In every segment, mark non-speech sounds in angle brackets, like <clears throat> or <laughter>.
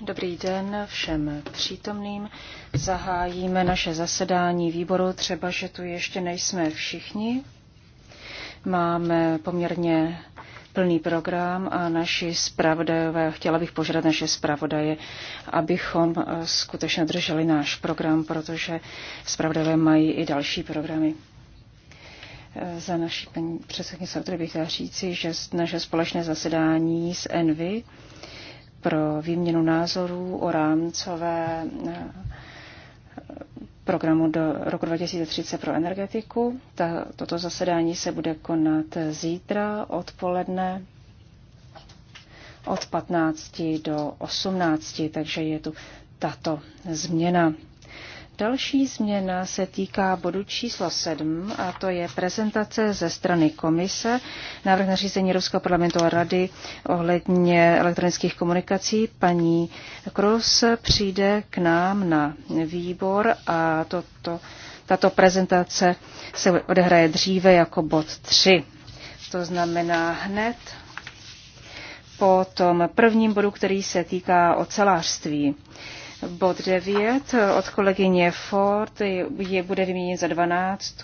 Dobrý den všem přítomným. Zahájíme naše zasedání výboru, třeba že tu ještě nejsme všichni. Máme poměrně plný program a naši zpravodajové, chtěla bych požádat naše zpravodaje, abychom eh, skutečně drželi náš program, protože zpravodajové mají i další programy eh, za naší paní předsedkyně bych chtěla říci, že naše společné zasedání s Envy pro výměnu názorů o rámcové eh, programu do roku 2030 pro energetiku. Ta, toto zasedání se bude konat zítra odpoledne od 15 do 18, takže je tu tato změna. Další změna se týká bodu číslo 7 a to je prezentace ze strany komise návrh nařízení Ruského parlamentu a rady ohledně elektronických komunikací. Paní Kros přijde k nám na výbor a toto, tato prezentace se odehraje dříve jako bod 3. To znamená hned po tom prvním bodu, který se týká ocelářství. Bod 9 od kolegyně Ford je bude vyměněn za 12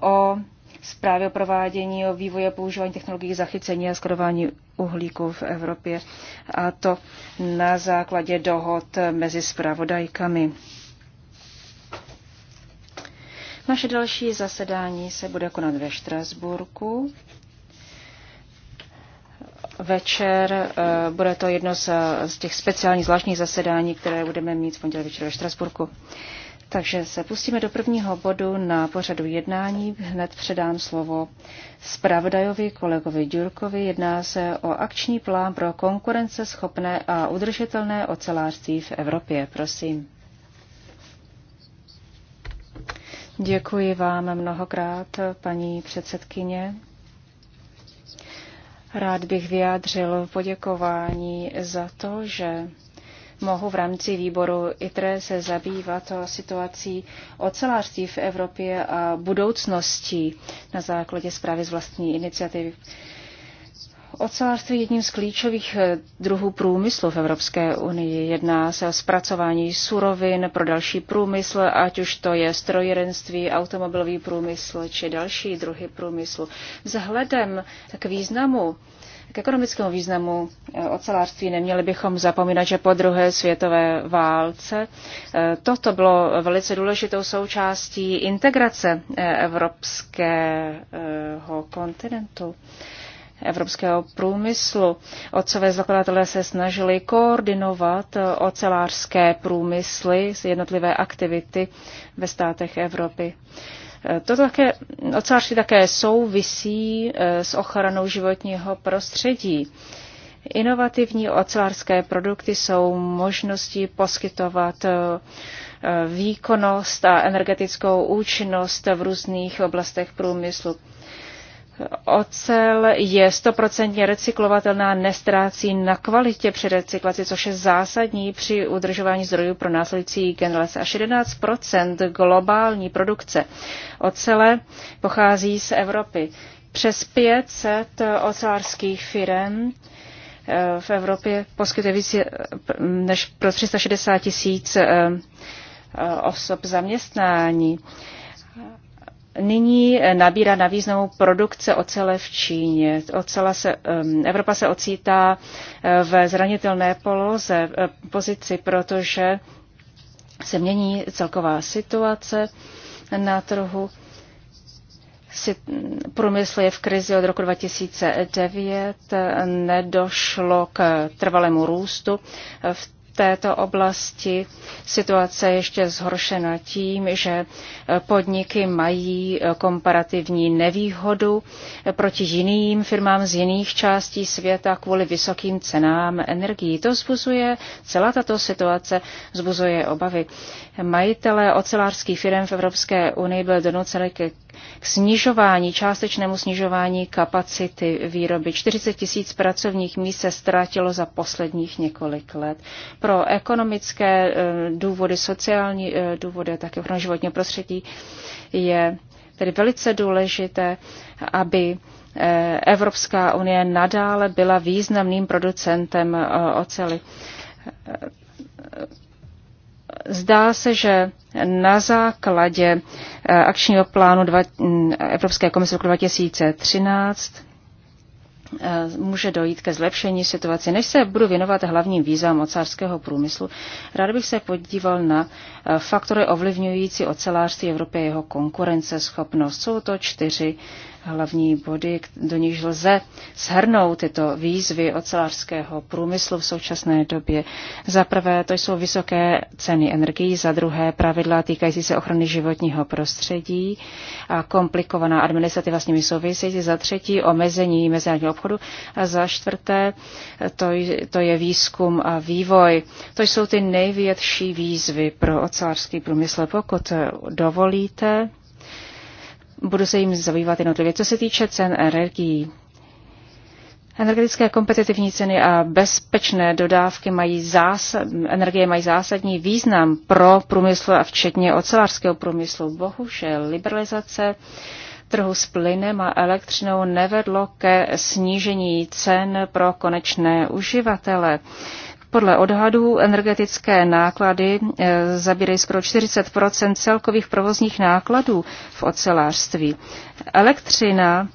o zprávě o provádění o vývoji a používání technologií zachycení a skladování uhlíku v Evropě a to na základě dohod mezi zpravodajkami. Naše další zasedání se bude konat ve Štrasburku večer. Eh, bude to jedno z, z těch speciálních zvláštních zasedání, které budeme mít v pondělí večer ve Štrasburku. Takže se pustíme do prvního bodu na pořadu jednání. Hned předám slovo zpravodajovi kolegovi Ďurkovi. Jedná se o akční plán pro konkurenceschopné a udržitelné ocelářství v Evropě. Prosím. Děkuji vám mnohokrát, paní předsedkyně. Rád bych vyjádřil poděkování za to, že mohu v rámci výboru ITRE se zabývat situací ocelářství v Evropě a budoucnosti na základě zprávy z vlastní iniciativy. Ocelářství je jedním z klíčových eh, druhů průmyslu v Evropské unii. Jedná se o zpracování surovin pro další průmysl, ať už to je strojírenství, automobilový průmysl či další druhy průmyslu. Vzhledem k významu k ekonomickému významu eh, ocelářství neměli bychom zapomínat, že po druhé světové válce eh, toto bylo velice důležitou součástí integrace evropského kontinentu evropského průmyslu. Otcové zakladatelé se snažili koordinovat eh, ocelářské průmysly, jednotlivé aktivity ve státech Evropy. Eh, to také, ocelářství také souvisí eh, s ochranou životního prostředí. Inovativní ocelářské produkty jsou možností poskytovat výkonnost a energetickou účinnost v různých oblastech průmyslu. Ocel je stoprocentně recyklovatelná, nestrácí na kvalitě při recyklaci, což je zásadní při udržování zdrojů pro následující generace. Až 11 globální produkce ocele pochází z Evropy. Přes 500 ocelářských firm eh, v Evropě poskytuje více než pro 360 tisíc eh, eh, osob zaměstnání. Nyní eh, nabírá na významu produkce ocele v Číně. Ocela se, Evropa se ocítá eh, v zranitelné poloze, eh, pozici, protože se mění celková situace na trhu. Mm, průmysl je v krizi od roku 2009, nedošlo k trvalému růstu v této oblasti situace ještě zhoršena tím, že e, podniky mají e, komparativní nevýhodu e, proti jiným firmám z jiných částí světa kvůli vysokým cenám energií. To zbuzuje, celá tato situace zbuzuje obavy. Majitelé ocelářských firm v Evropské unii byli donuceli ke k snižování, částečnému snižování kapacity výroby. 40 tisíc pracovních míst se ztratilo za posledních několik let. Pro ekonomické eh, důvody, sociální eh, důvody a také pro životního prostředí je tedy velice důležité, aby eh, Evropská unie nadále byla významným producentem oceli. Zdá se, že na základě eh, akčního plánu mm, Evropské komise roku 2013 eh, může dojít ke zlepšení situace. Než se budu věnovat hlavním výzvám ocářského průmyslu, rád bych se podíval na eh, faktory ovlivňující ocelářství Evropy a jeho konkurenceschopnost. Jsou to čtyři hlavní body, do nichž lze shrnout tyto výzvy ocelářského průmyslu v současné době. Za prvé to jsou vysoké ceny energií, za druhé pravidla týkající se ochrany životního prostředí a komplikovaná administrativa s nimi související, za třetí omezení mezinárodního obchodu a za čtvrté to, to je výzkum a vývoj. To jsou ty největší výzvy pro ocelářský průmysl. Pokud dovolíte, budu se jim zabývat jednotlivě. Co se týče cen energií, Energetické kompetitivní ceny a bezpečné dodávky mají zásad, energie mají zásadní význam pro průmysl a včetně ocelářského průmyslu. Bohužel liberalizace trhu s plynem a elektřinou nevedlo ke snížení cen pro konečné uživatele. Podle odhadů energetické náklady eh, zabírají skoro 40 celkových provozních nákladů v ocelářství. Elektřina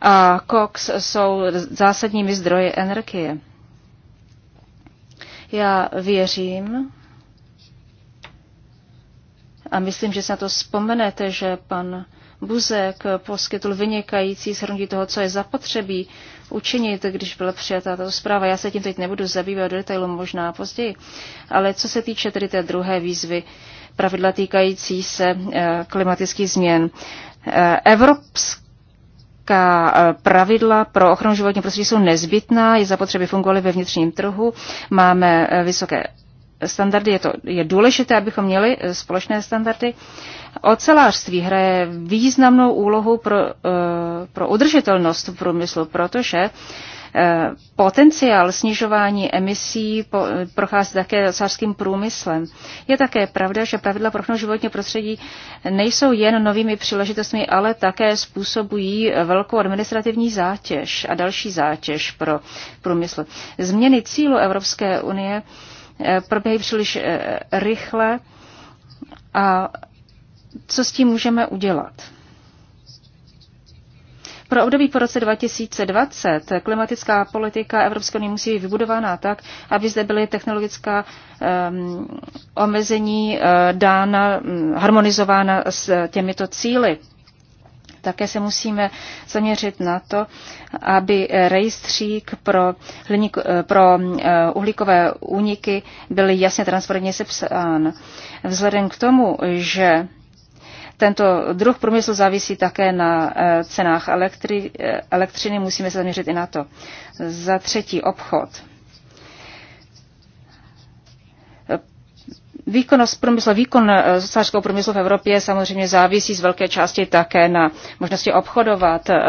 a Cox jsou zásadními zdroje energie. Já věřím a myslím, že se na to vzpomenete, že pan Buzek poskytl vynikající shrnutí toho, co je zapotřebí učinit, když byla přijata ta zpráva. Já se tím teď nebudu zabývat do detailu, možná později. Ale co se týče tedy té druhé výzvy, pravidla týkající se eh, klimatických změn. Eh, evropská eh, pravidla pro ochranu životního prostředí jsou nezbytná, je zapotřebí fungovaly ve vnitřním trhu, máme vysoké standardy, je, to, je důležité, abychom měli společné standardy Ocelářství hraje významnou úlohu pro, eh, pro udržitelnost v průmyslu, protože eh, potenciál snižování emisí prochází také ocelářským průmyslem. Je také pravda, že pravidla pro životní prostředí nejsou jen novými příležitostmi, ale také způsobují velkou administrativní zátěž a další zátěž pro průmysl. Změny cílu Evropské unie eh, probíhají příliš rychle a co s tím můžeme udělat? Pro období po roce 2020 klimatická politika Evropské unie musí být vybudována tak, aby zde byly technologická um, omezení uh, dána, um, harmonizována s eh, těmito cíly. Také se musíme zaměřit na to, aby eh, rejstřík pro, hliník, pro uhlíkové úniky byl jasně transparentně sepsán. Vzhledem k tomu, že tento druh průmyslu závisí také na eh, cenách eh, elektřiny, musíme se zaměřit i na to. Za třetí obchod. Výkonnost průmyslu, výkon e, sociálního průmyslu v Evropě samozřejmě závisí z velké části také na možnosti obchodovat e,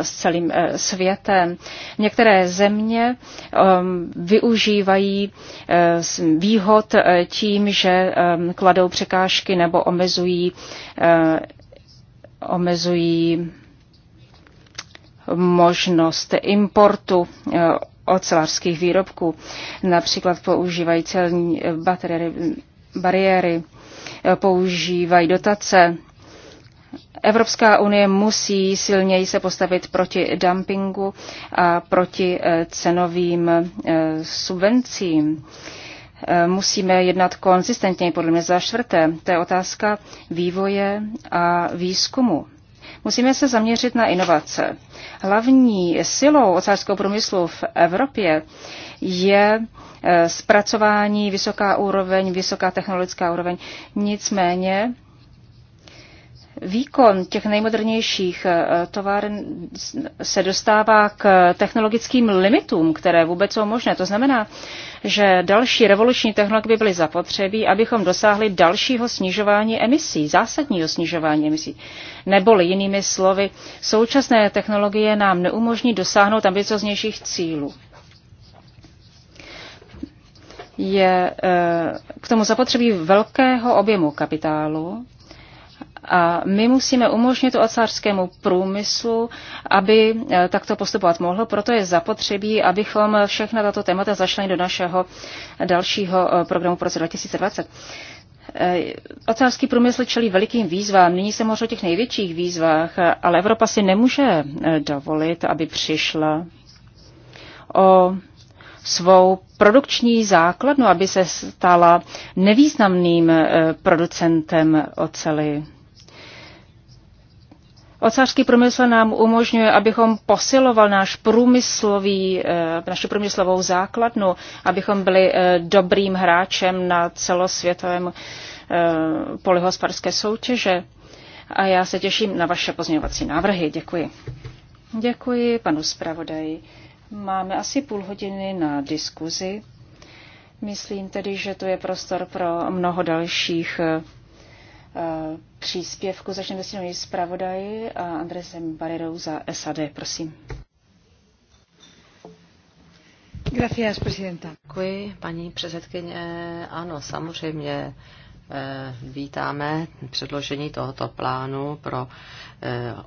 s celým e, světem. Některé země využívají výhod tím, že kladou překážky nebo omezují, omezují možnost importu ocelářských výrobků, například používají celní baterie bariéry, e, používají dotace. Evropská unie musí silněji se postavit proti dumpingu a proti e, cenovým e, subvencím. Musíme jednat konzistentně, podle mě za čtvrté. To je otázka vývoje a výzkumu. Musíme se zaměřit na inovace. Hlavní silou ocářského průmyslu v Evropě je eh, zpracování, vysoká úroveň, vysoká technologická úroveň. Nicméně výkon těch nejmodernějších eh, továren se dostává k technologickým limitům, které vůbec jsou možné. To znamená, že další revoluční technologie by byly zapotřebí, abychom dosáhli dalšího snižování emisí, zásadního snižování emisí. Neboli jinými slovy, současné technologie nám neumožní dosáhnout ambicioznějších cílů je eh, k tomu zapotřebí velkého objemu kapitálu a my musíme umožnit ocářskému průmyslu, aby eh, takto postupovat mohl. Proto je zapotřebí, abychom všechna tato témata zašli do našeho dalšího eh, programu pro roce 2020. Ocelářský průmysl čelí velikým výzvám. Nyní se možná o těch největších výzvách, ale Evropa si nemůže dovolit, aby přišla o svou produkční základnu, aby se stala nevýznamným eh, producentem oceli. Ocářský průmysl nám umožňuje, abychom posiloval náš průmyslový, eh, naši průmyslovou základnu, abychom byli eh, dobrým hráčem na celosvětovém polihospodářské soutěže. A já se těším na vaše pozměňovací návrhy. Děkuji. Děkuji panu zpravodaji. Máme asi půl hodiny na diskuzi. Myslím tedy, že to je prostor pro mnoho dalších eh, příspěvku. Začneme s novým zpravodaji a eh, Andresem Barerou za SAD, prosím. Gracias, presidenta. Děkuji, paní předsedkyně. Ano, samozřejmě eh, vítáme předložení tohoto plánu pro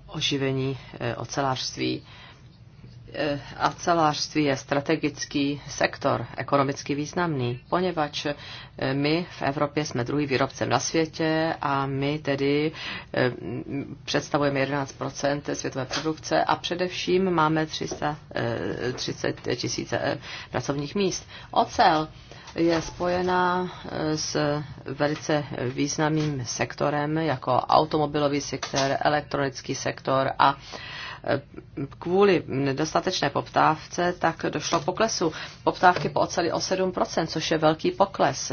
oživení ocelářství. Acelářství je strategický sektor, ekonomicky významný, poněvadž eh, my v Evropě jsme druhý výrobcem na světě a my tedy eh, představujeme 11 světové produkce a především máme 330 eh, tisíc pracovních míst. Ocel je spojená s velice významným sektorem, jako automobilový sektor, elektronický sektor a kvůli nedostatečné poptávce, tak došlo poklesu poptávky po oceli o 7%, což je velký pokles.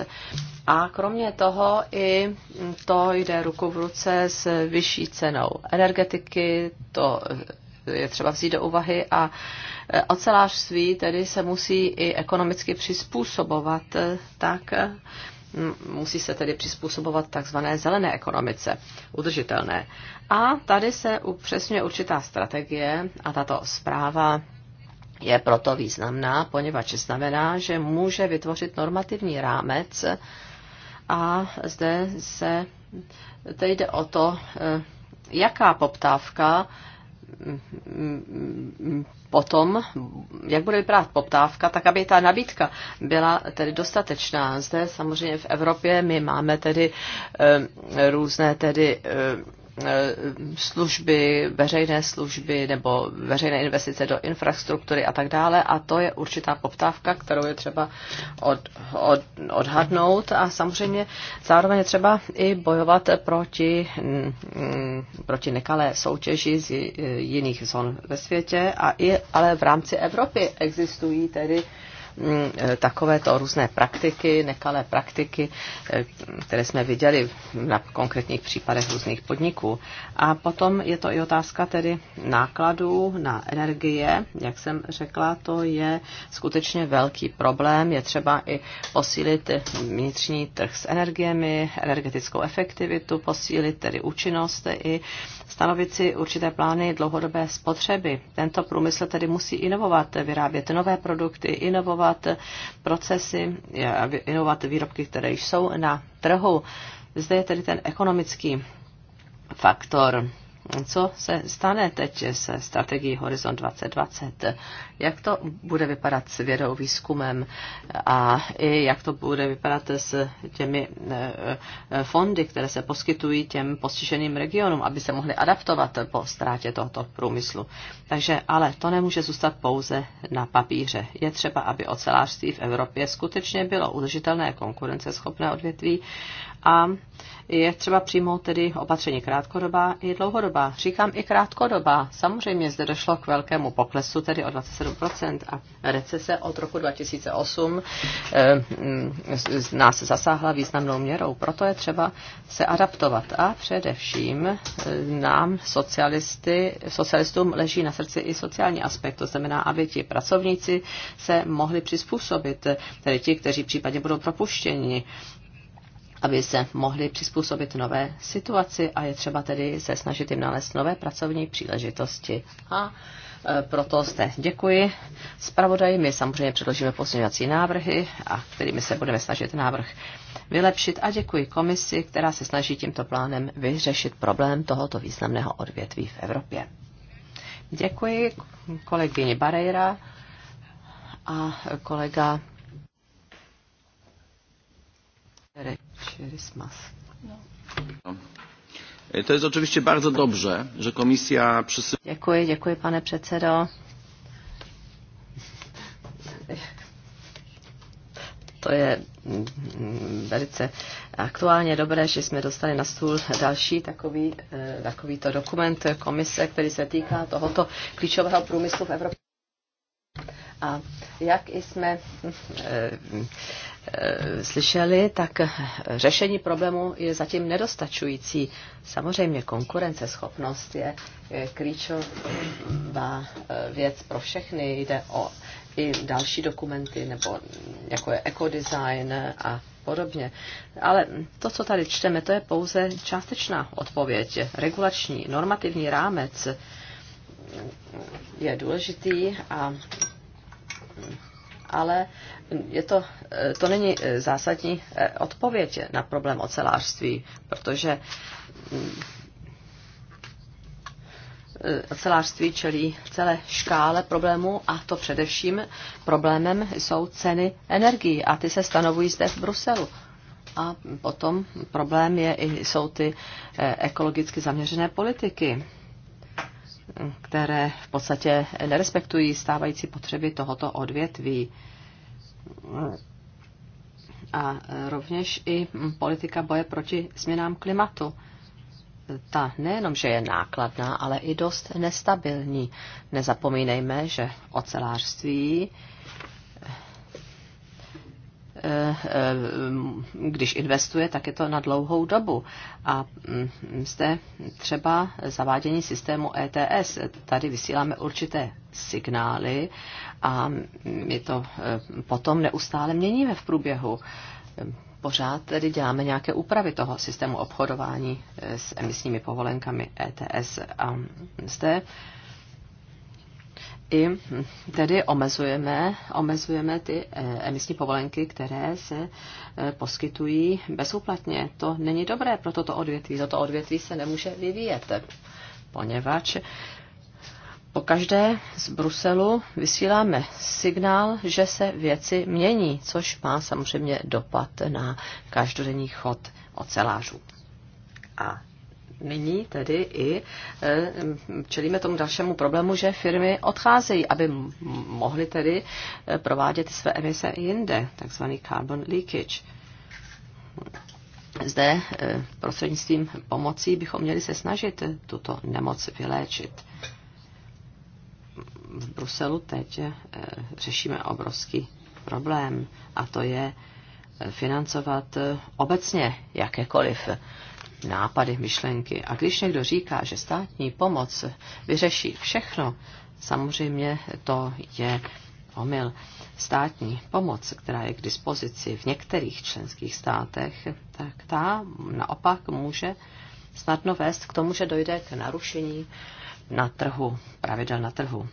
A kromě toho i to jde ruku v ruce s vyšší cenou energetiky, to je třeba vzít do úvahy a ocelářství tedy se musí i ekonomicky přizpůsobovat tak, musí se tedy přizpůsobovat takzvané zelené ekonomice, udržitelné. A tady se upřesňuje určitá strategie a tato zpráva je proto významná, poněvadž znamená, že může vytvořit normativní rámec a zde se teď jde o to, e, jaká poptávka potom, jak bude vypadat poptávka, tak aby ta nabídka byla tedy dostatečná. Zde samozřejmě v Evropě my máme tedy eh, různé tedy eh, Eh, služby, veřejné služby nebo veřejné investice do infrastruktury a tak dále. A to je určitá poptávka, kterou je třeba od, od, odhadnout a samozřejmě zároveň je třeba i bojovat proti, mm, proti nekalé soutěži z jiných zón ve světě, a i, ale v rámci Evropy existují tedy Mm, eh, takovéto různé praktiky, nekalé praktiky, eh, které jsme viděli na konkrétních případech různých podniků. A potom je to i otázka tedy nákladů na energie. Jak jsem řekla, to je skutečně velký problém. Je třeba i posílit vnitřní trh s energiemi, energetickou efektivitu, posílit tedy účinnost i stanovit si určité plány dlouhodobé spotřeby. Tento průmysl tedy musí inovovat, vyrábět nové produkty, inovovat procesy, inovovat výrobky, které již jsou na trhu. Zde je tedy ten ekonomický faktor co se stane teď se strategií Horizont 2020, jak to bude vypadat s vědou, výzkumem a i jak to bude vypadat s těmi eh, eh, fondy, které se poskytují těm postiženým regionům, aby se mohly adaptovat po ztrátě tohoto průmyslu. Takže ale to nemůže zůstat pouze na papíře. Je třeba, aby ocelářství v Evropě skutečně bylo udržitelné konkurenceschopné odvětví a je třeba přijmout tedy opatření krátkodobá i dlouhodobá. Říkám i krátkodobá. Samozřejmě zde došlo k velkému poklesu, tedy o 27% a recese od roku 2008 eh, mm, nás zasáhla významnou měrou. Proto je třeba se adaptovat a především eh, nám socialisty, socialistům leží na srdci i sociální aspekt. To znamená, aby ti pracovníci se mohli přizpůsobit, eh, tedy ti, kteří případně budou propuštěni aby se mohli přizpůsobit nové situaci a je třeba tedy se snažit jim nalézt nové pracovní příležitosti. A e, proto zde děkuji zpravodaji. My samozřejmě předložíme pozměňovací návrhy, a kterými se budeme snažit návrh vylepšit. A děkuji komisi, která se snaží tímto plánem vyřešit problém tohoto významného odvětví v Evropě. Děkuji kolegyni Barejra a kolega No. no. E, to je oczywiście bardzo dobrze, że komisja przysyła... Děkuji, děkuji, pane předsedo. To je mm, velice aktuálně dobré, že jsme dostali na stůl další takový, e, takovýto dokument komise, který se týká tohoto klíčového průmyslu v Evropě. A jak jsme eh, slyšeli, tak řešení problému je zatím nedostačující. Samozřejmě konkurenceschopnost je klíčová eh, věc pro všechny. Jde o i další dokumenty, nebo jako je ekodesign a podobně. Ale to, co tady čteme, to je pouze částečná odpověď. Regulační, normativní rámec je důležitý a ale je to, to není eh, zásadní eh, odpověď na problém ocelářství, protože mm, eh, ocelářství čelí celé škále problémů a to především problémem jsou ceny energií a ty se stanovují zde v Bruselu. A potom problém je, jsou ty ekologicky zaměřené politiky které v podstatě nerespektují stávající potřeby tohoto odvětví. A rovněž i politika boje proti změnám klimatu. Ta nejenom, že je nákladná, ale i dost nestabilní. Nezapomínejme, že ocelářství Eh, eh, když investuje, tak je to na dlouhou dobu. A mm, zde třeba zavádění systému ETS. Tady vysíláme určité signály a my to eh, potom neustále měníme v průběhu pořád tedy děláme nějaké úpravy toho systému obchodování s emisními povolenkami ETS. A zde i tedy omezujeme, omezujeme ty eh, emisní povolenky, které se eh, poskytují bezúplatně. To není dobré pro toto odvětví. Toto odvětví se nemůže vyvíjet, poněvadž po každé z Bruselu vysíláme signál, že se věci mění, což má samozřejmě dopad na každodenní chod ocelářů. A nyní tedy i e, čelíme tomu dalšímu problému, že firmy odcházejí, aby mohly tedy e, provádět své emise jinde, takzvaný carbon leakage. Zde e, prostřednictvím pomocí bychom měli se snažit tuto nemoc vyléčit. V Bruselu teď řešíme obrovský problém a to je financovat obecně jakékoliv nápady, myšlenky. A když někdo říká, že státní pomoc vyřeší všechno, samozřejmě to je omyl. Státní pomoc, která je k dispozici v některých členských státech, tak ta naopak může snadno vést k tomu, že dojde k narušení na trhu, pravidel na trhu.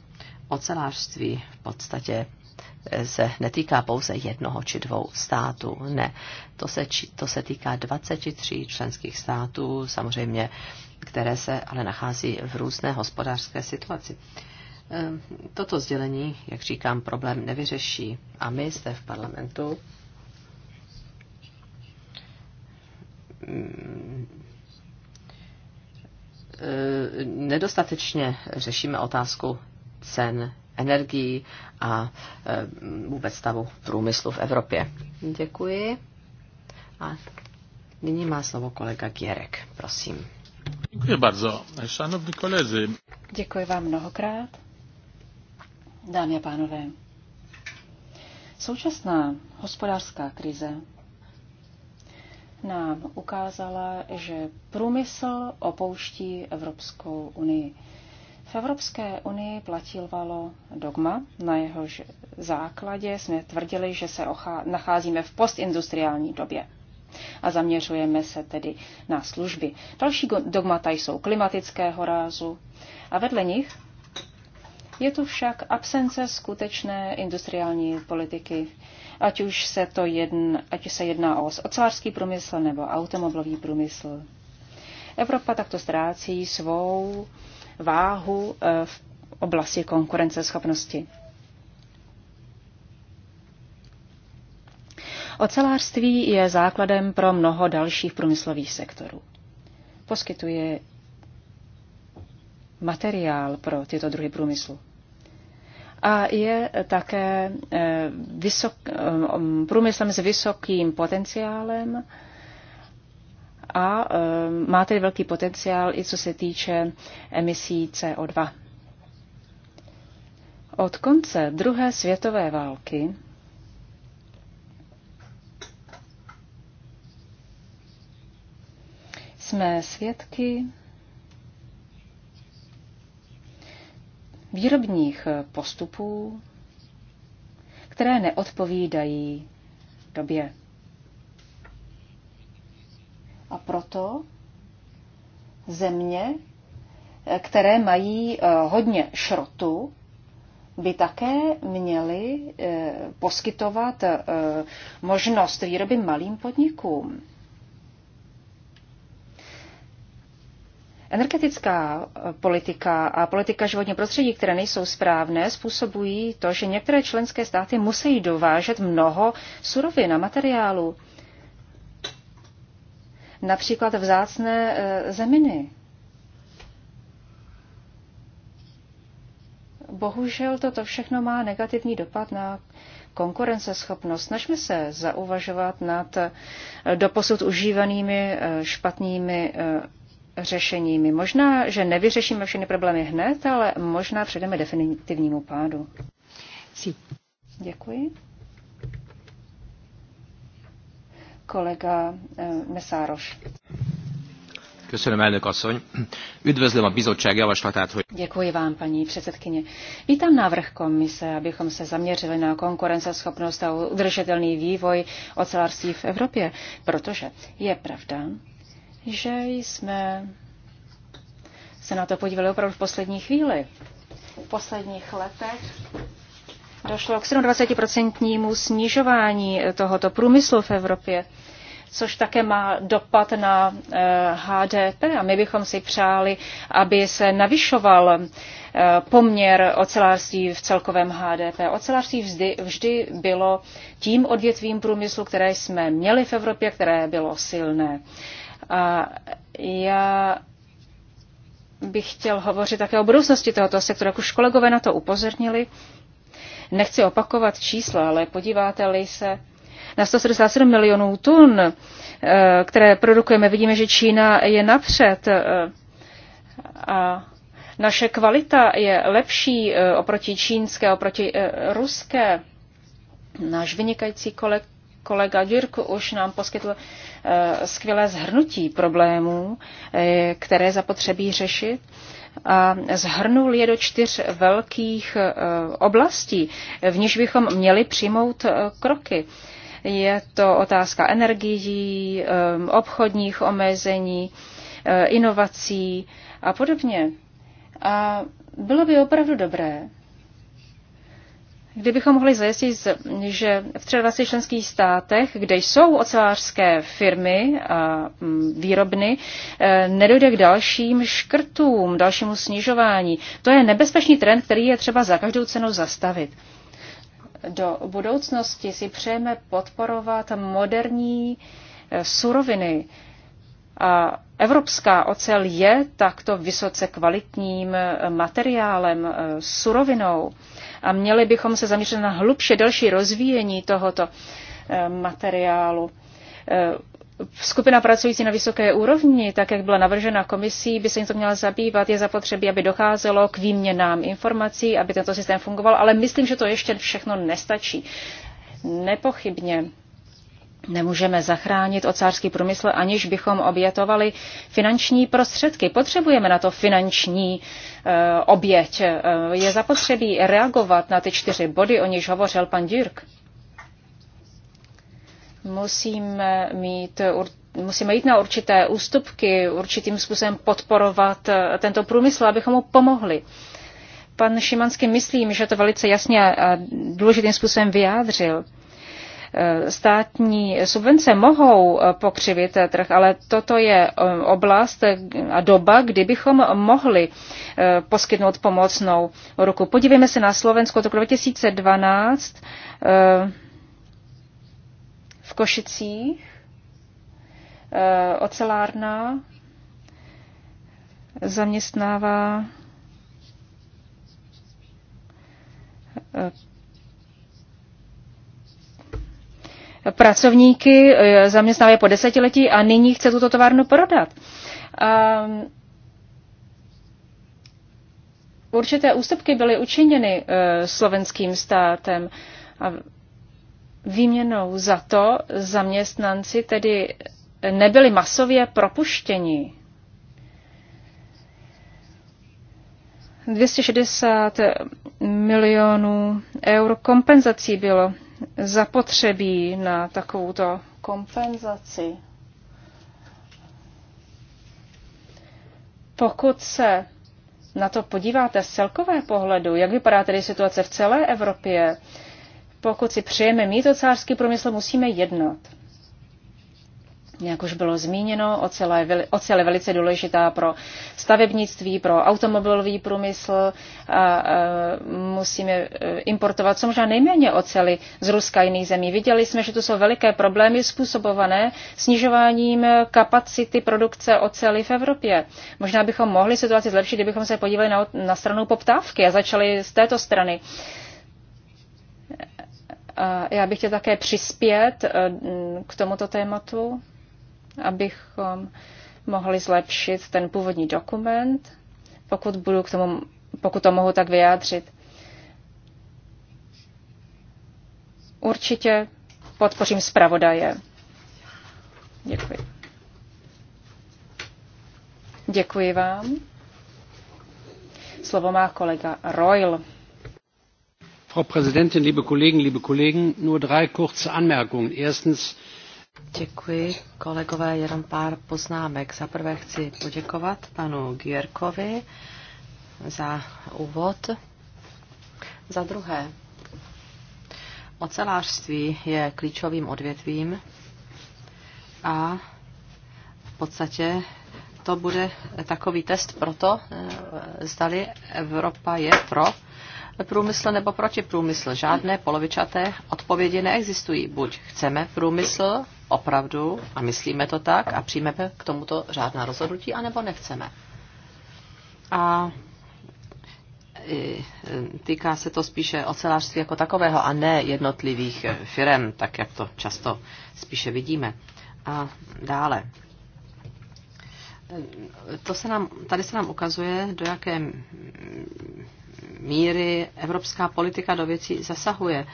Ocelářství v podstatě se netýká pouze jednoho či dvou států. Ne, to se, to se týká 23 členských států, samozřejmě, které se ale nachází v různé hospodářské situaci. Ehm, toto sdělení, jak říkám, problém nevyřeší. A my zde v parlamentu mm, e, nedostatečně řešíme otázku cen energií a e, vůbec stavu průmyslu v Evropě. Děkuji. A nyní má slovo kolega Gierek. Prosím. Děkuji bardzo. Šanovní koledzy. Děkuji vám mnohokrát. Dámy a pánové, současná hospodářská krize nám ukázala, že průmysl opouští Evropskou unii. Evropské unii platilvalo dogma, na jehož základě jsme tvrdili, že se nacházíme v postindustriální době a zaměřujeme se tedy na služby. Další dogmata jsou klimatického rázu a vedle nich je tu však absence skutečné industriální politiky, ať už se, to jedn, ať se jedná o ocelářský průmysl nebo automobilový průmysl. Evropa takto ztrácí svou váhu eh, v oblasti konkurenceschopnosti. Ocelářství je základem pro mnoho dalších průmyslových sektorů. Poskytuje materiál pro tyto druhy průmyslu. A je také eh, vysok, eh, průmyslem s vysokým potenciálem, a eh, má tedy velký potenciál i co se týče emisí CO2. Od konce druhé světové války jsme svědky výrobních postupů, které neodpovídají době. A proto země, které mají eh, hodně šrotu, by také měly eh, poskytovat eh, možnost výroby malým podnikům. Energetická politika a politika životního prostředí, které nejsou správné, způsobují to, že některé členské státy musí dovážet mnoho surovin a materiálu například vzácné eh, zeminy. Bohužel toto všechno má negativní dopad na konkurenceschopnost. Snažme se zauvažovat nad eh, doposud užívanými eh, špatnými řešeními. Možná, že nevyřešíme všechny problémy hned, ale možná přejdeme definitivnímu pádu. Sí. Děkuji. kolega eh, Mesáros. Köszönöm, elnök asszony. Üdvözlöm a bizottság javaslatát, hogy... Děkuji vám, paní předsedkyně. Vítám návrh komise, abychom se zaměřili na konkurenceschopnost a udržitelný vývoj ocelářství v Evropě, protože je pravda, že jsme se na to podívali opravdu v poslední chvíli. V posledních letech Došlo k 27% snižování tohoto průmyslu v Evropě, což také má dopad na HDP eh, a my bychom si přáli, aby se navyšoval eh, poměr ocelářství v celkovém HDP. Ocelářství vždy, vždy bylo tím odvětvím průmyslu, které jsme měli v Evropě, které bylo silné. A já bych chtěl hovořit také o budoucnosti tohoto sektoru, jak už kolegové na to upozornili. Nechci opakovat čísla, ale podíváte-li se na 177 milionů tun, eh, které produkujeme, vidíme, že Čína je napřed eh, a naše kvalita je lepší eh, oproti čínské, oproti ruské. Náš vynikající kolega kolega Dirk už nám poskytl eh, skvělé zhrnutí problémů, eh, které zapotřebí řešit a zhrnul je do čtyř velkých eh, oblastí, v níž bychom měli přijmout kroky. Je to otázka energií, obchodních omezení, inovací a podobně. A bylo by opravdu dobré, Kdybychom mohli zajistit, že v 23 členských státech, kde jsou ocelářské firmy a mm, výrobny, e, nedojde k dalším škrtům, dalšímu snižování. To je nebezpečný trend, který je třeba za každou cenu zastavit. Do budoucnosti si přejeme podporovat moderní e, suroviny. A evropská ocel je takto vysoce kvalitním e, materiálem, surovinou a měli bychom se zaměřit na hlubší další rozvíjení tohoto eh, materiálu. Eh, skupina pracující na vysoké úrovni, tak jak byla navržena komisí, by se jim to měla zabývat. Je zapotřebí, aby docházelo k výměnám informací, aby tento systém fungoval, ale myslím, že to ještě všechno nestačí. Nepochybně Nemůžeme zachránit ocářský průmysl, aniž bychom obětovali finanční prostředky. Potřebujeme na to finanční e, oběť. E, je zapotřebí reagovat na ty čtyři body, o nichž hovořil pan Dürk. Musíme mít musíme jít na určité ústupky, určitým způsobem podporovat eh, tento průmysl, abychom mu pomohli. Pan Šimanský, myslím, že to velice jasně a důležitým způsobem vyjádřil Eh, státní subvence mohou eh, pokřivit eh, trh, ale toto je oblast a doba, kdybychom mohli poskytnout pomocnou ruku. Podívejme se na Slovensko od roku 2012 v Košicích, ocelárna zaměstnává pracovníky, eh, zaměstnávají po desetiletí a nyní chce tuto továrnu prodat. A mm, určité ústupky byly učiněny eh, slovenským státem a výměnou za to zaměstnanci tedy nebyli masově propuštěni. 260 milionů eur kompenzací bylo zapotřebí na takovouto kompenzaci. Pokud se na to podíváte z celkové pohledu, jak vypadá tedy situace v celé Evropě, pokud si přejeme mít ocářský průmysl, musíme jednat. Jak už bylo zmíněno, ocel je velice důležitá pro stavebnictví, pro automobilový průmysl a musíme e, importovat co možná nejméně ocely z Ruska a jiných zemí. Viděli jsme, že tu jsou veliké problémy způsobované snižováním kapacity produkce ocely v Evropě. Možná bychom mohli situaci zlepšit, kdybychom se podívali na, na stranu poptávky a začali z této strany. Já bych chtěl také přispět e, k tomuto tématu abychom mohli zlepšit ten původní dokument, pokud, budu k tomu, pokud to mohu tak vyjádřit. Určitě podpořím zpravodaje. Děkuji. Děkuji vám. Slovo má kolega Royl. Frau Präsidentin, liebe Kollegen, liebe Kollegen, nur drei kurze Anmerkungen. Erstens, Děkuji, kolegové, jenom pár poznámek. Za prvé chci poděkovat panu Gierkovi za úvod. Za druhé, ocelářství je klíčovým odvětvím a v podstatě to bude takový test pro to, eh, zdali Evropa je pro průmysl nebo proti průmysl. Žádné polovičaté odpovědi neexistují. Buď chceme průmysl, opravdu a myslíme to tak a přijmeme k tomuto řádná rozhodnutí, anebo nechceme. A týká se to spíše ocelářství jako takového a ne jednotlivých firm, tak jak to často spíše vidíme. A dále. To se nám, tady se nám ukazuje, do jaké míry evropská politika do věcí zasahuje.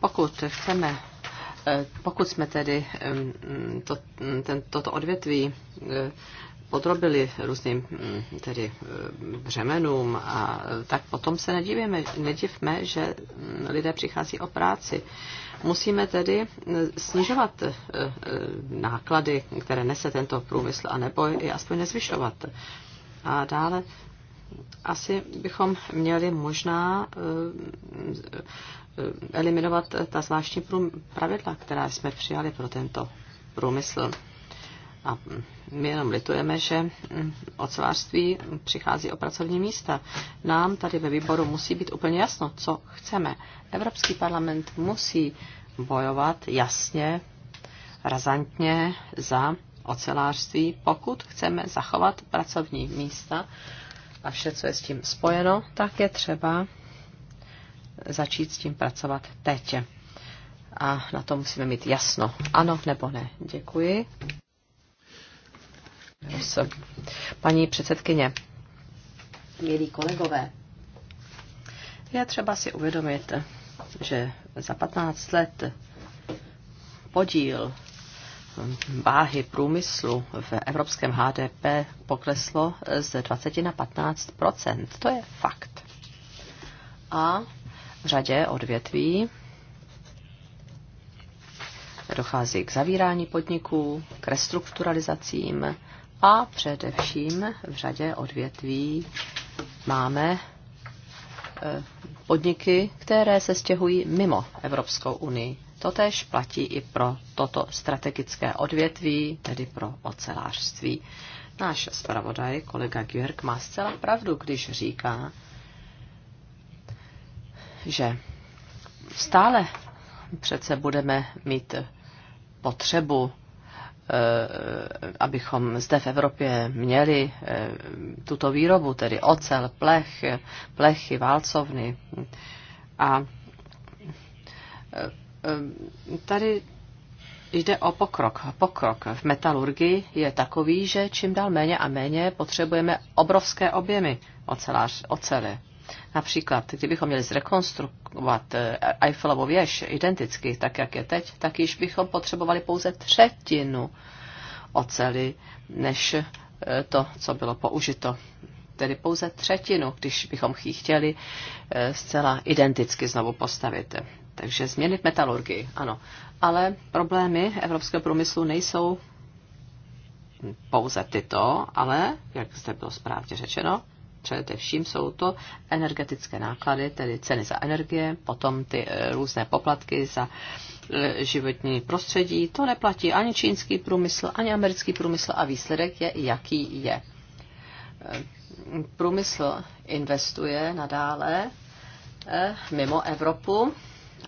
Pokud chceme Eh, pokud jsme tedy mm, to, mm, ten, toto odvětví eh, podrobili různým mm, tedy eh, břemenům, a tak potom se nedivíme, nedivme, že lidé přichází o práci. Musíme tedy snižovat náklady, které nese tento průmysl, anebo i aspoň nezvyšovat. A dále asi bychom měli možná Eh, eliminovat ta zvláštní pravidla, která jsme přijali pro tento průmysl. A my jenom litujeme, že mm, ocelářství přichází o pracovní místa. Nám tady ve výboru musí být úplně jasno, co chceme. Evropský parlament musí bojovat jasně, razantně za ocelářství, pokud chceme zachovat pracovní místa a vše, co je s tím spojeno, tak je třeba začít s tím pracovat teď. A na to musíme mít jasno. Ano nebo ne. Děkuji. Paní předsedkyně, milí kolegové, je třeba si uvědomit, že za 15 let podíl váhy průmyslu v evropském HDP pokleslo z 20 na 15 To je fakt. A řadě odvětví dochází k zavírání podniků, k restrukturalizacím a především v řadě odvětví máme e, podniky, které se stěhují mimo Evropskou unii. Totež platí i pro toto strategické odvětví, tedy pro ocelářství. Náš zpravodaj, kolega Gjörg, má zcela pravdu, když říká, že stále přece budeme mít potřebu, eh, abychom zde v Evropě měli eh, tuto výrobu, tedy ocel, plech, plechy, válcovny. A eh, tady jde o pokrok. Pokrok v metalurgii je takový, že čím dál méně a méně potřebujeme obrovské objemy ocelář, ocele, Například, kdybychom měli zrekonstruovat eh, Eiffelovu věž identicky, tak jak je teď, tak již bychom potřebovali pouze třetinu oceli, než eh, to, co bylo použito. Tedy pouze třetinu, když bychom ji chtěli eh, zcela identicky znovu postavit. Takže změny v metalurgii, ano. Ale problémy evropského průmyslu nejsou pouze tyto, ale, jak zde bylo správně řečeno, Především jsou to energetické náklady, tedy ceny za energie, potom ty eh, různé poplatky za eh, životní prostředí. To neplatí ani čínský průmysl, ani americký průmysl a výsledek je, jaký je. Eh, průmysl investuje nadále mimo Evropu.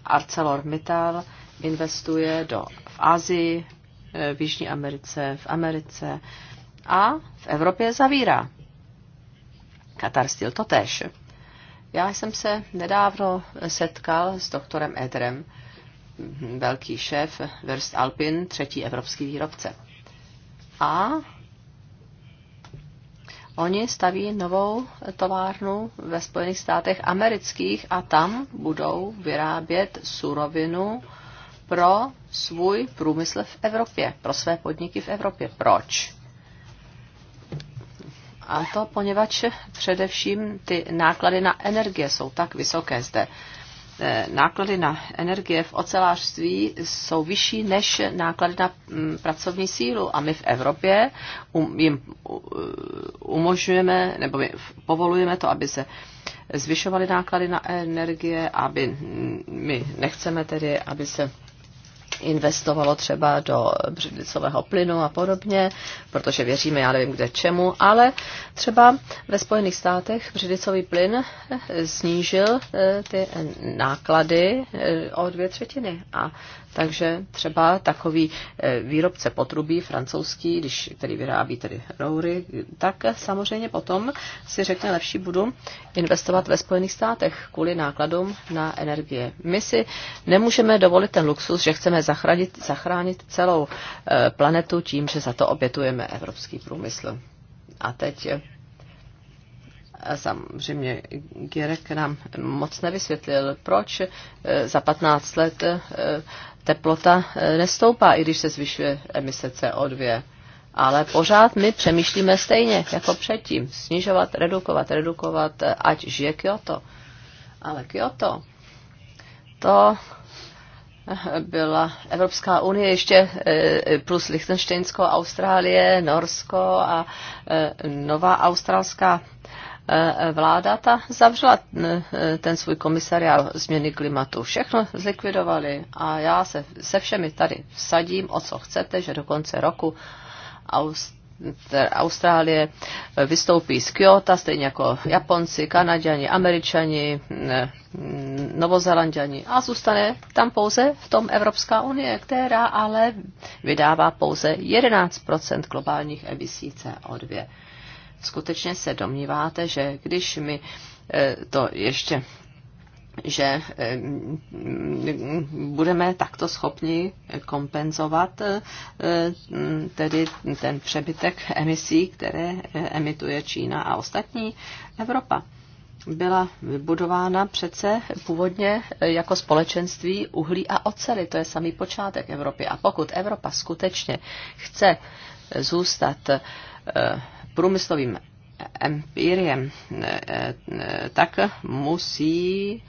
ArcelorMittal investuje do, v Asii, v Jižní Americe, v Americe a v Evropě zavírá. Katar Steel totež. Já jsem se nedávno setkal s doktorem Edrem, velký šéf Verst Alpin, třetí evropský výrobce. A oni staví novou továrnu ve Spojených státech amerických a tam budou vyrábět surovinu pro svůj průmysl v Evropě, pro své podniky v Evropě. Proč? A to poněvadž především ty náklady na energie jsou tak vysoké zde. Eh, náklady na energie v ocelářství jsou vyšší než náklady na mm, pracovní sílu a my v Evropě um, jim eh, umožňujeme nebo my povolujeme to, aby se zvyšovaly náklady na energie, aby mm, my nechceme tedy, aby se investovalo třeba do břidlicového plynu a podobně, protože věříme, já nevím kde čemu, ale třeba ve Spojených státech břidlicový plyn eh, snížil eh, ty náklady eh, o dvě třetiny a takže třeba takový eh, výrobce potrubí francouzský, když, který vyrábí tedy roury, tak samozřejmě potom si řekne, lepší budu investovat ve Spojených státech kvůli nákladům na energie. My si nemůžeme dovolit ten luxus, že chceme zachránit, zachránit celou eh, planetu tím, že za to obětujeme evropský průmysl. A teď eh, samozřejmě Gerek nám moc nevysvětlil, proč za 15 let teplota eh, nestoupá, i když se zvyšuje emise CO2. Ale pořád my přemýšlíme stejně, jako předtím. Snižovat, redukovat, redukovat, eh, ať žije Kyoto. Ale Kyoto, to eh, byla Evropská unie ještě plus Lichtensteinsko, Austrálie, Norsko a nová australská Eh, vláda ta zavřela eh, ten svůj komisariál změny klimatu. Všechno zlikvidovali a já se se všemi tady vsadím, o co chcete, že do konce roku Austrálie eh, vystoupí z Kyoto, stejně jako Japonci, Kanaděni, Američani, Novozelanděni a zůstane tam pouze v tom Evropská unie, která ale vydává pouze 11 globálních emisí CO2 skutečně se domníváte, že když mi eh, to ještě že eh, budeme takto schopni kompenzovat eh, tedy ten přebytek emisí, které emituje Čína a ostatní Evropa. Byla vybudována přece původně jako společenství uhlí a ocely. To je samý počátek Evropy. A pokud Evropa skutečně chce zůstat průmyslovým empiriem, e, e, tak musí e,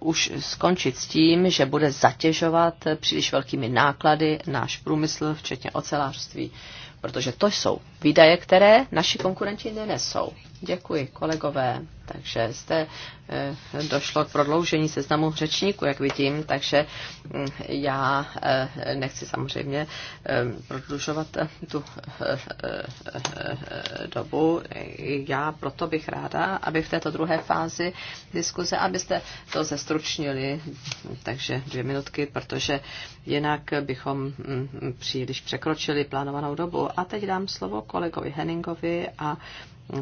už skončit s tím, že bude zatěžovat příliš velkými náklady náš průmysl, včetně ocelářství, protože to jsou výdaje, které naši konkurenti nenesou. Děkuji, kolegové. Takže jste eh, došlo k prodloužení seznamu řečníků, jak vidím, takže hm, já eh, nechci samozřejmě eh, prodlužovat tu dobu. Já proto bych ráda, aby v této druhé fázi diskuze, abyste to zestručnili, takže dvě minutky, protože jinak bychom hm, příliš překročili plánovanou dobu. A teď dám slovo kolegovi Henningovi a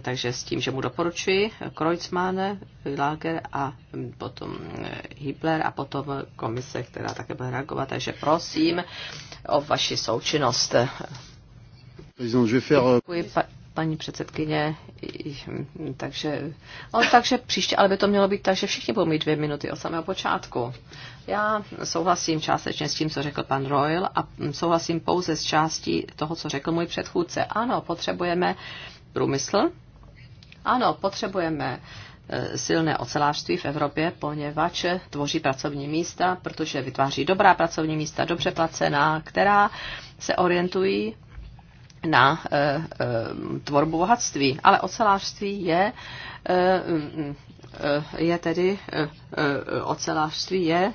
takže s tím, že mu doporučuji Kreuzmann, Lager a potom eh, Hitler a potom komise, která také bude reagovat. Takže prosím o vaši součinnost. Euh, Děkuji, pa, paní předsedkyně. Takže, no, takže příště, ale by to mělo být tak, že všichni budou mít dvě minuty od samého počátku. Já souhlasím částečně s tím, co řekl pan Royal a souhlasím pouze s částí toho, co řekl můj předchůdce. Ano, potřebujeme uh, průmysl. Ano, potřebujeme eh, silné ocelářství v Evropě, poněvadž tvoří pracovní místa, protože vytváří dobrá pracovní místa, dobře placená, která se orientují na e, e, tvorbu bohatství. Ale ocelářství je, e, je tedy, e, ocelářství je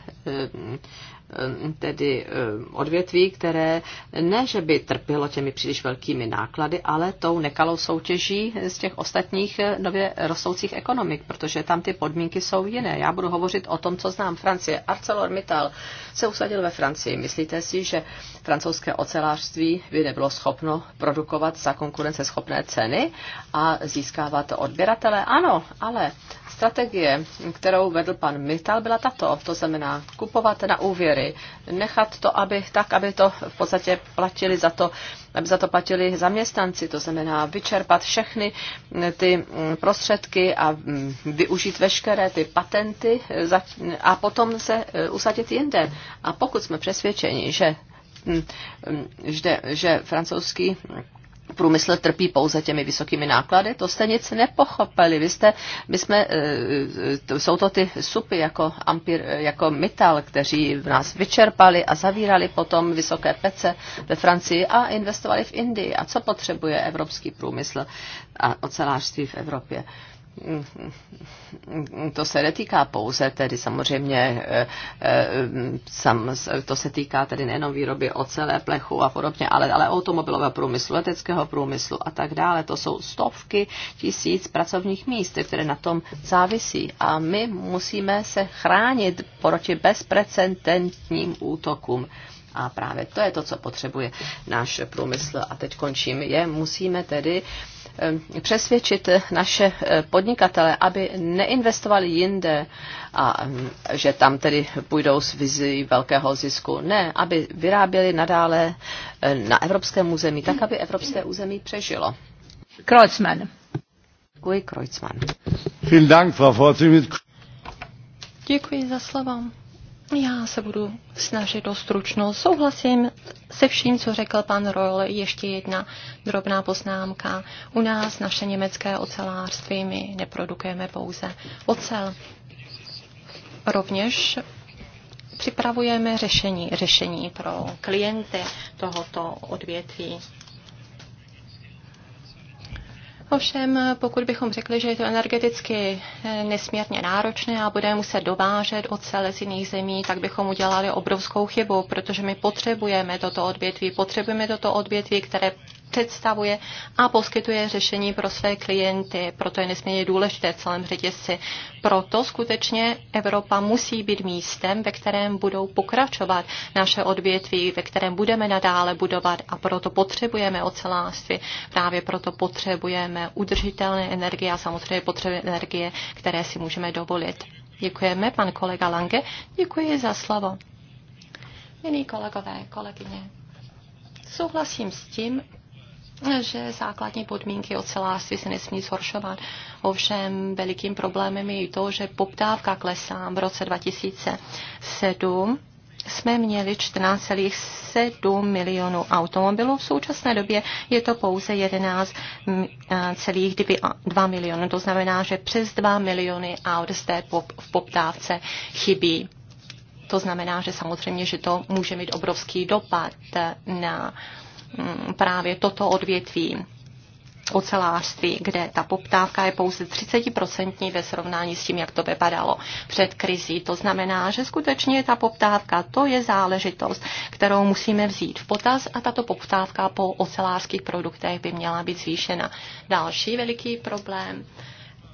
tedy eh, odvětví, které ne, že by trpělo těmi příliš velkými náklady, ale tou nekalou soutěží z těch ostatních eh, nově rostoucích ekonomik, protože tam ty podmínky jsou jiné. Já budu hovořit o tom, co znám Francie. ArcelorMittal se usadil ve Francii. Myslíte si, že francouzské ocelářství by nebylo schopno produkovat za konkurenceschopné ceny a získávat odběratele? Ano, ale strategie, kterou vedl pan Mittal, byla tato. To znamená kupovat na úvěry náklady, nechat to, aby, tak, aby to v podstatě platili za to, aby za to platili zaměstnanci, to znamená vyčerpat všechny eh, ty mm, prostředky a mm, využít veškeré ty patenty eh, a potom se eh, usadit jinde. A pokud jsme přesvědčeni, že mm, že, že francouzský průmysl trpí pouze těmi vysokými náklady, to jste nic nepochopili. Vy jste, my jsme, e, e, jsou to ty supy jako, ampir, jako Mital, kteří v nás vyčerpali a zavírali potom vysoké pece ve Francii a investovali v Indii. A co potřebuje evropský průmysl a ocelářství v Evropě? to se netýká pouze tedy samozřejmě, eh, eh, sam, to se týká tedy nejenom výroby ocele, plechu a podobně, ale, ale automobilového průmyslu, leteckého průmyslu a tak dále. To jsou stovky tisíc pracovních míst, které na tom závisí a my musíme se chránit proti bezprecedentním útokům. A právě to je to, co potřebuje náš průmysl. A teď končím. Je, musíme tedy přesvědčit naše eh, podnikatele, aby neinvestovali jinde a že tam tedy půjdou s vizí velkého zisku. Ne, aby vyráběli nadále eh, na evropském území, tak aby evropské území přežilo. Kreuzmann. Děkuji, Kreuzmann. Vielen Dank, Frau Děkuji za slovo. Já se budu snažit o stručnost. Souhlasím se vším, co řekl pan Roll. Ještě jedna drobná poznámka. U nás naše německé ocelářství my neprodukujeme pouze ocel. Rovněž připravujeme řešení, řešení pro klienty tohoto odvětví. Ovšem, pokud bychom řekli, že je to energeticky eh, nesmírně náročné a budeme muset dovážet ocele z jiných zemí, tak bychom udělali obrovskou chybu, protože my potřebujeme toto odvětví, potřebujeme toto odvětví, které představuje a poskytuje řešení pro své klienty. Proto je nesmírně důležité v celém řetězci. Proto skutečně Evropa musí být místem, ve kterém budou pokračovat naše odvětví, ve kterém budeme nadále budovat a proto potřebujeme ocelářství. Právě proto potřebujeme udržitelné energie a samozřejmě potřebujeme energie, které si můžeme dovolit. Děkujeme, pan kolega Lange. Děkuji za slovo. Milí kolegové, kolegyně, souhlasím s tím, že základní podmínky ocelářství se nesmí zhoršovat. Ovšem velikým problémem je i to, že poptávka klesá. V roce 2007 jsme měli 14,7 milionů automobilů. V současné době je to pouze 11,2 milionů. To znamená, že přes 2 miliony aut zde v poptávce chybí. To znamená, že samozřejmě, že to může mít obrovský dopad na uh, Mm, právě toto odvětví ocelářství, kde ta poptávka je pouze 30% ve srovnání s tím, jak to vypadalo před krizí. To znamená, že skutečně ta poptávka, to je záležitost, kterou musíme vzít v potaz a tato poptávka po ocelářských produktech by měla být zvýšena. Další veliký problém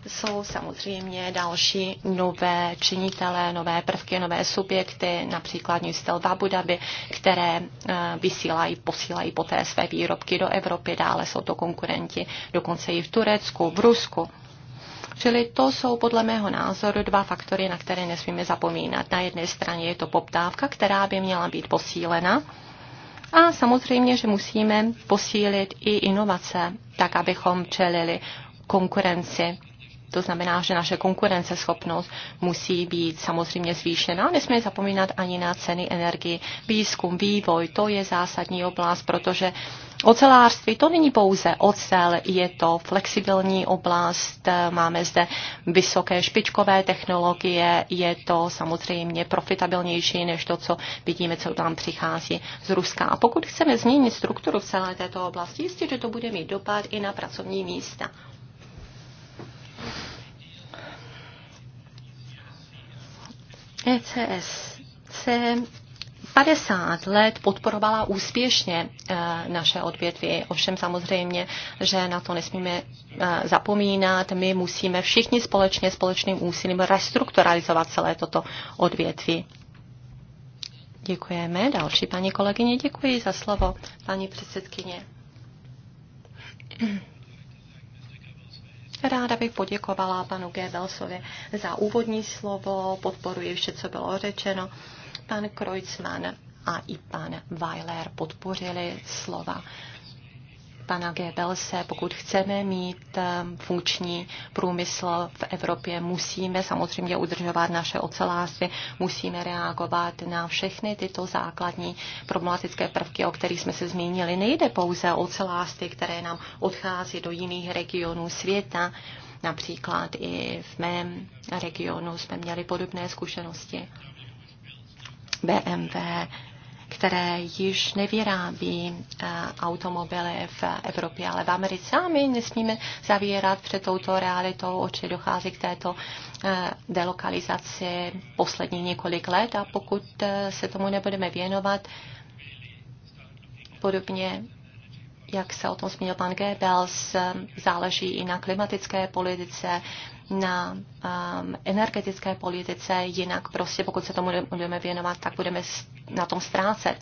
jsou samozřejmě další nové činitelé, nové prvky, nové subjekty, například Newstel Steel Abu Dhabi, které eh, vysílají, posílají poté své výrobky do Evropy, dále jsou to konkurenti dokonce i v Turecku, v Rusku. Čili to jsou podle mého názoru dva faktory, na které nesmíme zapomínat. Na jedné straně je to poptávka, která by měla být posílena, a samozřejmě, že musíme posílit i inovace, tak abychom čelili konkurenci to znamená, že naše konkurenceschopnost musí být samozřejmě zvýšena. Nesmí nesmíme zapomínat ani na ceny energii. Výzkum, vývoj, to je zásadní oblast, protože Ocelářství to není pouze ocel, je to flexibilní oblast, máme zde vysoké špičkové technologie, je to samozřejmě profitabilnější než to, co vidíme, co tam přichází z Ruska. A pokud chceme změnit strukturu v celé této oblasti, jistě, že to bude mít dopad i na pracovní místa. ECS se 50 let podporovala úspěšně e, naše odvětví. Ovšem samozřejmě, že na to nesmíme e, zapomínat. My musíme všichni společně, společným úsilím restrukturalizovat celé toto odvětví. Děkujeme. Další paní kolegyně, děkuji za slovo, paní předsedkyně. Ráda bych poděkovala panu Gebelsovi za úvodní slovo, podporuji vše, co bylo řečeno. Pan Kreuzmann a i pan Weiler podpořili slova pana Gebelse, pokud chceme mít um, funkční průmysl v Evropě, musíme samozřejmě udržovat naše ocelářství, musíme reagovat na všechny tyto základní problematické prvky, o kterých jsme se zmínili. Nejde pouze o ocelářství, které nám odchází do jiných regionů světa. Například i v mém regionu jsme měli podobné zkušenosti. BMW které již nevyrábí eh, automobily v Evropě, ale v Americe. A my nesmíme zavírat před touto realitou oči. Dochází k této eh, delokalizaci posledních několik let a pokud eh, se tomu nebudeme věnovat, podobně jak se o tom zmínil pan Goebbels, záleží i na klimatické politice, na um, energetické politice, jinak prostě pokud se tomu budeme věnovat, tak budeme na tom ztrácet.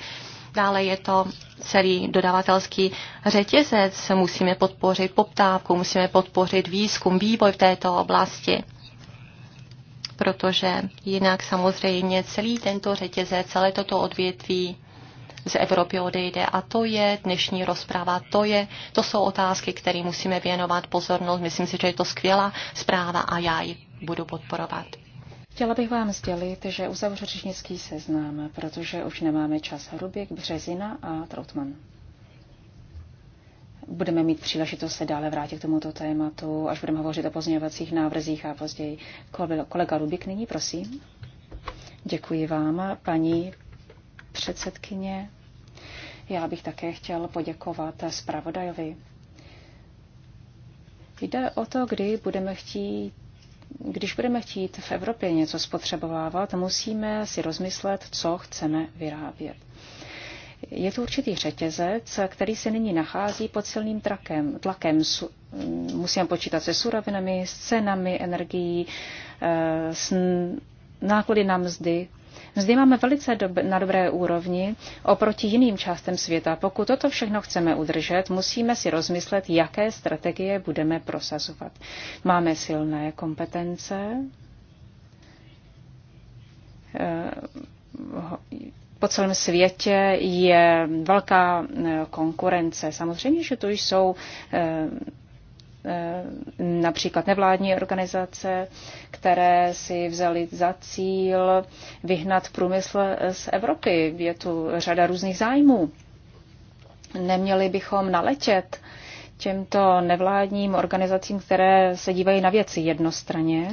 Dále je to celý dodavatelský řetězec, musíme podpořit poptávku, musíme podpořit výzkum, vývoj v této oblasti protože jinak samozřejmě celý tento řetězec, celé toto odvětví z Evropy odejde. A to je dnešní rozprava. To, je, to jsou otázky, které musíme věnovat pozornost. Myslím si, že je to skvělá zpráva a já ji budu podporovat. Chtěla bych vám sdělit, že uzavřu řečnický seznam, protože už nemáme čas. Rubik, Březina a Troutman. Budeme mít příležitost se dále vrátit k tomuto tématu, až budeme hovořit o pozměňovacích návrzích a později. Kolega Rubik nyní, prosím. Děkuji vám, paní předsedkyně. Já bych také chtěl poděkovat zpravodajovi. Jde o to, kdy budeme chtít když budeme chtít v Evropě něco spotřebovávat, musíme si rozmyslet, co chceme vyrábět. Je tu určitý řetězec, který se nyní nachází pod silným trakem, tlakem. Musíme počítat se surovinami, s cenami energií, eh, s náklady na mzdy zde máme velice dob- na dobré úrovni oproti jiným částem světa. Pokud toto všechno chceme udržet, musíme si rozmyslet, jaké strategie budeme prosazovat. Máme silné kompetence. Eh, po celém světě je velká eh, konkurence. Samozřejmě, že to jsou eh, Eh, například nevládní organizace, které si vzali za cíl vyhnat průmysl eh, z Evropy. Je tu řada různých zájmů. Neměli bychom naletět těmto nevládním organizacím, které se dívají na věci jednostranně,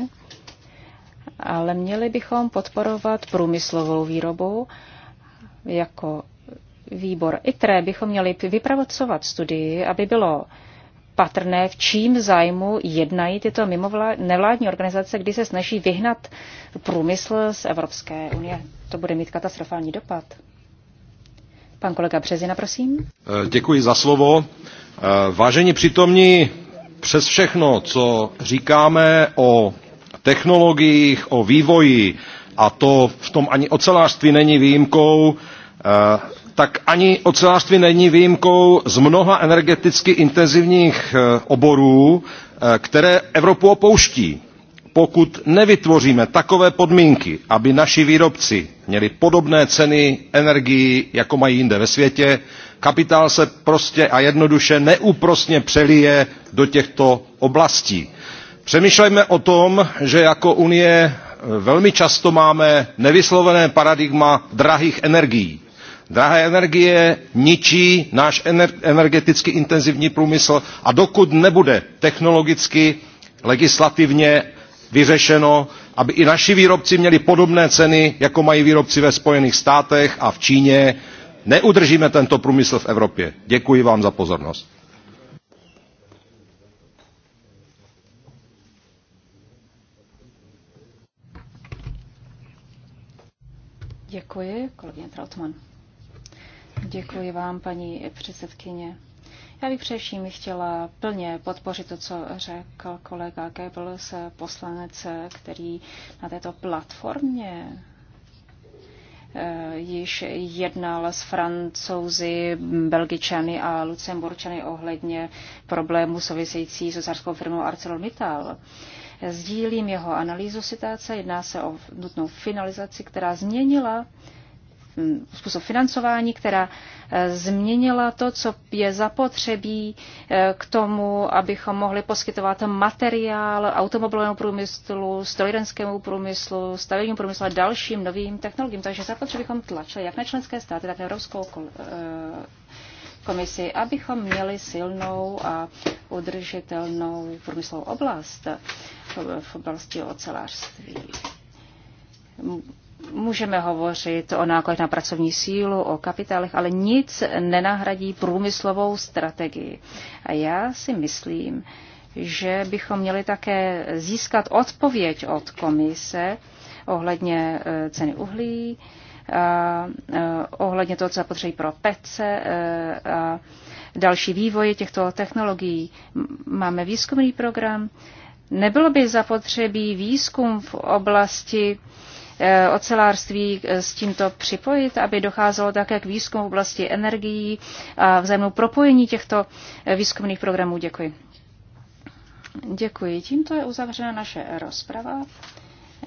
ale měli bychom podporovat průmyslovou výrobu jako výbor ITRE bychom měli vypracovat studii, aby bylo patrné, v čím zájmu jednají tyto nevládní organizace, kdy se snaží vyhnat průmysl z Evropské unie. To bude mít katastrofální dopad. Pan kolega Březina, prosím. Eh, děkuji za slovo. Eh, vážení přítomní, přes všechno, co říkáme o technologiích, o vývoji, a to v tom ani ocelářství není výjimkou, eh, tak ani ocelářství není výjimkou z mnoha energeticky intenzivních eh, oborů, eh, které Evropu opouští. Pokud nevytvoříme takové podmínky, aby naši výrobci měli podobné ceny energii, jako mají jinde ve světě, kapitál se prostě a jednoduše neúprosně přelije do těchto oblastí. Přemýšlejme o tom, že jako Unie eh, velmi často máme nevyslovené paradigma drahých energií Drahé energie ničí náš energeticky intenzivní průmysl a dokud nebude technologicky, legislativně vyřešeno, aby i naši výrobci měli podobné ceny, jako mají výrobci ve Spojených státech a v Číně, neudržíme tento průmysl v Evropě. Děkuji vám za pozornost. Děkuji, kolegyně Trautmann. Děkuji vám, paní předsedkyně. Já bych především chtěla plně podpořit to, co řekl kolega Goebbels, poslanec, který na této platformě eh, již jednal s francouzi, belgičany a lucemburčany ohledně problému související s osářskou firmou ArcelorMittal. Sdílím jeho analýzu situace, jedná se o nutnou finalizaci, která změnila způsob financování, která eh, změnila to, co je zapotřebí eh, k tomu, abychom mohli poskytovat materiál automobilovému průmyslu, strojírenskému průmyslu, stavebnímu průmyslu a dalším novým technologiím. Takže zapotřebí bychom tlačili jak na členské státy, tak na Evropskou eh, komisi, abychom měli silnou a udržitelnou průmyslovou oblast v oblasti ocelářství Můžeme hovořit o nákladech na pracovní sílu, o kapitálech, ale nic nenahradí průmyslovou strategii. A já si myslím, že bychom měli také získat odpověď od komise ohledně eh, ceny uhlí, a, eh, ohledně toho, co zapotřebí pro pece eh, a další vývoje těchto technologií. Máme výzkumný program. Nebylo by zapotřebí výzkum v oblasti Eh, ocelářství eh, s tímto připojit, aby docházelo také k výzkumu v oblasti energií a vzájemnou propojení těchto eh, výzkumných programů. Děkuji. Děkuji. Tímto je uzavřena naše rozprava.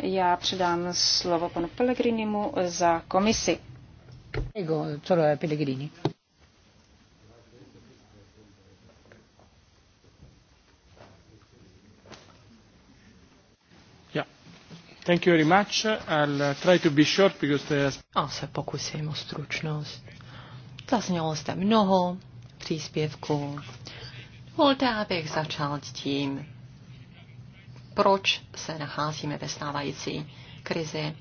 Já předám slovo panu Pellegrinimu za komisi. Prego, Pellegrini. Thank you very much. I'll uh, try to be short because there A se pokusím o stručnost. Zaznělo jste mnoho příspěvků. Volte, abych začal tím, proč se nacházíme ve stávající krizi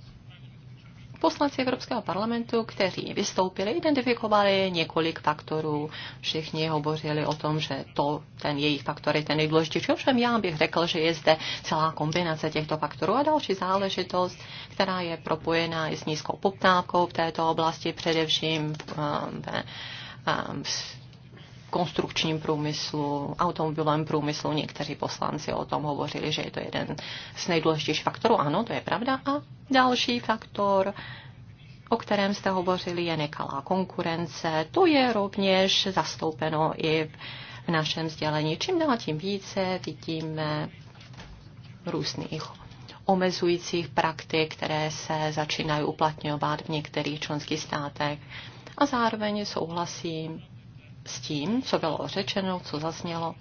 Poslanci Evropského parlamentu, kteří vystoupili, identifikovali několik faktorů. Všichni hovořili o tom, že to, ten jejich faktor je ten nejdůležitější. Ovšem já bych řekl, že je zde celá kombinace těchto faktorů a další záležitost, která je propojená i s nízkou poptávkou v této oblasti, především eh, ve, eh, konstrukčním průmyslu, automobilovém průmyslu. Někteří poslanci o tom hovořili, že je to jeden z nejdůležitějších faktorů. Ano, to je pravda. A další faktor, o kterém jste hovořili, je nekalá konkurence. To je rovněž zastoupeno i v našem sdělení. Čím dál tím více vidíme různých omezujících praktik, které se začínají uplatňovat v některých členských státech. A zároveň souhlasím s tím, co bylo řečeno, co zaznělo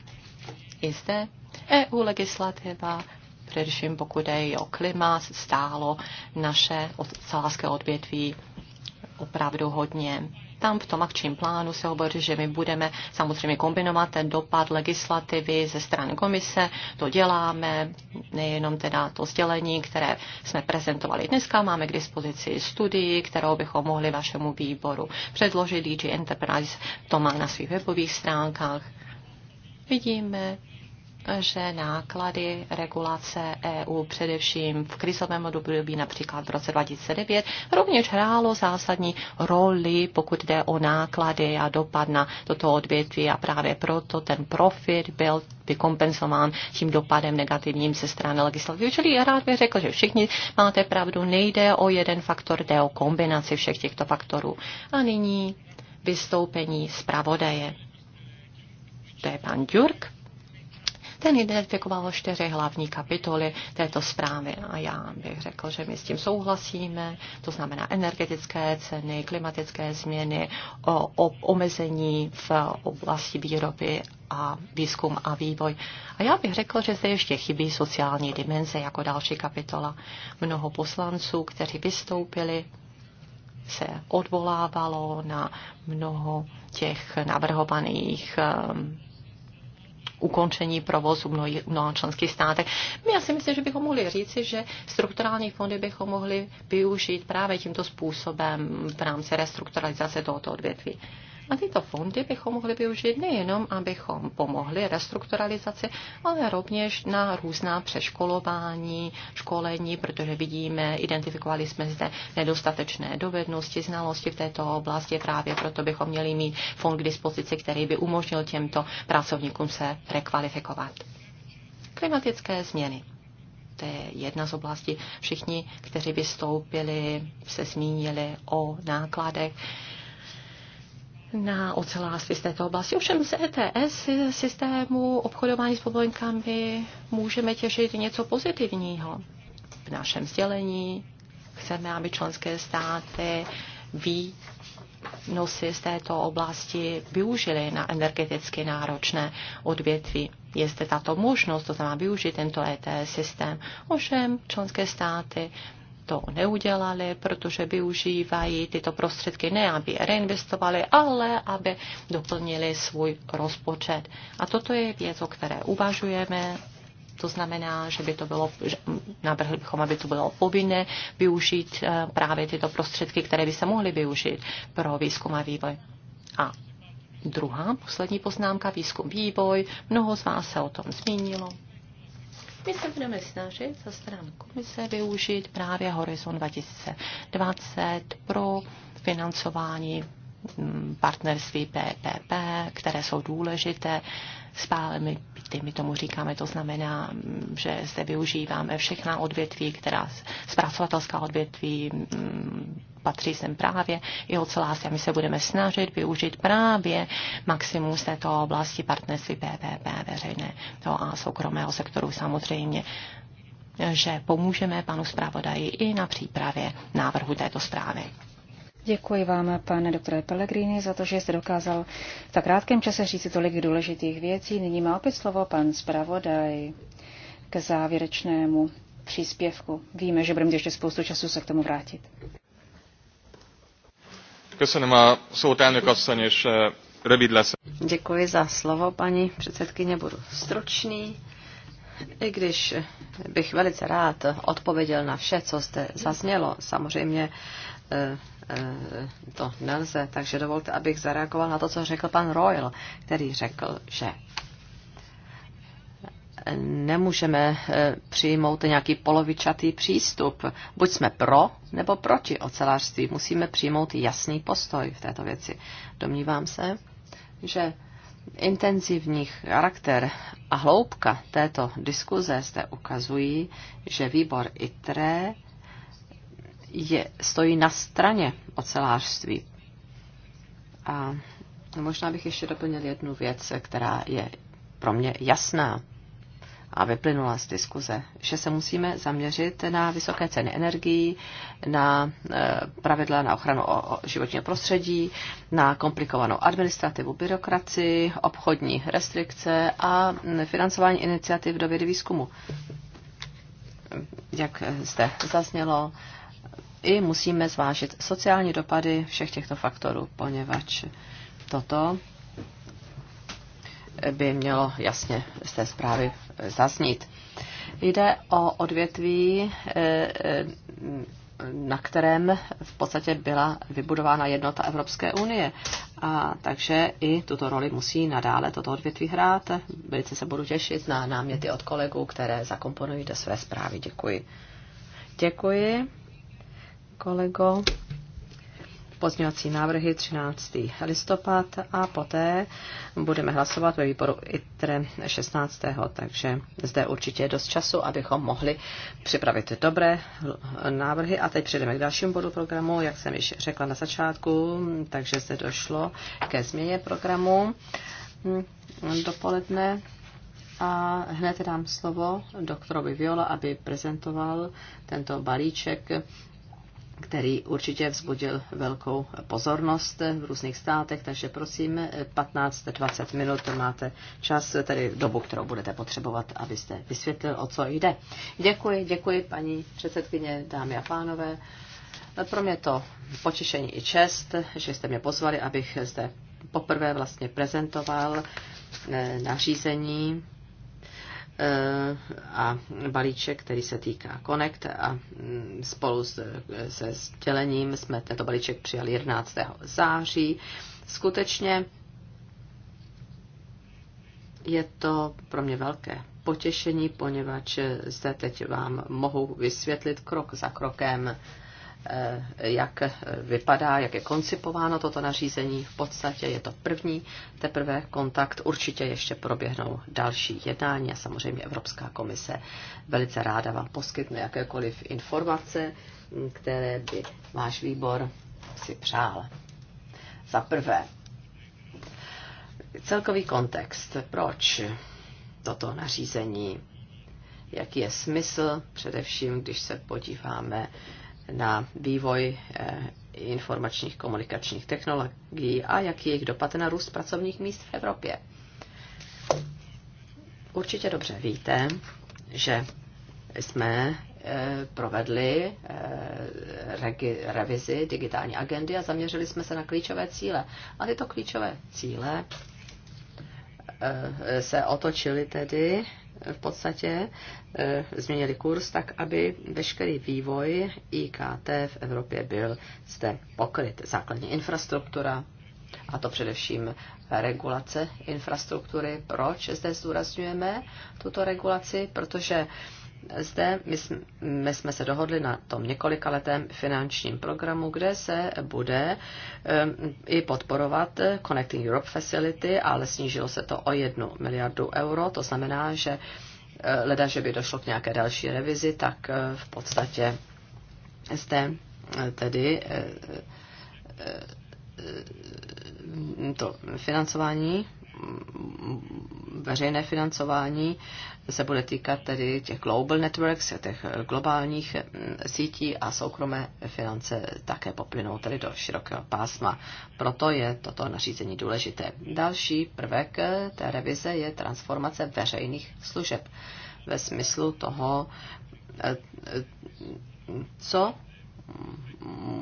i zde. EU legislativa, především pokud je o klima, stálo naše ocelářské odvětví opravdu hodně tam v tom akčním plánu se hovoří, že my budeme samozřejmě kombinovat ten dopad legislativy ze strany komise. To děláme, nejenom teda to sdělení, které jsme prezentovali dneska. Máme k dispozici studii, kterou bychom mohli vašemu výboru předložit. DG Enterprise to má na svých webových stránkách. Vidíme, že náklady regulace EU především v krizovém období, například v roce 2009, rovněž hrálo zásadní roli, pokud jde o náklady a dopad na toto odvětví a právě proto ten profit byl vykompenzován tím dopadem negativním ze strany legislativy. Čili já rád bych řekl, že všichni máte pravdu, nejde o jeden faktor, jde o kombinaci všech těchto faktorů. A nyní vystoupení zpravodaje. To je pan Djurk ten identifikoval čtyři hlavní kapitoly této zprávy a já bych řekl, že my s tím souhlasíme, to znamená energetické ceny, klimatické změny, o, o, omezení v oblasti výroby a výzkum a vývoj. A já bych řekl, že zde ještě chybí sociální dimenze jako další kapitola. Mnoho poslanců, kteří vystoupili, se odvolávalo na mnoho těch navrhovaných um, ukončení provozu v mnoha členských státech. My já si myslím, že bychom mohli říci, že strukturální fondy bychom mohli využít právě tímto způsobem v rámci restrukturalizace tohoto odvětví. A tyto fondy bychom mohli využít nejenom, abychom pomohli restrukturalizaci, ale rovněž na různá přeškolování, školení, protože vidíme, identifikovali jsme zde nedostatečné dovednosti, znalosti v této oblasti. Právě proto bychom měli mít fond k dispozici, který by umožnil těmto pracovníkům se rekvalifikovat. Klimatické změny to je jedna z oblastí. Všichni, kteří vystoupili, se zmínili o nákladech na ocelářství z této oblasti. Ovšem z ETS systému obchodování s povolenkami můžeme těšit něco pozitivního. V našem sdělení chceme, aby členské státy ví, nosy z této oblasti využili na energeticky náročné odvětví. Je zde tato možnost, to znamená využít tento ETS systém. Ovšem členské státy to neudělali, protože využívají tyto prostředky ne, aby reinvestovali, ale aby doplnili svůj rozpočet. A toto je věc, o které uvažujeme. To znamená, že by to bylo, navrhli bychom, aby to bylo povinné využít eh, právě tyto prostředky, které by se mohly využít pro výzkum a vývoj. A druhá, poslední poznámka, výzkum, vývoj. Mnoho z vás se o tom zmínilo. My se budeme snažit za stranu komise využít právě Horizon 2020 pro financování mm, partnerství PPP, které jsou důležité Stále my, my tomu říkáme, to znamená, mm, že zde využíváme všechna odvětví, která zpracovatelská odvětví mm, patří sem právě i ocelářství. A my se budeme snažit využít právě maximum z této oblasti partnerství PPP To no a soukromého sektoru samozřejmě že pomůžeme panu zpravodaji i na přípravě návrhu této zprávy. Děkuji vám, pane doktore Pellegrini, za to, že jste dokázal v tak krátkém čase říct tolik důležitých věcí. Nyní má opět slovo pan zpravodaj k závěrečnému příspěvku. Víme, že budeme ještě spoustu času se k tomu vrátit. Eh, Děkuji za slovo, paní předsedkyně, budu stručný. I když bych velice rád odpověděl na vše, co zde zaznělo, samozřejmě eh, Eh, to nelze. Takže dovolte, abych zareagoval na to, co řekl pan Royal, který řekl, že nemůžeme eh, přijmout nějaký polovičatý přístup. Buď jsme pro nebo proti ocelářství. Musíme přijmout jasný postoj v této věci. Domnívám se, že intenzivní charakter a hloubka této diskuze zde ukazují, že výbor ITRE je, stojí na straně ocelářství. A možná bych ještě doplnil jednu věc, která je pro mě jasná a vyplynula z diskuze, že se musíme zaměřit na vysoké ceny energií, na e, pravidla na ochranu životního prostředí, na komplikovanou administrativu, byrokracii, obchodní restrikce a financování iniciativ do vědy výzkumu. Jak zde zaznělo, i musíme zvážit sociální dopady všech těchto faktorů, poněvadž toto by mělo jasně z té zprávy zaznít. Jde o odvětví, e, e, na kterém v podstatě byla vybudována jednota Evropské unie. A takže i tuto roli musí nadále toto odvětví hrát. Velice se budu těšit na náměty od kolegů, které zakomponují do své zprávy. Děkuji. Děkuji kolego. Pozměňovací návrhy 13. listopad a poté budeme hlasovat ve výboru ITRE 16. Takže zde určitě je dost času, abychom mohli připravit dobré návrhy. A teď přejdeme k dalšímu bodu programu, jak jsem již řekla na začátku, takže zde došlo ke změně programu hmm, dopoledne. A hned dám slovo doktorovi Viola, aby prezentoval tento balíček který určitě vzbudil velkou pozornost v různých státech, takže prosím, 15-20 minut máte čas, tedy dobu, kterou budete potřebovat, abyste vysvětlil, o co jde. Děkuji, děkuji paní předsedkyně, dámy a pánové. Pro mě to potěšení i čest, že jste mě pozvali, abych zde poprvé vlastně prezentoval eh, nařízení Eh, a balíček, který se týká Connect a mm, spolu se sdělením jsme tento balíček přijali 11. září. Skutečně je to pro mě velké potěšení, poněvadž zde teď vám mohu vysvětlit krok za krokem, Eh, jak vypadá, jak je koncipováno toto nařízení. V podstatě je to první teprve kontakt. Určitě ještě proběhnou další jednání a samozřejmě Evropská komise velice ráda vám poskytne jakékoliv informace, které by váš výbor si přál. Za prvé, celkový kontext. Proč toto nařízení? Jaký je smysl, především když se podíváme na vývoj eh, informačních komunikačních technologií a jaký je jejich dopad na růst pracovních míst v Evropě. Určitě dobře víte, že jsme eh, provedli eh, revizi digitální agendy a zaměřili jsme se na klíčové cíle. A tyto klíčové cíle se otočily tedy v podstatě eh, změnili kurz tak, aby veškerý vývoj IKT v Evropě byl zde pokryt. Základní infrastruktura, a to především regulace infrastruktury. Proč zde zdůrazňujeme tuto regulaci? Protože zde my jsme, my jsme se dohodli na tom několikaletém finančním programu, kde se bude um, i podporovat Connecting Europe Facility, ale snížilo se to o jednu miliardu euro. To znamená, že eh, leda, že by došlo k nějaké další revizi, tak eh, v podstatě zde eh, tedy to financování veřejné financování se bude týkat tedy těch global networks, těch globálních mm, sítí a soukromé finance také poplynou tedy do širokého pásma. Proto je toto nařízení důležité. Další prvek eh, té revize je transformace veřejných služeb ve smyslu toho, eh, eh, co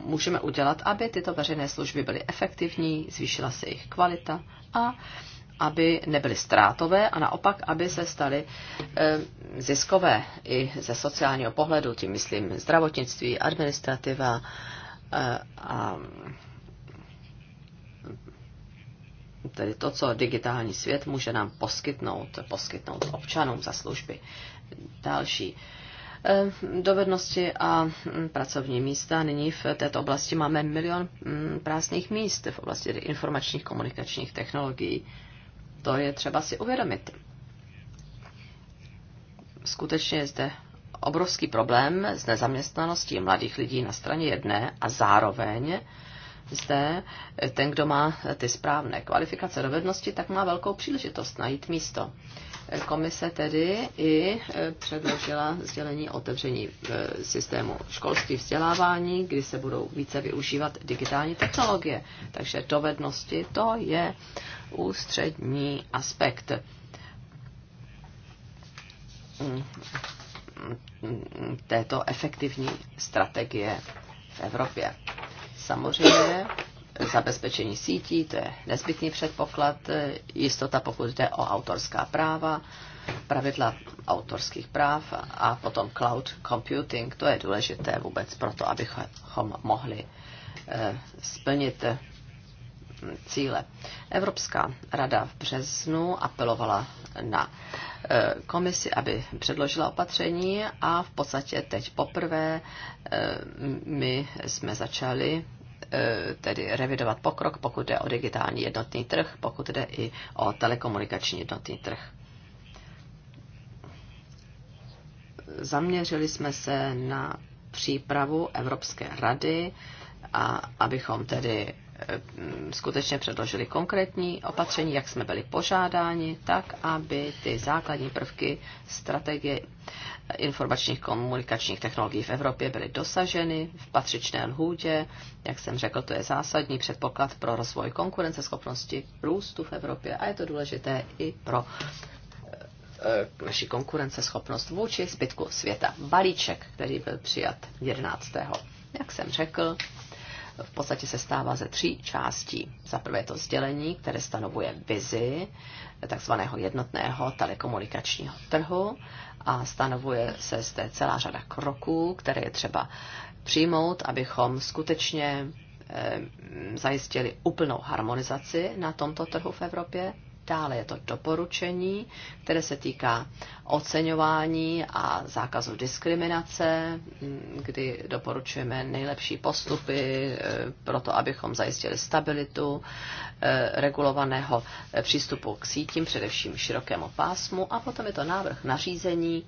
můžeme udělat, aby tyto veřejné služby byly efektivní, zvýšila se jejich kvalita a aby nebyly ztrátové a naopak, aby se staly eh, ziskové i ze sociálního pohledu, tím myslím zdravotnictví, administrativa eh, a tedy to, co digitální svět může nám poskytnout, poskytnout občanům za služby. Další eh, dovednosti a hm, pracovní místa. Nyní v této oblasti máme milion hm, prázdných míst v oblasti informačních komunikačních technologií. To je třeba si uvědomit. Skutečně je zde obrovský problém s nezaměstnaností mladých lidí na straně jedné a zároveň zde eh, ten, kdo má eh, ty správné kvalifikace, dovednosti, tak má velkou příležitost najít místo. Eh, komise tedy i předložila sdělení otevření systému školství vzdělávání, kdy se budou více využívat digitální technologie. Takže dovednosti to je ústřední aspekt mm, mm, mm, této efektivní strategie v Evropě. Samozřejmě zabezpečení sítí, to je nezbytný předpoklad, e, jistota, pokud jde o autorská práva, pravidla autorských práv a potom cloud computing, to je důležité vůbec pro to, abychom mohli e, splnit cíle. Evropská rada v březnu apelovala na eh, komisi, aby předložila opatření a v podstatě teď poprvé eh, my jsme začali eh, tedy revidovat pokrok, pokud jde o digitální jednotný trh, pokud jde i o telekomunikační jednotný trh. Zaměřili jsme se na přípravu Evropské rady, a abychom tedy skutečně předložili konkrétní opatření, jak jsme byli požádáni, tak aby ty základní prvky strategie informačních komunikačních technologií v Evropě byly dosaženy v patřičné lhůdě. Jak jsem řekl, to je zásadní předpoklad pro rozvoj konkurenceschopnosti růstu v Evropě a je to důležité i pro eh, eh, naši konkurenceschopnost vůči zbytku světa. Balíček, který byl přijat 11. Jak jsem řekl, v podstatě se stává ze tří částí. Za prvé to sdělení, které stanovuje vizi takzvaného jednotného telekomunikačního trhu a stanovuje se zde celá řada kroků, které je třeba přijmout, abychom skutečně eh, zajistili úplnou harmonizaci na tomto trhu v Evropě Dále je to doporučení, které se týká oceňování a zákazu diskriminace, kdy doporučujeme nejlepší postupy eh, pro to, abychom zajistili stabilitu eh, regulovaného eh, přístupu k sítím, především širokému pásmu. A potom je to návrh nařízení,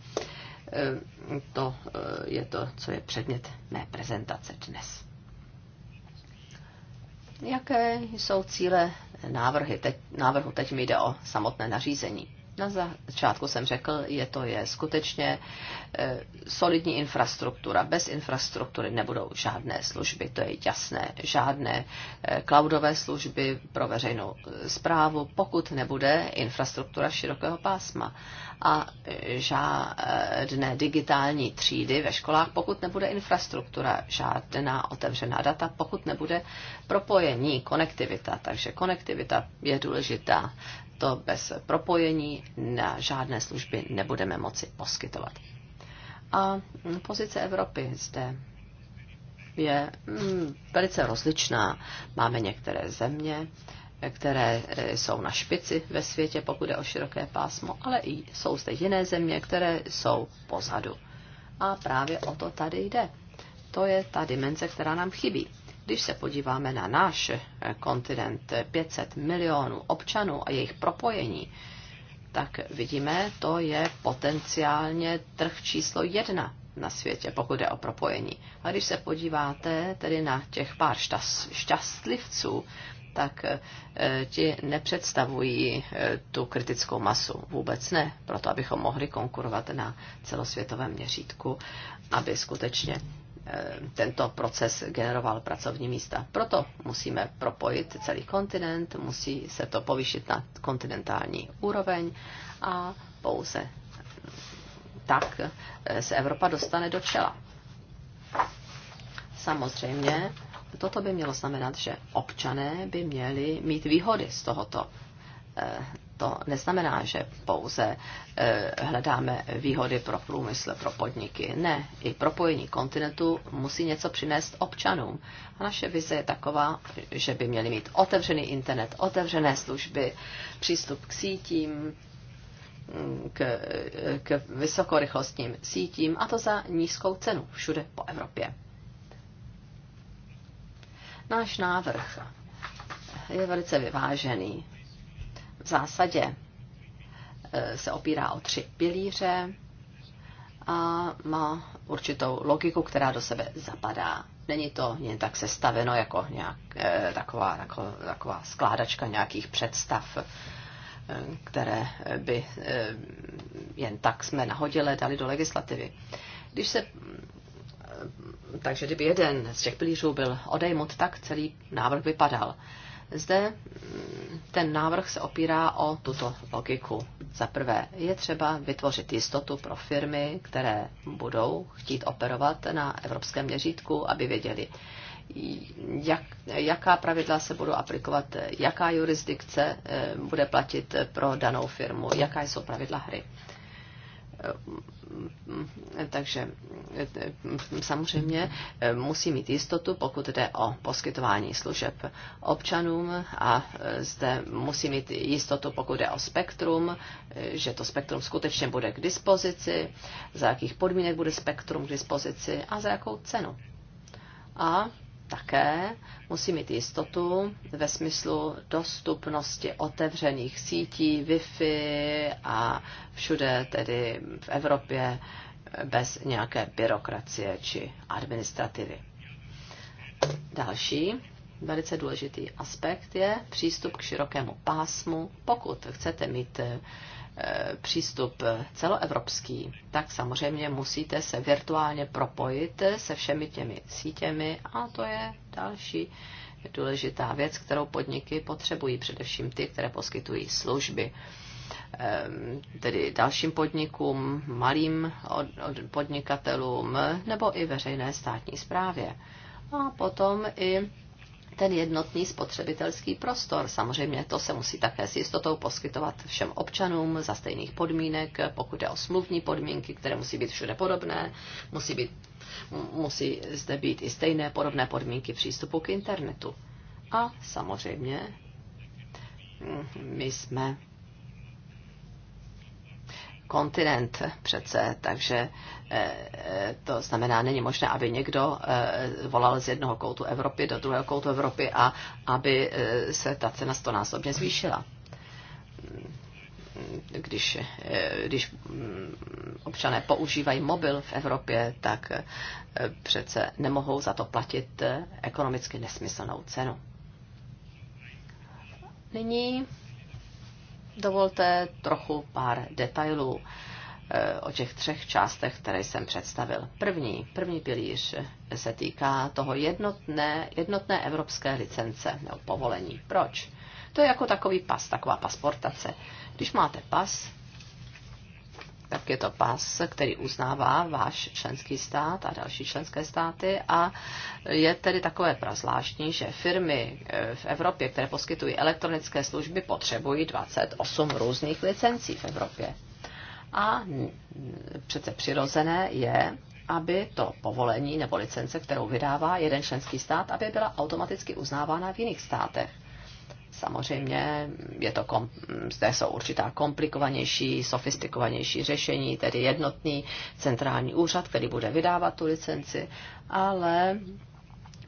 to je to, co je předmět mé prezentace dnes. Jaké jsou cíle návrhy. Teď, návrhu teď mi jde o samotné nařízení na začátku jsem řekl, je to je skutečně eh, solidní infrastruktura. Bez infrastruktury nebudou žádné služby, to je jasné. Žádné eh, cloudové služby pro veřejnou zprávu, eh, pokud nebude infrastruktura širokého pásma a žádné digitální třídy ve školách, pokud nebude infrastruktura, žádná otevřená data, pokud nebude propojení, konektivita. Takže konektivita je důležitá to bez propojení na žádné služby nebudeme moci poskytovat. A pozice Evropy zde je mm, velice rozličná. Máme některé země, které eh, jsou na špici ve světě, pokud je o široké pásmo, ale i jsou zde jiné země, které jsou pozadu. A právě o to tady jde. To je ta dimenze, která nám chybí. Když se podíváme na náš eh, kontinent 500 eh, milionů občanů a jejich propojení, tak vidíme, to je potenciálně trh číslo jedna na světě, pokud je o propojení. A když se podíváte tedy na těch pár šťastlivců, tak eh, ti nepředstavují tu kritickou masu. Vůbec ne, proto abychom mohli konkurovat na celosvětovém měřítku, aby skutečně Eh, tento proces generoval pracovní místa. Proto musíme propojit celý kontinent, musí se to povýšit na kontinentální úroveň a pouze tak eh, se Evropa dostane do čela. Samozřejmě toto by mělo znamenat, že občané by měli mít výhody z tohoto eh, to neznamená, že pouze e, hledáme výhody pro průmysl, pro podniky. Ne, i propojení kontinentu musí něco přinést občanům. A naše vize je taková, že by měli mít otevřený internet, otevřené služby, přístup k sítím, k, k vysokorychlostním sítím, a to za nízkou cenu všude po Evropě. Náš návrh je velice vyvážený v zásadě eh, se opírá o tři pilíře a má určitou logiku, která do sebe zapadá. Není to jen tak sestaveno jako nějak, eh, taková, taková, taková skládačka nějakých představ, eh, které by jen tak jsme nahodile dali do legislativy. Když se takže kdyby jeden z těch pilířů byl odejmut, tak celý návrh vypadal. Zde mm, ten návrh se opírá o tuto logiku. Za prvé je třeba vytvořit jistotu pro firmy, které budou chtít operovat na evropském měřítku, aby věděli, jak, jaká pravidla se budou aplikovat, jaká jurisdikce eh, bude platit pro danou firmu, jaká jsou pravidla hry takže eh, samozřejmě eh, musí mít jistotu, pokud jde o poskytování služeb občanům a eh, zde musí mít jistotu, pokud jde o spektrum, že to spektrum skutečně bude k dispozici, za jakých podmínek bude spektrum k dispozici a za jakou cenu. A také musí mít jistotu ve smyslu dostupnosti otevřených sítí, Wi-Fi a všude tedy v Evropě bez nějaké byrokracie či administrativy. Další velice důležitý aspekt je přístup k širokému pásmu. Pokud chcete mít Eh, přístup celoevropský, tak samozřejmě musíte se virtuálně propojit se všemi těmi sítěmi a to je další důležitá věc, kterou podniky potřebují, především ty, které poskytují služby. Ehm, tedy dalším podnikům, malým podnikatelům nebo i veřejné státní správě. A potom i ten jednotný spotřebitelský prostor. Samozřejmě to se musí také s jistotou poskytovat všem občanům za stejných podmínek, pokud je o smluvní podmínky, které musí být všude podobné, musí, být, musí zde být i stejné podobné podmínky přístupu k internetu. A samozřejmě mm, my jsme kontinent přece, takže eh, eh, to znamená, není možné, aby někdo eh, volal z jednoho koutu Evropy do druhého koutu Evropy a aby se ta cena stonásobně zvýšila když, když mm, občané používají mobil v Evropě, tak přece nemohou za to platit ekonomicky nesmyslnou cenu. Nyní Dovolte trochu pár detailů eh, o těch třech částech, které jsem představil. První, první pilíř se týká toho jednotné, jednotné evropské licence nebo povolení. Proč? To je jako takový pas, taková pasportace. Když máte pas, tak je to pas, který uznává váš členský stát a další členské státy a je tedy takové prazvláštní, že firmy eh, v Evropě, které poskytují elektronické služby, potřebují 28 různých licencí v Evropě. A přece přirozené je, aby to povolení nebo licence, kterou vydává jeden členský stát, aby byla automaticky uznávána v jiných státech. Samozřejmě je to kom, zde jsou určitá komplikovanější, sofistikovanější řešení, tedy jednotný centrální úřad, který bude vydávat tu licenci, ale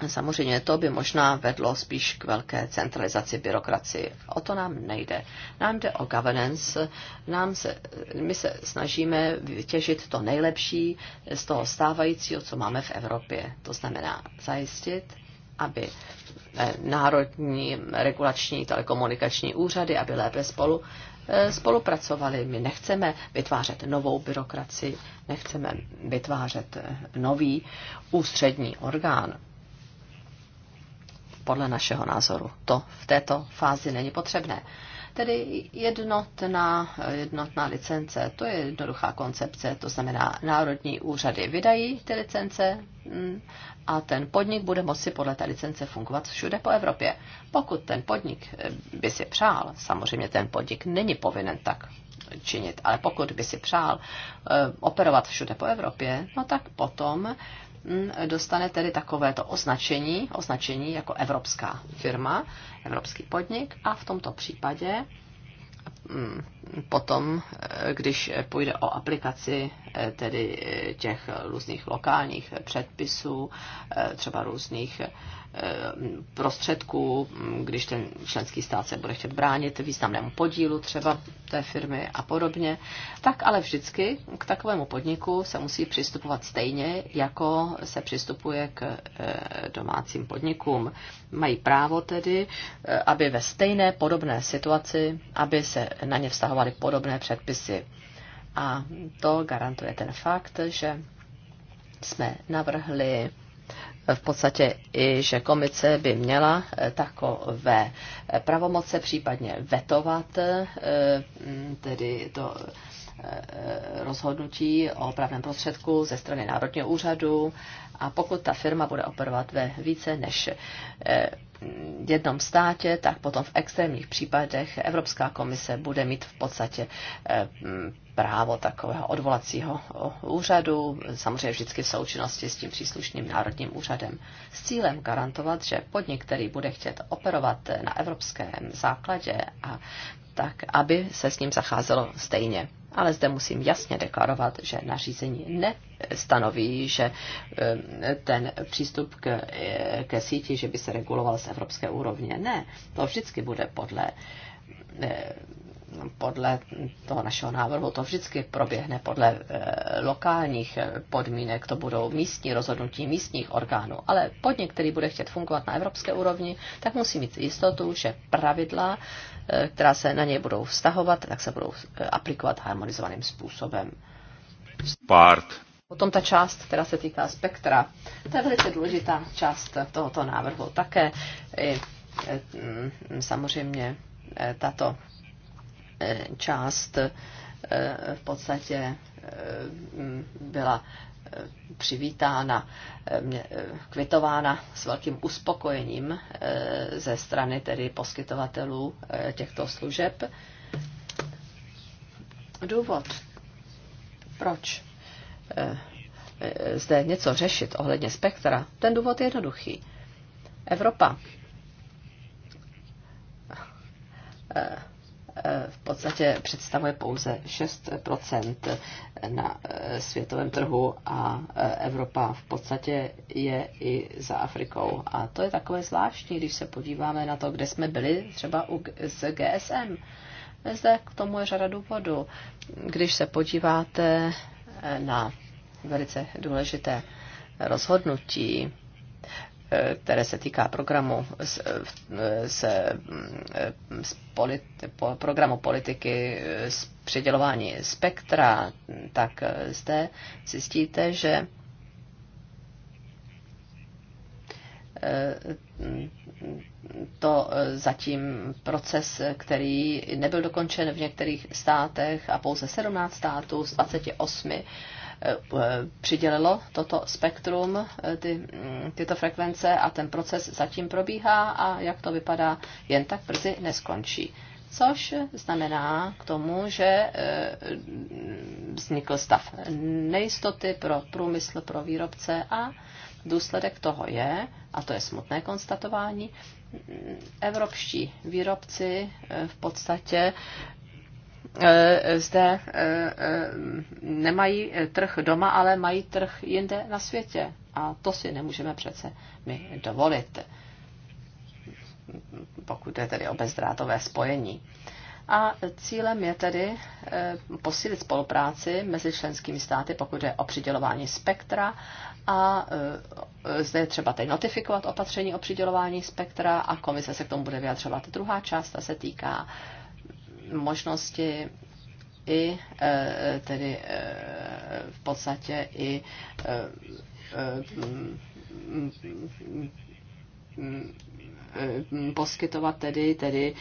Samozřejmě to by možná vedlo spíš k velké centralizaci byrokracie. O to nám nejde. Nám jde o governance, nám se, my se snažíme vytěžit to nejlepší z toho stávajícího, co máme v Evropě. To znamená zajistit, aby eh, národní regulační telekomunikační úřady, aby lépe spolu eh, spolupracovali. My nechceme vytvářet novou byrokracii, nechceme vytvářet eh, nový ústřední orgán. Podle našeho názoru to v této fázi není potřebné tedy jednotná, jednotná licence. To je jednoduchá koncepce, to znamená, národní úřady vydají ty licence mm, a ten podnik bude moci podle té licence fungovat všude po Evropě. Pokud ten podnik eh, by si přál, samozřejmě ten podnik není povinen tak činit, ale pokud by si přál eh, operovat všude po Evropě, no tak potom Mm, dostane tedy takovéto označení, označení jako evropská firma, evropský podnik a v tomto případě mm, potom, eh, když půjde o aplikaci eh, tedy eh, těch různých lokálních předpisů, třeba různých Eh, prostředků, mm, když ten členský stát se bude chtět bránit významnému podílu třeba té firmy a podobně, tak ale vždycky k takovému podniku se musí přistupovat stejně, jako se přistupuje k eh, domácím podnikům. Mají právo tedy, eh, aby ve stejné podobné situaci, aby se na ně vztahovaly podobné předpisy. A to garantuje ten fakt, že jsme navrhli v podstatě i, že komice by měla eh, takové eh, pravomoce případně vetovat eh, mm, tedy to rozhodnutí o právném prostředku ze strany Národního úřadu a pokud ta firma bude operovat ve více než eh, jednom státě, tak potom v extrémních případech Evropská komise bude mít v podstatě eh, právo takového odvolacího eh, úřadu, samozřejmě vždycky v součinnosti s tím příslušným národním úřadem, s cílem garantovat, že podnik, který bude chtět operovat na evropském základě, a tak aby se s ním zacházelo stejně ale zde musím jasně deklarovat, že nařízení nestanoví, že eh, ten přístup ke, eh, ke síti, že by se reguloval z evropské úrovně. Ne, to vždycky bude podle eh, podle toho našeho návrhu to vždycky proběhne podle eh, lokálních eh, podmínek, to budou místní rozhodnutí místních orgánů. Ale podnik, který bude chtět fungovat na evropské úrovni, tak musí mít jistotu, že pravidla, eh, která se na něj budou vztahovat, tak se budou aplikovat harmonizovaným způsobem. Part. Potom ta část, která se týká spektra, to je velice důležitá část tohoto návrhu. Také i, mm, samozřejmě tato část eh, v podstatě eh, byla eh, přivítána, kvitována s velkým uspokojením ze strany tedy poskytovatelů těchto služeb. Důvod, proč zde něco řešit ohledně spektra, ten důvod je jednoduchý. Evropa v podstatě představuje pouze 6 na eh, světovém trhu a eh, Evropa v podstatě je i za Afrikou. A to je takové zvláštní, když se podíváme na to, kde jsme byli třeba u, s GSM. Zde k tomu je řada důvodů. Když se podíváte eh, na velice důležité rozhodnutí které se týká programu se, se, polit, po, programu politiky s předělování spektra, tak zde zjistíte, že eh, to zatím proces, který nebyl dokončen v některých státech a pouze 17 států z 28 Eh, přidělilo toto spektrum, eh, ty, mm, tyto frekvence a ten proces zatím probíhá a jak to vypadá, jen tak brzy neskončí. Což znamená k tomu, že eh, vznikl stav nejistoty pro průmysl, pro výrobce a důsledek toho je, a to je smutné konstatování, mm, evropští výrobci v podstatě E, zde e, e, nemají trh doma, ale mají trh jinde na světě. A to si nemůžeme přece my dovolit, pokud je tedy o bezdrátové spojení. A cílem je tedy posílit spolupráci mezi členskými státy, pokud je o přidělování spektra. A zde je třeba teď notifikovat opatření o přidělování spektra a komise se k tomu bude vyjadřovat. Druhá část ta se týká možnosti i e, tedy e, v podstatě i e, poskytovat tedy, tedy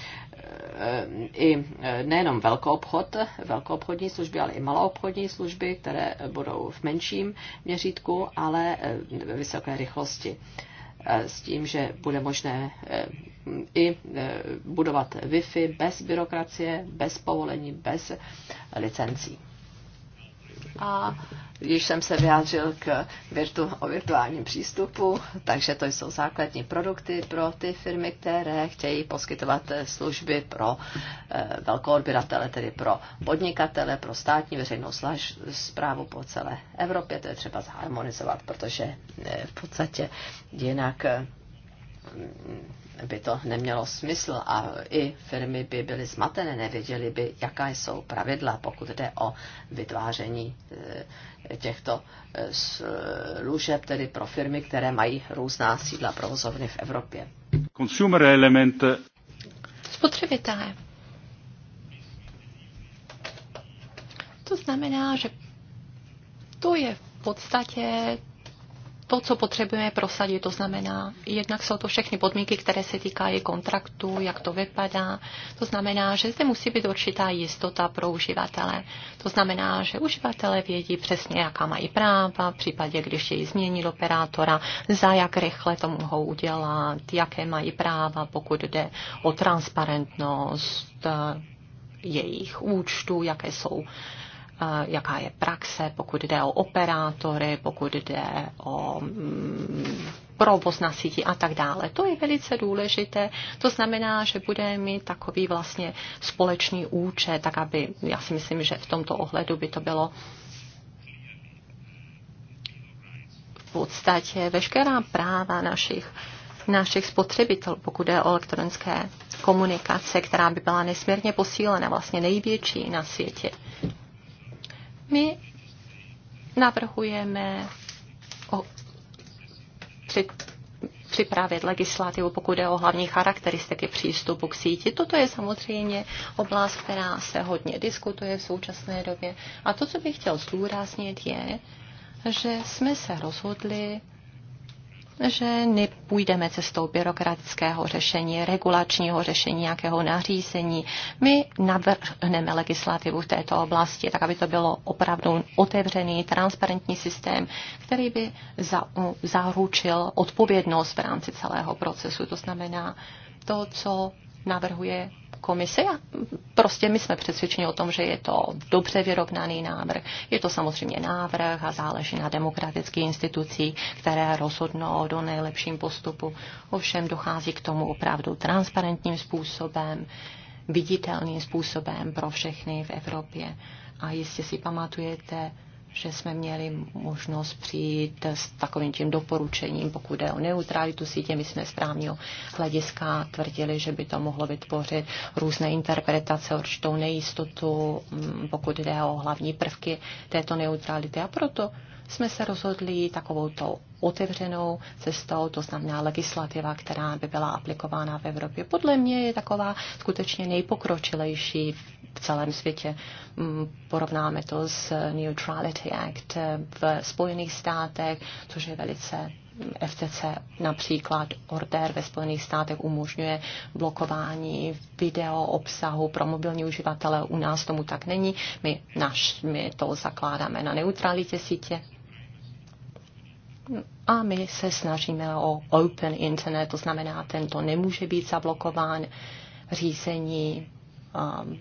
i nejenom velkou obchod, velkou obchodní služby, ale i malou obchodní služby, které budou v menším měřítku, ale ve vysoké rychlosti. S tím, že bude možné i e, budovat Wi-Fi bez byrokracie, bez povolení, bez licencí. A když jsem se vyjádřil k virtu, o virtuálním přístupu, takže to jsou základní produkty pro ty firmy, které chtějí poskytovat služby pro eh, velkou odběratele, tedy pro podnikatele, pro státní veřejnou slaž, zprávu po celé Evropě. To je třeba zharmonizovat, protože eh, v podstatě jinak Eh, by to nemělo smysl a i firmy by byly zmatené, nevěděly by, jaká jsou pravidla, pokud jde o vytváření eh, těchto eh, služeb, tedy pro firmy, které mají různá sídla provozovny v Evropě. Consumer element. Spotřebitelé. To znamená, že to je v podstatě to, co potřebujeme prosadit, to znamená, jednak jsou to všechny podmínky, které se týkají kontraktu, jak to vypadá. To znamená, že zde musí být určitá jistota pro uživatele. To znamená, že uživatele vědí přesně, jaká mají práva, v případě, když chtějí změní operátora, za jak rychle to mohou udělat, jaké mají práva, pokud jde o transparentnost eh, jejich účtu, jaké jsou jaká je praxe, pokud jde o operátory, pokud jde o mm, provoz na síti a tak dále. To je velice důležité. To znamená, že bude mít takový vlastně společný účet, tak aby, já si myslím, že v tomto ohledu by to bylo v podstatě veškerá práva našich, našich spotřebitelů, pokud je o elektronické komunikace, která by byla nesmírně posílena, vlastně největší na světě. My navrhujeme o při, připravit legislativu, pokud je o hlavní charakteristiky přístupu k síti. Toto je samozřejmě oblast, která se hodně diskutuje v současné době. A to, co bych chtěl zdůraznit, je, že jsme se rozhodli že nepůjdeme cestou byrokratického řešení, regulačního řešení, nějakého nařízení. My navrhneme legislativu v této oblasti, tak aby to bylo opravdu otevřený, transparentní systém, který by za, zaručil odpovědnost v rámci celého procesu. To znamená to, co navrhuje komise. Prostě my jsme přesvědčeni o tom, že je to dobře vyrovnaný návrh. Je to samozřejmě návrh a záleží na demokratických institucích, které rozhodnou do nejlepším postupu. Ovšem dochází k tomu opravdu transparentním způsobem, viditelným způsobem pro všechny v Evropě. A jistě si pamatujete, že jsme měli možnost přijít s takovým tím doporučením, pokud jde o neutralitu sítě. My jsme z právního hlediska tvrdili, že by to mohlo vytvořit různé interpretace, určitou nejistotu, mm, pokud jde o hlavní prvky této neutrality. A proto jsme se rozhodli takovou tou otevřenou cestou, to znamená legislativa, která by byla aplikována v Evropě. Podle mě je taková skutečně nejpokročilejší v celém světě. Mm, porovnáme to s Neutrality Act eh, v Spojených státech, což je velice mm, FTC například order ve Spojených státech umožňuje blokování video obsahu pro mobilní uživatele. U nás tomu tak není. My, naš, my to zakládáme na neutralitě sítě. A my se snažíme o open internet, to znamená, tento nemůže být zablokován řízení um,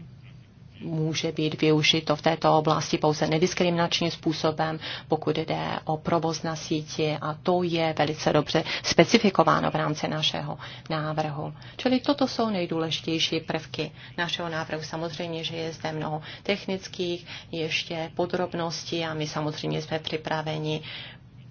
může být využito v této oblasti pouze nediskriminačním způsobem, pokud jde o provoz na síti a to je velice dobře specifikováno v rámci našeho návrhu. Čili toto jsou nejdůležitější prvky našeho návrhu. Samozřejmě, že je zde mnoho technických ještě podrobností a my samozřejmě jsme připraveni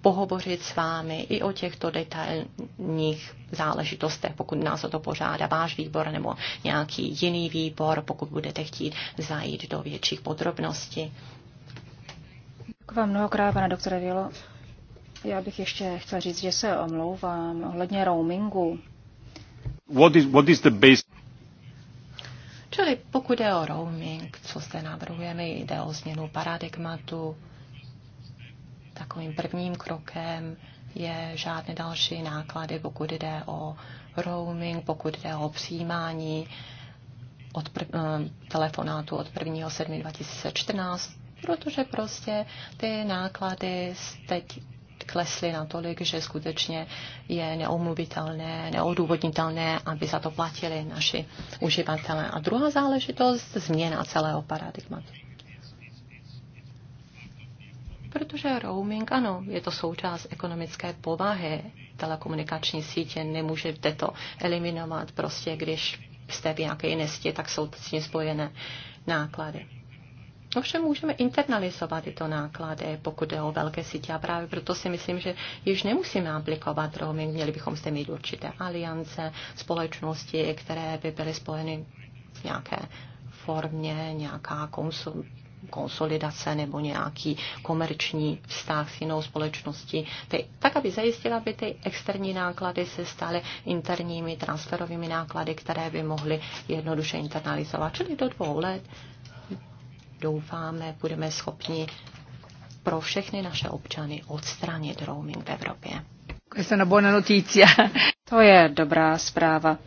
pohovořit s vámi i o těchto detailních záležitostech, pokud nás o to požádá váš výbor nebo nějaký jiný výbor, pokud budete chtít zajít do větších podrobností. Děkuji vám mnohokrát, pane doktore Vělo. Já bych ještě chtěla říct, že se omlouvám ohledně roamingu. What is, what is the base? Čili pokud je o roaming, co zde navrhujeme, jde o změnu paradigmatu, takovým prvním krokem je žádné další náklady, pokud jde o roaming, pokud jde o přijímání od prv, eh, telefonátu od 1.7.2014, protože prostě ty náklady teď klesly natolik, že skutečně je neomluvitelné, neodůvodnitelné, aby za to platili naši uživatelé. A druhá záležitost, změna celého paradigmatu protože roaming, ano, je to součást ekonomické povahy telekomunikační sítě, nemůžete to eliminovat prostě, když jste v nějaké jinesti, tak jsou s tím spojené náklady. Ovšem můžeme internalizovat tyto náklady, pokud je o velké sítě a právě proto si myslím, že již nemusíme aplikovat roaming, měli bychom zde mít určité aliance, společnosti, které by byly spojeny v nějaké formě, nějaká konsum, konsolidace nebo nějaký komerční vztah s jinou společností, ty, tak aby zajistila, aby ty externí náklady se staly interními transferovými náklady, které by mohly jednoduše internalizovat. Čili do dvou let doufáme, budeme schopni pro všechny naše občany odstranit roaming v Evropě. Questa è una buona notizia. To je dobrá zpráva.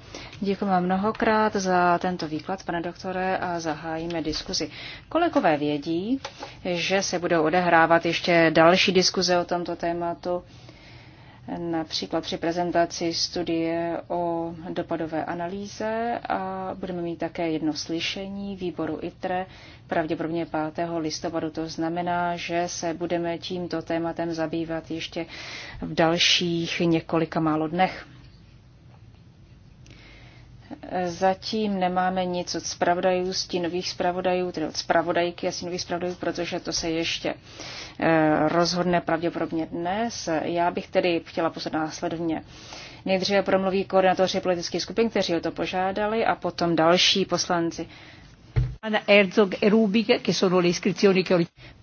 Děkuji vám mnohokrát za tento výklad, pane doktore, a zahájíme diskuzi. Kolegové vědí, že se budou odehrávat ještě další diskuze o tomto tématu, například při prezentaci studie o dopadové analýze a budeme mít také jedno slyšení výboru ITRE, pravděpodobně 5. listopadu. To znamená, že se budeme tímto tématem zabývat ještě v dalších několika málo dnech. Zatím nemáme nic od zpravodajů, nových zpravodajů, tedy od zpravodajky a nových zpravodajů, protože to se ještě eh, rozhodne pravděpodobně dnes. Já bych tedy chtěla poslat následovně. Nejdříve promluví koordinátoři politických skupin, kteří o to požádali, a potom další poslanci.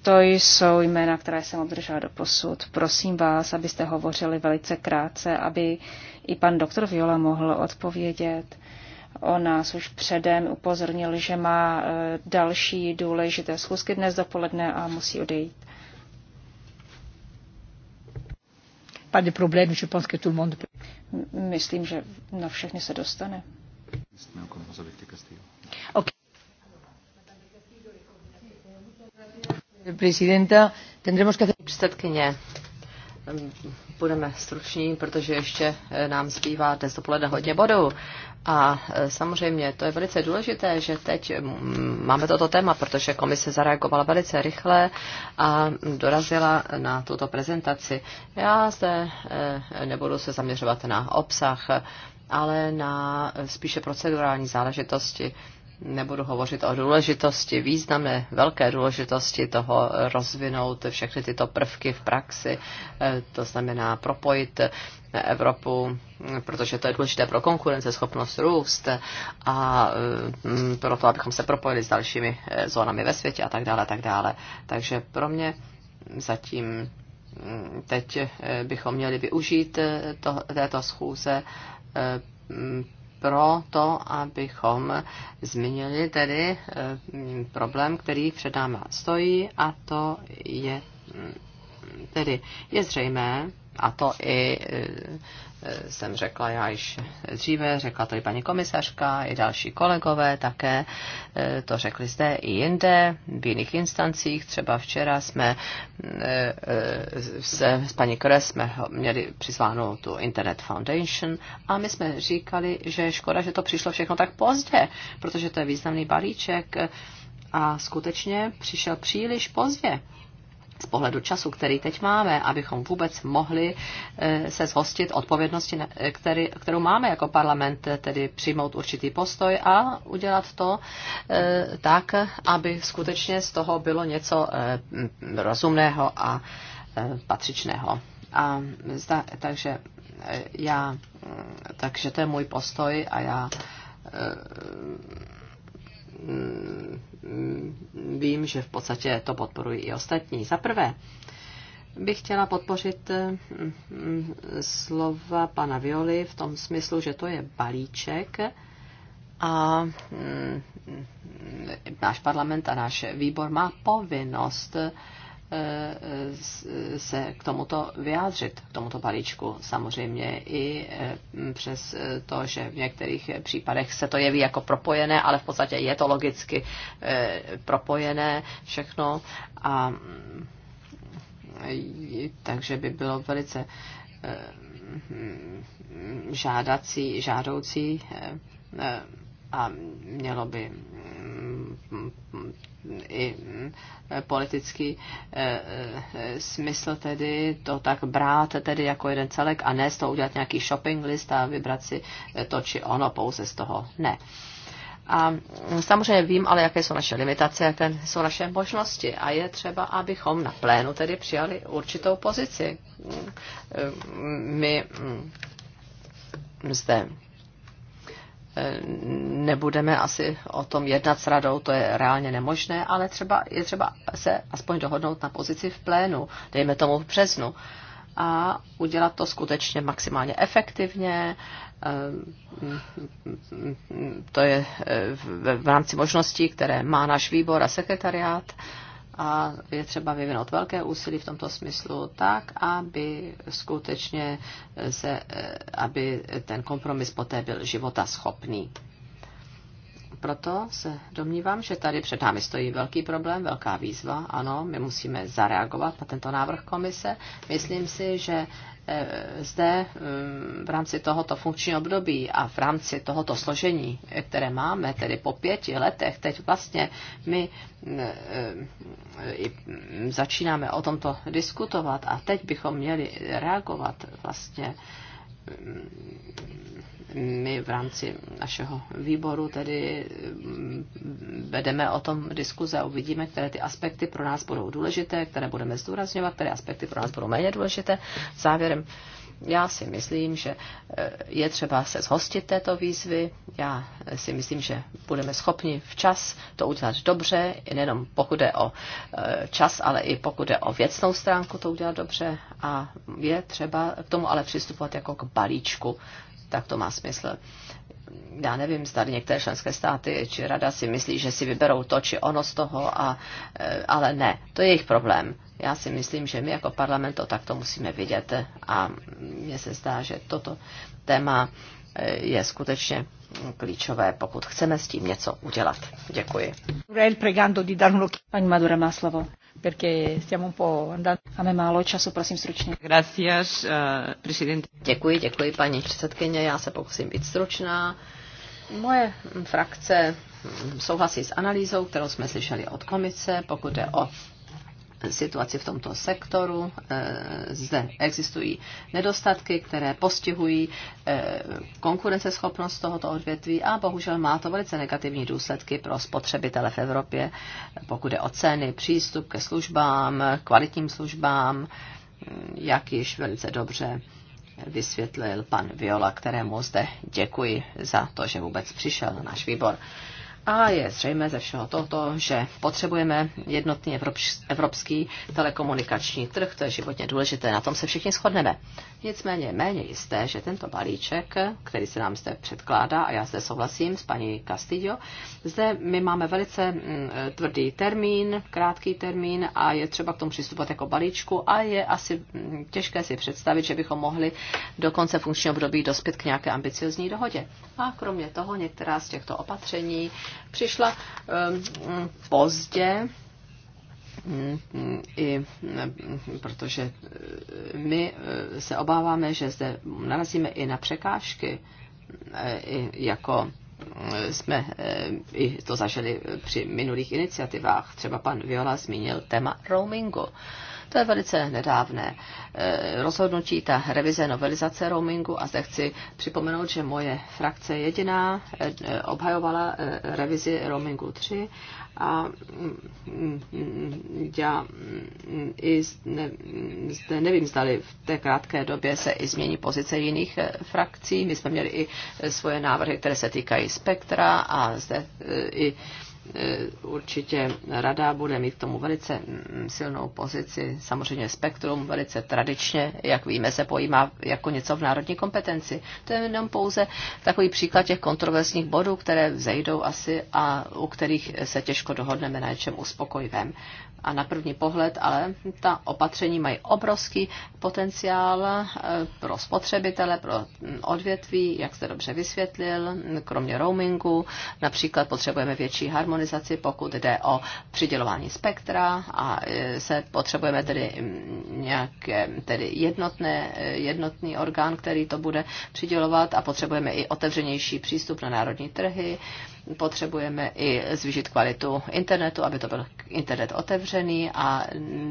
To jsou jména, které jsem obdržela do posud. Prosím vás, abyste hovořili velice krátce, aby i pan doktor Viola mohl odpovědět. On nás už předem upozornil, že má e, další důležité schůzky dnes dopoledne a musí odejít. Pas de problème, je pense que tout le monde Myslím, že na všechny se dostane. Okay. Presidenta, tendremos que hacer... Předsedkyně, budeme struční, protože ještě eh, nám zbývá dnes dopoledne hodně bodů. A eh, samozřejmě to je velice důležité, že teď mm, máme toto téma, protože komise zareagovala velice rychle a dorazila na tuto prezentaci. Já zde eh, nebudu se zaměřovat na obsah, ale na spíše procedurální záležitosti nebudu hovořit o důležitosti, významné, velké důležitosti toho rozvinout všechny tyto prvky v praxi, eh, to znamená propojit Evropu, protože to je důležité pro konkurenceschopnost, růst a eh, pro to, abychom se propojili s dalšími eh, zónami ve světě a tak dále, a tak dále. Takže pro mě zatím hm, teď bychom měli využít to, této schůze hm, pro to, abychom zmínili tedy eh, problém, který před náma stojí a to je mm, tedy je zřejmé, a to i eh, jsem řekla já již dříve, řekla to i paní komisařka, i další kolegové také eh, to řekli zde i jinde, v jiných instancích. Třeba včera jsme eh, eh, se s paní Kres jsme měli přizvánou tu Internet Foundation a my jsme říkali, že škoda, že to přišlo všechno tak pozdě, protože to je významný balíček a skutečně přišel příliš pozdě z pohledu času, který teď máme, abychom vůbec mohli eh, se zhostit odpovědnosti, eh, který, kterou máme jako parlament, eh, tedy přijmout určitý postoj a udělat to tak, aby skutečně z toho bylo něco rozumného a patřičného. A zda, takže já, mm, takže to je můj postoj a já mm, Mm, vím, že v podstatě to podporují i ostatní. Za prvé, bych chtěla podpořit mm, slova pana Violi v tom smyslu, že to je balíček a mm, náš parlament a náš výbor má povinnost Eh, se k tomuto vyjádřit, k tomuto balíčku. Samozřejmě i eh, přes eh, to, že v některých případech se to jeví jako propojené, ale v podstatě je to logicky propojené všechno. A mm, takže by bylo velice žádací, žádoucí a mělo by mm, i e, politický e, e, smysl tedy to tak brát tedy jako jeden celek a ne z toho udělat nějaký shopping list a vybrat si to či ono pouze z toho. Ne. A samozřejmě vím, ale jaké jsou naše limitace, jaké jsou naše možnosti. A je třeba, abychom na plénu tedy přijali určitou pozici. My zde nebudeme asi o tom jednat s radou, to je reálně nemožné, ale třeba, je třeba se aspoň dohodnout na pozici v plénu, dejme tomu v březnu, a udělat to skutečně maximálně efektivně. Eh, to je eh, v rámci možností, které má náš výbor a sekretariát a je třeba vyvinout velké úsilí v tomto smyslu tak, aby skutečně se, eh, aby ten kompromis poté byl života schopný. Proto se domnívám, že tady před námi stojí velký problém, velká výzva. Ano, my musíme zareagovat na tento návrh komise. Myslím si, že Eh, zde mm, v rámci tohoto funkčního období a v rámci tohoto složení, které máme, tedy po pěti letech, teď vlastně my mm, eh, mm, začínáme o tomto diskutovat a teď bychom měli reagovat vlastně my v rámci našeho výboru tedy mm, vedeme o tom diskuze a uvidíme, které ty aspekty pro nás budou důležité, které budeme zdůrazňovat, které aspekty pro nás budou méně důležité. Závěrem, já si myslím, že eh, je třeba se zhostit této výzvy. Já eh, si myslím, že budeme schopni včas to udělat dobře, nejenom pokud je o eh, čas, ale i pokud je o věcnou stránku to udělat dobře. A je třeba k tomu ale přistupovat jako k balíčku tak to má smysl. Já nevím, zda některé členské státy či rada si myslí, že si vyberou to či ono z toho, a, e, ale ne, to je jejich problém. Já si myslím, že my jako parlament to takto musíme vidět a mně se zdá, že toto téma e, je skutečně klíčové, pokud chceme s tím něco udělat. Děkuji. Paní Madura má slovo perché stiamo un po' andando. Máme málo času, prosím stručně. Gracias, uh, presidente. Děkuji, děkuji paní předsedkyně, já se pokusím být stručná. Moje frakce souhlasí s analýzou, kterou jsme slyšeli od komise, pokud je o situaci v tomto sektoru. Eh, zde existují nedostatky, které postihují eh, konkurenceschopnost tohoto odvětví a bohužel má to velice negativní důsledky pro spotřebitele v Evropě, pokud je o ceny, přístup ke službám, kvalitním službám, hm, jak již velice dobře vysvětlil pan Viola, kterému zde děkuji za to, že vůbec přišel na náš výbor. A je zřejmé ze všeho toto, že potřebujeme jednotný evropský telekomunikační trh, to je životně důležité, na tom se všichni shodneme. Nicméně je méně jisté, že tento balíček, který se nám zde předkládá, a já zde souhlasím s paní Castillo, zde my máme velice mm, tvrdý termín, krátký termín a je třeba k tomu přistupovat jako balíčku a je asi mm, těžké si představit, že bychom mohli do konce funkčního období dospět k nějaké ambiciozní dohodě. A kromě toho některá z těchto opatření přišla ehm, pozdě, mm, i protože e, my e, se obáváme, že zde narazíme i na překážky, e, i jako jsme i to zažili při minulých iniciativách. Třeba pan Viola zmínil téma roamingu. To je velice nedávné eh, rozhodnutí, ta revize novelizace roamingu a zde chci připomenout, že moje frakce jediná eh, obhajovala eh, revizi roamingu 3 a mm, mm, já mm, i zde nevím, zdali v té krátké době se i změní pozice jiných frakcí. My jsme měli i svoje návrhy, které se týkají spektra a zde i Eh, určitě rada bude mít k tomu velice mm, silnou pozici. Samozřejmě spektrum velice tradičně, jak víme, se pojímá jako něco v národní kompetenci. To je jenom pouze takový příklad těch kontroverzních bodů, které vzejdou asi a u kterých se těžko dohodneme na něčem uspokojivém a na první pohled, ale ta opatření mají obrovský potenciál eh, pro spotřebitele, pro mm, odvětví, jak jste dobře vysvětlil, kromě roamingu. Například potřebujeme větší harmonizaci, pokud jde o přidělování spektra a eh, se potřebujeme tedy mm, nějaké tedy jednotné, eh, jednotný orgán, který to bude přidělovat a potřebujeme i otevřenější přístup na národní trhy potřebujeme i zvýšit kvalitu internetu, aby to byl internet otevřený a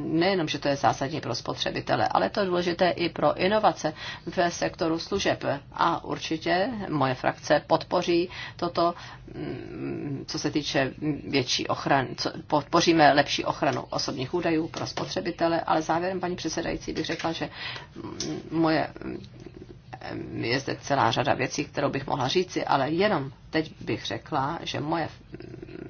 nejenom, že to je zásadní pro spotřebitele, ale to je důležité i pro inovace ve sektoru služeb. A určitě moje frakce podpoří toto, mm, co se týče větší ochrany, podpoříme lepší ochranu osobních údajů pro spotřebitele, ale závěrem paní předsedající bych řekla, že mm, moje je zde celá řada věcí, kterou bych mohla říci, ale jenom teď bych řekla, že moje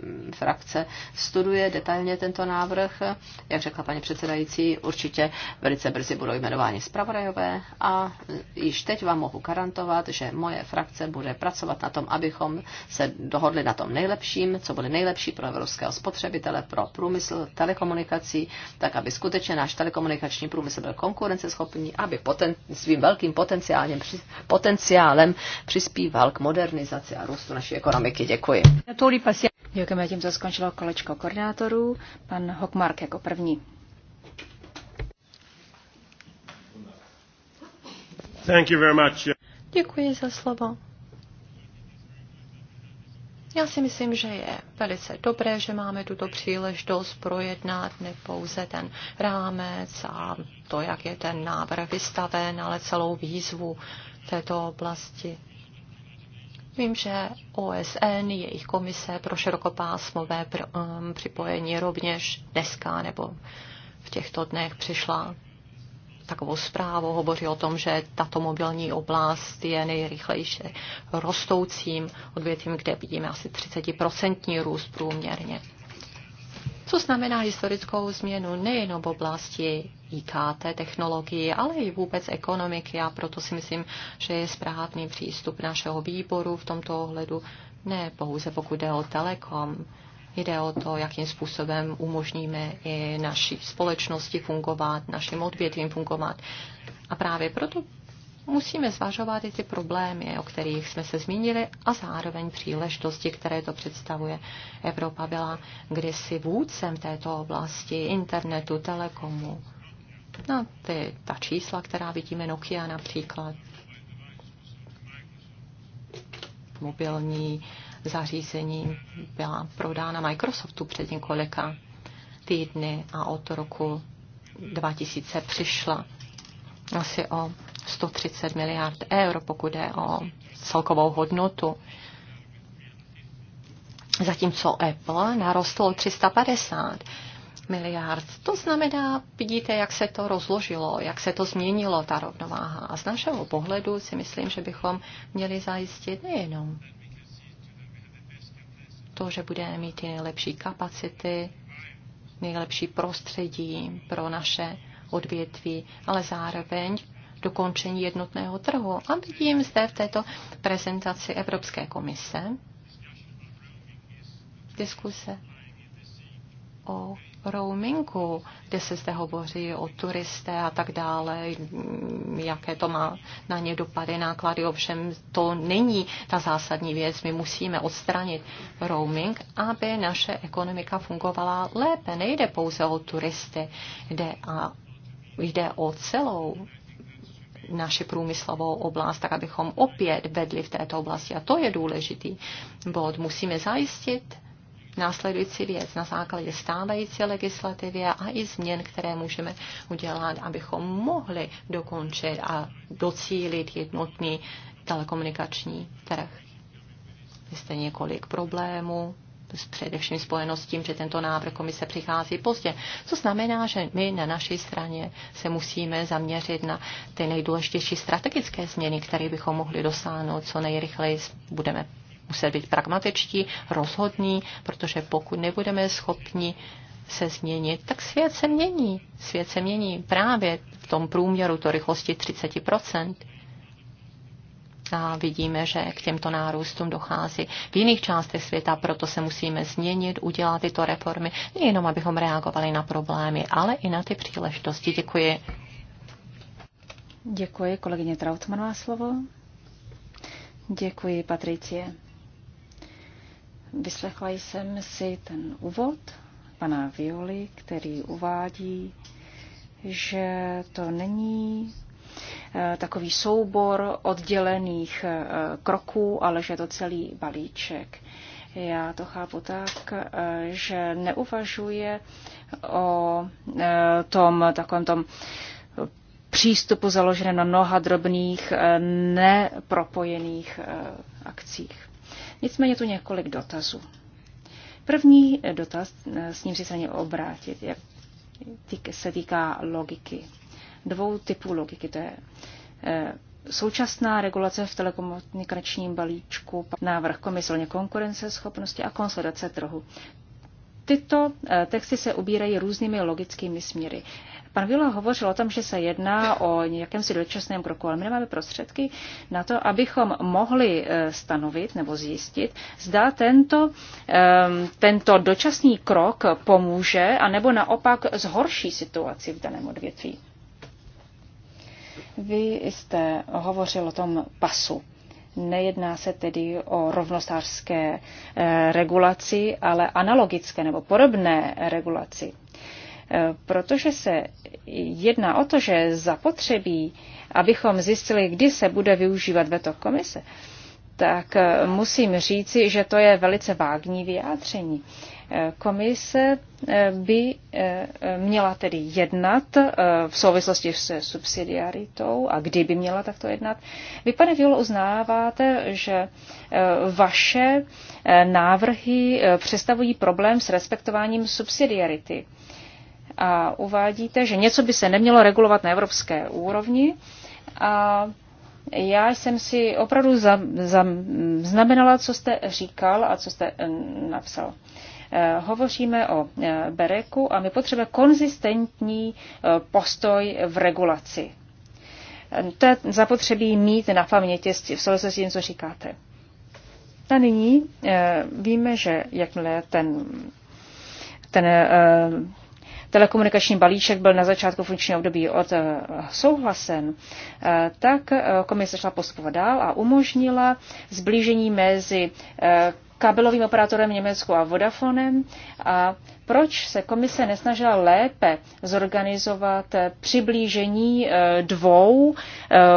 mm, frakce studuje detailně tento návrh. Jak řekla paní předsedající, určitě velice brzy budou jmenováni zpravodajové a mm, již teď vám mohu garantovat, že moje frakce bude pracovat na tom, abychom se dohodli na tom nejlepším, co bude nejlepší pro evropského spotřebitele, pro průmysl telekomunikací, tak aby skutečně náš telekomunikační průmysl byl konkurenceschopný, aby poten, svým velkým potenciálním potenciálem přispíval k modernizaci a růstu naší ekonomiky. Děkuji. Děkujeme, tímto skončilo kolečko koordinátorů. Pan Hokmark jako první. Thank you very much. Děkuji za slovo. Já si myslím, že je velice dobré, že máme tuto příležitost projednat ne pouze ten rámec a to, jak je ten návrh vystaven, ale celou výzvu této oblasti. Vím, že OSN, jejich komise pro širokopásmové um, připojení rovněž dneska nebo v těchto dnech přišla takovou zprávu, hovoří o tom, že tato mobilní oblast je nejrychlejší rostoucím odvětvím, kde vidíme asi 30% růst průměrně. Co znamená historickou změnu nejen v oblasti IKT technologií, ale i vůbec ekonomiky a proto si myslím, že je správný přístup našeho výboru v tomto ohledu, ne pouze pokud jde o telekom, Jde o to, jakým způsobem umožníme i naší společnosti fungovat, našim odvětvím fungovat. A právě proto musíme zvažovat i ty problémy, o kterých jsme se zmínili, a zároveň příležitosti, které to představuje. Evropa byla kdysi vůdcem této oblasti, internetu, telekomu. Na ty, ta čísla, která vidíme, Nokia například, mobilní zařízení byla prodána Microsoftu před několika týdny a od roku 2000 přišla asi o 130 miliard eur, pokud jde o celkovou hodnotu. Zatímco Apple narostl 350 miliard. To znamená, vidíte, jak se to rozložilo, jak se to změnilo, ta rovnováha. A z našeho pohledu si myslím, že bychom měli zajistit nejenom to, že budeme mít ty nejlepší kapacity, nejlepší prostředí pro naše odvětví, ale zároveň dokončení jednotného trhu. A vidím zde v této prezentaci Evropské komise diskuse o roamingu, kde se zde hovoří o turisté a tak dále, jaké to má na ně dopady, náklady, ovšem to není ta zásadní věc. My musíme odstranit roaming, aby naše ekonomika fungovala lépe. Nejde pouze o turisty, jde, a, jde o celou naši průmyslovou oblast, tak abychom opět vedli v této oblasti. A to je důležitý bod. Musíme zajistit následující věc na základě stávající legislativy a i změn, které můžeme udělat, abychom mohli dokončit a docílit jednotný telekomunikační trh. Vy jste několik problémů, především spojeno s tím, že tento návrh komise přichází pozdě. Co znamená, že my na naší straně se musíme zaměřit na ty nejdůležitější strategické změny, které bychom mohli dosáhnout co nejrychleji. Budeme muset být pragmatičtí, rozhodní, protože pokud nebudeme schopni se změnit, tak svět se mění. Svět se mění právě v tom průměru to rychlosti 30%. A vidíme, že k těmto nárůstům dochází v jiných částech světa, proto se musíme změnit, udělat tyto reformy, nejenom abychom reagovali na problémy, ale i na ty příležitosti. Děkuji. Děkuji, kolegyně Trautmanová má slovo. Děkuji, Patricie. Vyslechla jsem si ten úvod pana Violi, který uvádí, že to není eh, takový soubor oddělených eh, kroků, ale že je to celý balíček. Já to chápu tak, eh, že neuvažuje o tom takovém tom přístupu založeném na mnoha drobných nepropojených akcích. Nicméně tu několik dotazů. První dotaz, eh, s ním si se ně obrátit, je, se týká logiky. Dvou typů logiky. To je eh, současná regulace v telekomunikačním balíčku, návrh konkurence konkurenceschopnosti a konsolidace trhu. Tyto eh, texty se ubírají různými logickými směry. Pan Vila hovořil o tom, že se jedná o nějakém si dočasném kroku, ale my nemáme prostředky na to, abychom mohli eh, stanovit nebo zjistit, zda tento, ehm, tento dočasný krok pomůže, anebo naopak zhorší situaci v daném odvětví. Vy jste hovořil o tom pasu. Nejedná se tedy o rovnostářské eh, regulaci, ale analogické nebo podobné regulaci. Eh, protože se jedná o to, že zapotřebí, abychom zjistili, kdy se bude využívat veto komise, tak eh, musím říci, že to je velice vágní vyjádření. Eh, komise by měla tedy jednat v souvislosti se subsidiaritou a kdyby měla takto jednat. Vy, pane Violo, uznáváte, že vaše návrhy představují problém s respektováním subsidiarity a uvádíte, že něco by se nemělo regulovat na evropské úrovni. A já jsem si opravdu znamenala, co jste říkal a co jste eh, napsal. Eh, hovoříme o eh, Bereku a my potřebujeme konzistentní postoj v regulaci. To je zapotřebí mít na paměti v souvislosti s tím, co říkáte. A nyní víme, že jakmile ten, ten telekomunikační balíček byl na začátku funkčního období odsouhlasen, eh, eh, tak eh, komise šla postupovat dál a umožnila zblížení mezi kabelovým operátorem Německu a Vodafonem a proč se komise nesnažila lépe zorganizovat přiblížení dvou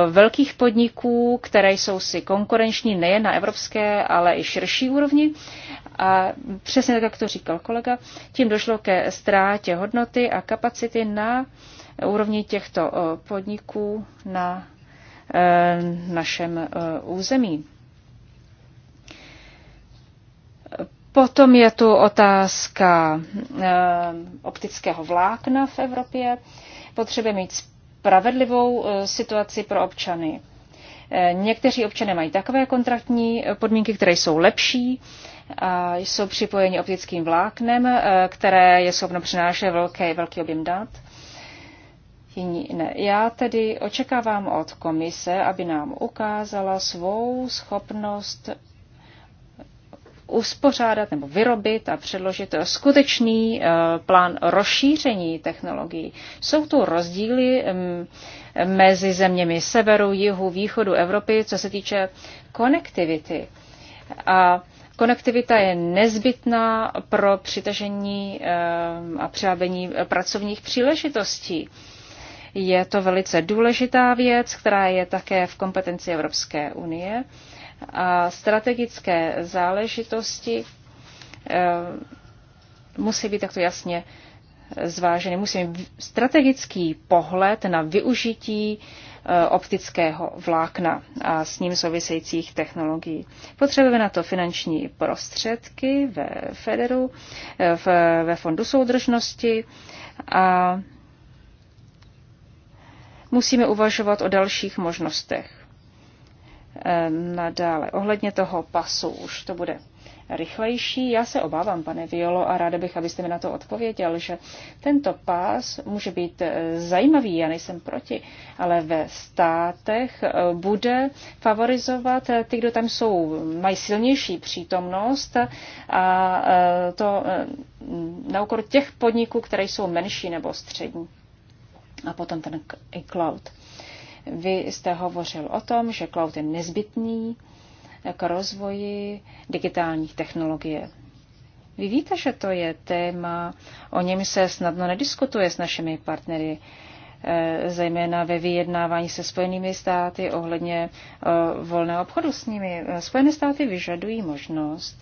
velkých podniků, které jsou si konkurenční nejen na evropské, ale i širší úrovni a přesně tak, jak to říkal kolega, tím došlo ke ztrátě hodnoty a kapacity na úrovni těchto eh, podniků na eh, našem eh, území. Potom je tu otázka optického vlákna v Evropě. Potřebuje mít spravedlivou situaci pro občany. Někteří občané mají takové kontraktní podmínky, které jsou lepší jsou připojeni optickým vláknem, e, které je schopno přinášet velký, velký objem dat. Ne. Já tedy očekávám od komise, aby nám ukázala svou schopnost uspořádat nebo vyrobit a předložit skutečný e, plán rozšíření technologií. Jsou tu rozdíly mezi zeměmi severu, jihu, východu Evropy, co se týče konektivity. A Konektivita je nezbytná pro přitažení eh, a přábení eh, pracovních příležitostí. Je to velice důležitá věc, která je také v kompetenci Evropské unie. A strategické záležitosti eh, musí být takto jasně zvážený, mít strategický pohled na využití eh, optického vlákna a s ním souvisejících technologií. Potřebujeme na to finanční prostředky ve Federu, eh, ve Fondu soudržnosti a musíme uvažovat o dalších možnostech. Eh, nadále, ohledně toho pasu už to bude rychlejší. Já se obávám, pane Violo, a ráda bych, abyste mi na to odpověděl, že tento pás může být eh, zajímavý, já nejsem proti, ale ve státech eh, bude favorizovat eh, ty, kdo tam jsou, mají silnější přítomnost a to na úkor těch podniků, které jsou menší nebo střední. A potom ten cloud. Vy jste hovořil o tom, že cloud je nezbytný k rozvoji digitálních technologie. Vy víte, že to je téma, o něm se snadno nediskutuje s našimi partnery, eh, zejména ve vyjednávání se Spojenými státy ohledně eh, volného obchodu s nimi. Spojené státy vyžadují možnost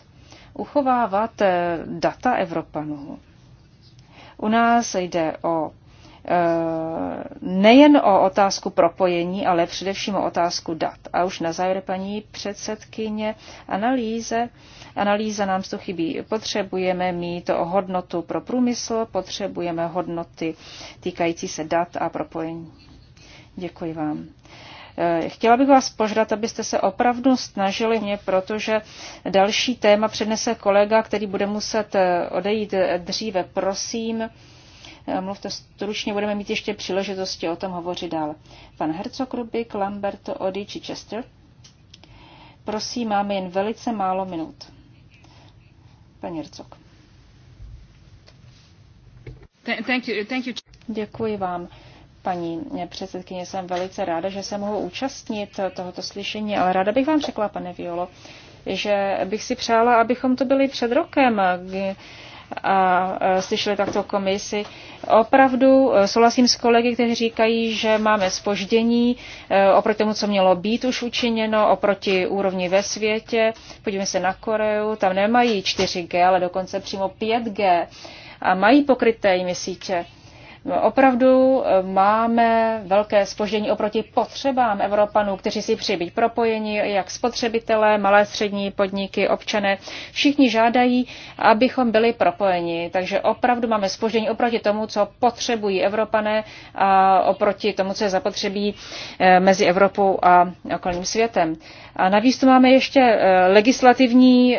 uchovávat eh, data Evropanů. U nás jde o Eh, nejen o otázku propojení, ale především o otázku dat. A už na závěr, paní předsedkyně, analýze, analýza nám tu chybí. Potřebujeme mít hodnotu pro průmysl, potřebujeme hodnoty týkající se dat a propojení. Děkuji vám. Eh, chtěla bych vás požádat, abyste se opravdu snažili mě, protože další téma přednese kolega, který bude muset eh, odejít dříve. Prosím, Eh, mluvte stručně, budeme mít ještě příležitosti o tom hovořit dál. Pan Herzog Rubik, Lamberto Odi či Chester. Prosím, máme jen velice málo minut. Pan Herzog. Thank you, thank you. Děkuji vám paní předsedkyně, jsem velice ráda, že se mohu účastnit tohoto slyšení, ale ráda bych vám řekla, pane Violo, že bych si přála, abychom to byli před rokem, a slyšeli takto komisi. Opravdu e, souhlasím s kolegy, kteří říkají, že máme spoždění e, oproti tomu, co mělo být už učiněno, oproti úrovni ve světě. Podívejme se na Koreu, tam nemají 4G, ale dokonce přímo 5G a mají pokryté jimi sítě. Opravdu eh, máme velké spoždění oproti potřebám Evropanů, kteří si přijí být propojeni, jak spotřebitelé, malé střední podniky, občané. Všichni žádají, abychom byli propojeni. Takže opravdu máme spoždění oproti tomu, co potřebují Evropané a oproti tomu, co je zapotřebí eh, mezi Evropou a okolním světem. A navíc tu máme ještě eh, legislativní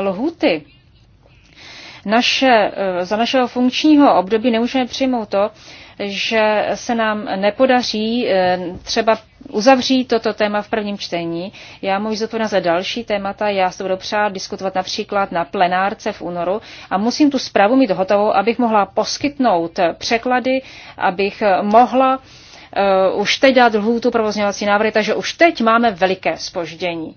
lhuty naše, eh, za našeho funkčního období nemůžeme přijmout to, že se nám nepodaří eh, třeba uzavřít toto téma v prvním čtení. Já můžu zodpovědět za další témata, já se budu přát diskutovat například na plenárce v únoru a musím tu zprávu mít hotovou, abych mohla poskytnout překlady, abych mohla uh, už teď dát lhůtu provozňovací návrhy, takže už teď máme veliké spoždění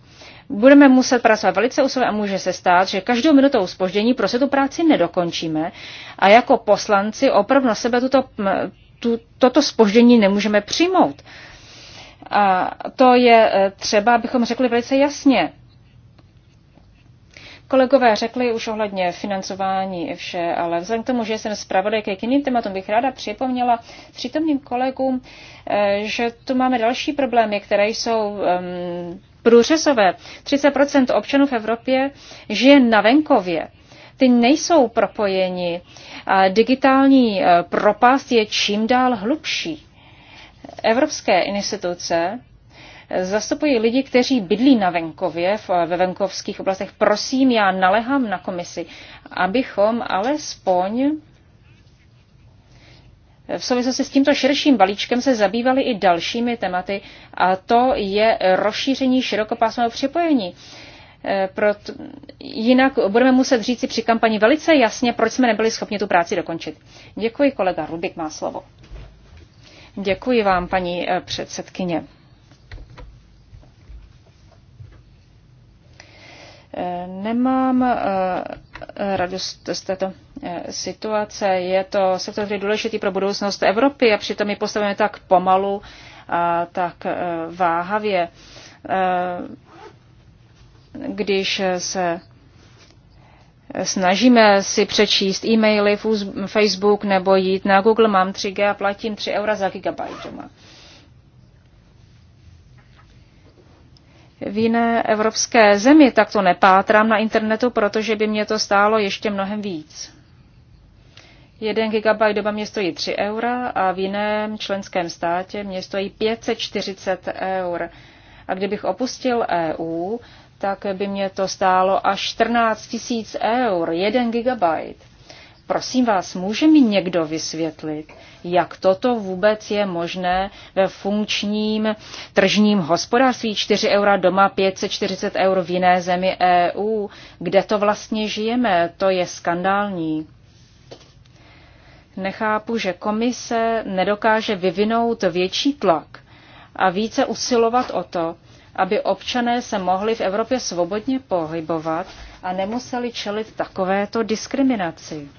budeme muset pracovat velice usilovně a může se stát, že každou minutou spoždění prostě tu práci nedokončíme a jako poslanci opravdu na sebe tuto, tu, toto spoždění nemůžeme přijmout. A to je e, třeba, abychom řekli velice jasně. Kolegové řekli už ohledně financování i vše, ale vzhledem k tomu, že jsem zpravodaj k jiným tématům, bych ráda připomněla přítomným kolegům, e, že tu máme další problémy, které jsou um, průřezové. 30 občanů v Evropě žije na venkově. Ty nejsou propojeni. digitální e, propast je čím dál hlubší. Evropské instituce zastupují lidi, kteří bydlí na venkově, e, ve venkovských oblastech. Prosím, já nalehám na komisi, abychom alespoň v souvislosti s tímto širším balíčkem se zabývaly i dalšími tematy, a to je rozšíření širokopásmového připojení. Eh, Proto, jinak budeme muset říci při kampani velice jasně, proč jsme nebyli schopni tu práci dokončit. Děkuji, kolega Rubik má slovo. Děkuji vám, paní eh, předsedkyně. Eh, nemám radost z této E, situace. Je to sektor, který je důležitý pro budoucnost Evropy a přitom je postavujeme tak pomalu a tak e, váhavě. E, když se snažíme si přečíst e-maily, Facebook nebo jít na Google, mám 3G a platím 3 eura za gigabyte doma. v jiné evropské zemi, tak to nepátrám na internetu, protože by mě to stálo ještě mnohem víc. Jeden gigabyte doba mě stojí 3 eura a v jiném členském státě mě stojí 540 eur. A kdybych opustil EU, tak by mě to stálo až 14 tisíc eur, Jeden gigabyte. Prosím vás, může mi někdo vysvětlit, jak toto vůbec je možné ve funkčním tržním hospodářství 4 eura doma, 540 eur v jiné zemi EU? Kde to vlastně žijeme? To je skandální nechápu, že komise nedokáže vyvinout větší tlak a více usilovat o to, aby občané se mohli v Evropě svobodně pohybovat a nemuseli čelit takovéto diskriminaci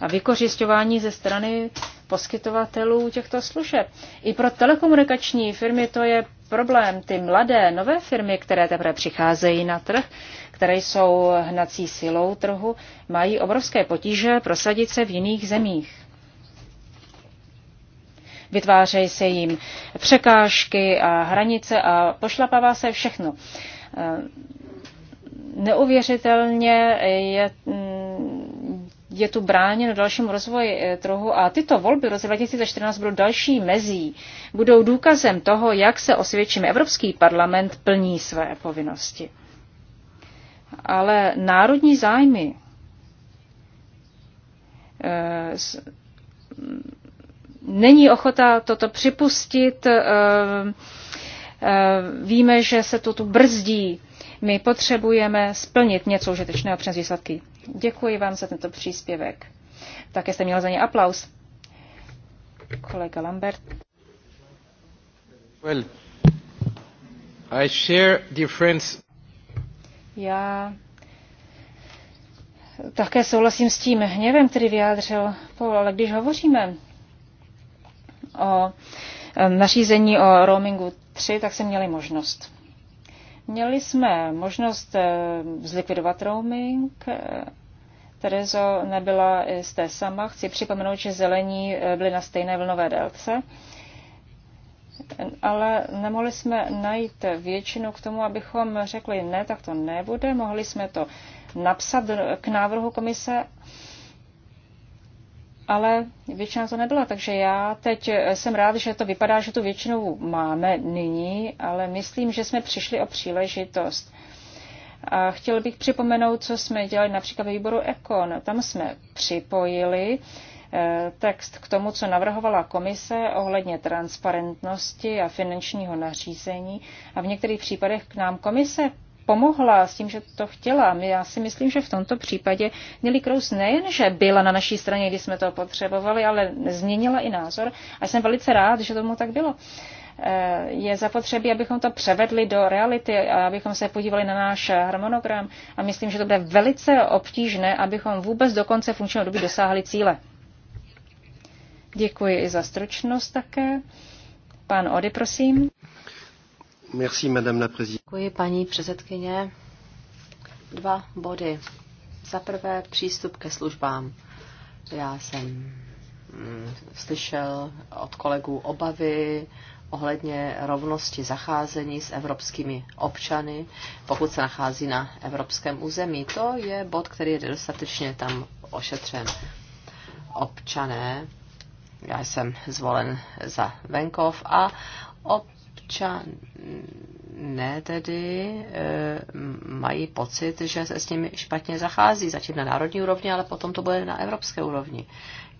a vykořišťování ze strany poskytovatelů těchto služeb. I pro telekomunikační firmy to je problém. Ty mladé, nové firmy, které teprve přicházejí na trh, které jsou hnací silou trhu, mají obrovské potíže prosadit se v jiných zemích. Vytvářejí se jim překážky a hranice a pošlapává se všechno neuvěřitelně je mm, je tu bráněno dalšímu rozvoji eh, trhu a tyto volby v roce 2014 budou další mezí, budou důkazem toho, jak se osvědčíme. Evropský parlament plní své povinnosti. Ale národní zájmy eh, není ochota toto připustit. Eh, víme, že se to tu brzdí my potřebujeme splnit něco užitečného přes výsledky. Děkuji vám za tento příspěvek. Také jste měl za ně aplaus. Kolega Lambert. Well, I share difference. Já také souhlasím s tím hněvem, který vyjádřil Paul, ale když hovoříme o nařízení o roamingu 3, tak jsem měli možnost Měli jsme možnost eh, zlikvidovat roaming. Eh, Terezo, nebyla eh, té sama. Chci připomenout, že zelení byli na stejné vlnové délce. Ale nemohli jsme najít většinu k tomu, abychom řekli ne, tak to nebude. Mohli jsme to napsat k návrhu komise ale většina to nebyla. Takže já teď jsem rád, že to vypadá, že tu většinu máme nyní, ale myslím, že jsme přišli o příležitost. A chtěl bych připomenout, co jsme dělali například ve výboru Ekon. Tam jsme připojili eh, text k tomu, co navrhovala komise ohledně transparentnosti a finančního nařízení. A v některých případech k nám komise pomohla s tím, že to chtěla. Já si myslím, že v tomto případě Nelly Kroos nejenže byla na naší straně, když jsme to potřebovali, ale změnila i názor a jsem velice rád, že tomu tak bylo. Eh, je zapotřebí, abychom to převedli do reality a abychom se podívali na náš harmonogram a myslím, že to bude velice obtížné, abychom vůbec do konce funkčního doby dosáhli cíle. Děkuji i za stručnost také. Pán Ody, prosím. Merci, madame la Děkuji, paní předsedkyně. Dva body. Za prvé přístup ke službám. Já jsem mm, slyšel od kolegů obavy ohledně rovnosti zacházení s evropskými občany, pokud se nachází na evropském území. To je bod, který je dostatečně tam ošetřen. Občané, já jsem zvolen za venkov a ob ne tedy e, mají pocit, že se s nimi špatně zachází, zatím na národní úrovni, ale potom to bude na evropské úrovni.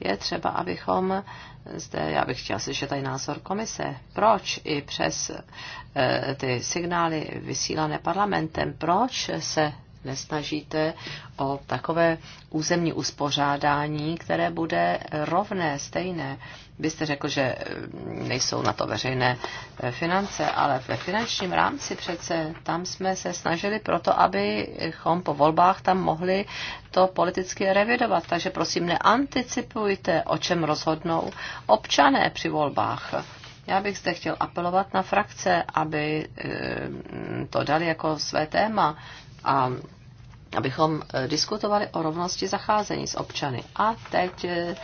Je třeba, abychom zde, já bych chtěla slyšet tady názor komise, proč i přes e, ty signály vysílané parlamentem, proč se nesnažíte o takové územní uspořádání, které bude rovné, stejné byste řekl, že eh, nejsou na to veřejné eh, finance, ale ve finančním rámci přece tam jsme se snažili proto, abychom po volbách tam mohli to politicky revidovat. Takže prosím, neanticipujte, o čem rozhodnou občané při volbách. Já bych zde chtěl apelovat na frakce, aby eh, to dali jako své téma a abychom eh, diskutovali o rovnosti zacházení s občany. A teď, eh,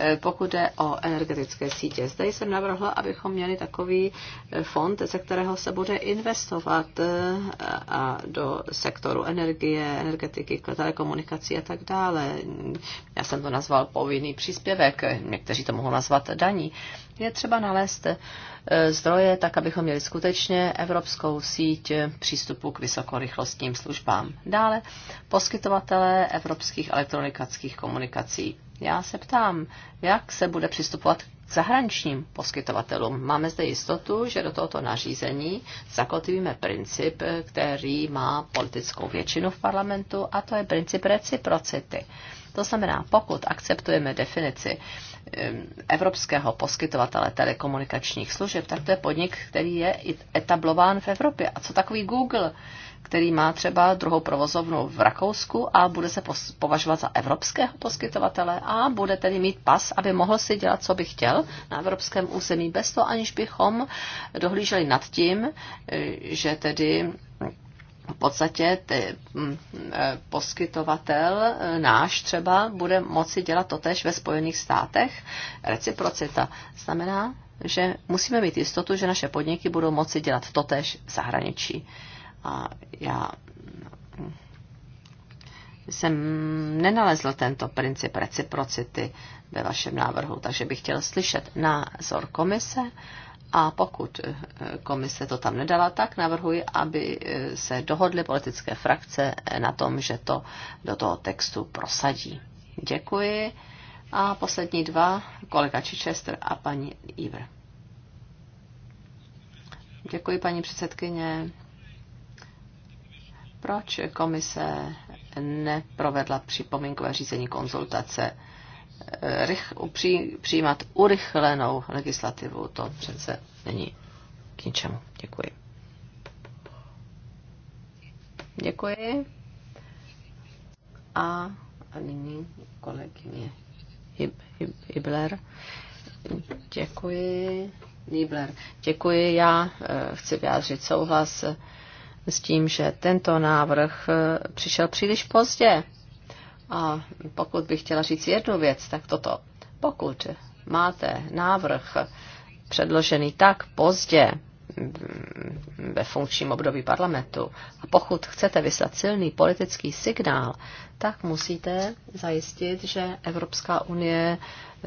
eh, pokud jde o energetické sítě, zde jsem navrhla, abychom měli takový fond, ze kterého se bude investovat a do sektoru energie, energetiky, telekomunikací a tak dále. Já jsem to nazval povinný příspěvek, někteří to mohou nazvat daní. Je třeba nalézt eh, zdroje, tak abychom měli skutečně evropskou síť eh, přístupu k vysokorychlostním službám. Dále poskytovatelé evropských elektronických komunikací. Já se ptám, jak se bude přistupovat k zahraničním poskytovatelům. Máme zde jistotu, že do tohoto nařízení zakotvíme princip, eh, který má politickou většinu v parlamentu, a to je princip reciprocity. To znamená, pokud akceptujeme definici evropského poskytovatele telekomunikačních služeb, tak to je podnik, který je etablován v Evropě. A co takový Google, který má třeba druhou provozovnu v Rakousku a bude se považovat za evropského poskytovatele a bude tedy mít pas, aby mohl si dělat, co by chtěl na evropském území bez toho, aniž bychom dohlíželi nad tím, že tedy v podstatě ty, mm, e, poskytovatel e, náš třeba bude moci dělat to tež ve Spojených státech. Reciprocita znamená, že musíme mít jistotu, že naše podniky budou moci dělat to tež v zahraničí. A já mm, jsem nenalezl tento princip reciprocity ve vašem návrhu, takže bych chtěl slyšet názor komise a pokud eh, komise to tam nedala, tak navrhuji, aby eh, se dohodly politické frakce eh, na tom, že to do toho textu prosadí. Děkuji. A poslední dva, kolega Chichester a paní Ivr. Děkuji, paní předsedkyně. Proč komise neprovedla připomínkové řízení konzultace? rych, upří, přijímat urychlenou legislativu. To přece není k ničemu. Děkuji. Děkuji. A, a nyní kolegyně Hib, Hib, Hibler. Děkuji. Nibler. Děkuji. Já eh, chci vyjádřit souhlas eh, s tím, že tento návrh eh, přišel příliš pozdě a pokud bych chtěla říct jednu věc, tak toto. Pokud máte návrh předložený tak pozdě mm, ve funkčním období parlamentu a pokud chcete vyslat silný politický signál, tak musíte zajistit, že Evropská unie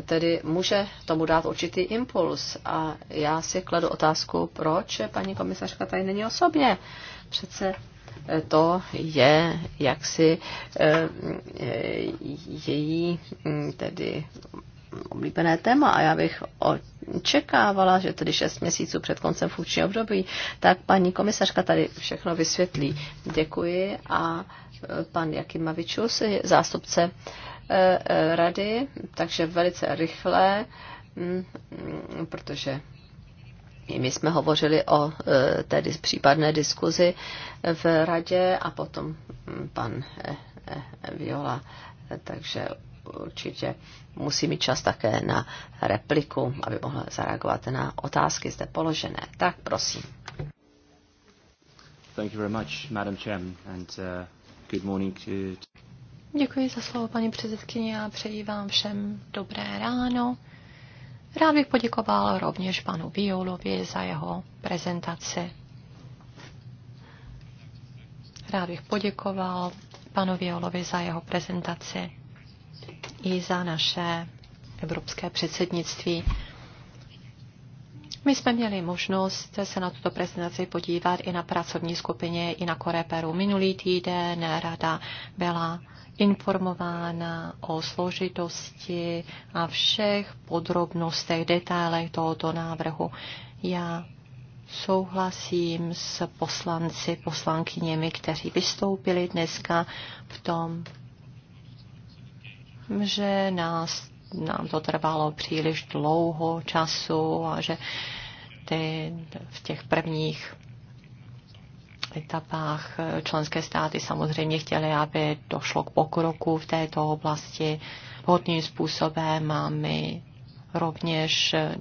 tedy může tomu dát určitý impuls. A já si kladu otázku, proč paní komisařka tady není osobně. Přece to je jaksi eh, její hm, tedy oblíbené téma a já bych očekávala, že tedy 6 měsíců před koncem funkčního období, tak paní komisařka tady všechno vysvětlí. Děkuji a eh, pan Jakimavičus, zástupce eh, rady, takže velice rychle, hm, hm, protože my jsme hovořili o e, té případné diskuzi v radě a potom mm, pan e, e, Viola, takže určitě musí mít čas také na repliku, aby mohla zareagovat na otázky zde položené. Tak prosím. Thank you very much, Madam and uh, good morning to... Děkuji za slovo, paní předsedkyně, a přeji vám všem dobré ráno. Rád bych poděkoval rovněž panu Violovi za jeho prezentaci. Rád bych poděkoval panu Violovi za jeho prezentaci i za naše evropské předsednictví. My jsme měli možnost se na tuto prezentaci podívat i na pracovní skupině, i na Koreperu. Minulý týden rada byla informována o složitosti a všech podrobnostech, detailech tohoto návrhu. Já souhlasím s poslanci, poslankyněmi, kteří vystoupili dneska v tom, že nás, nám to trvalo příliš dlouho času a že ty v těch prvních etapách eh, členské státy samozřejmě chtěly, aby došlo k pokroku v této oblasti hodným způsobem máme, rovněž eh,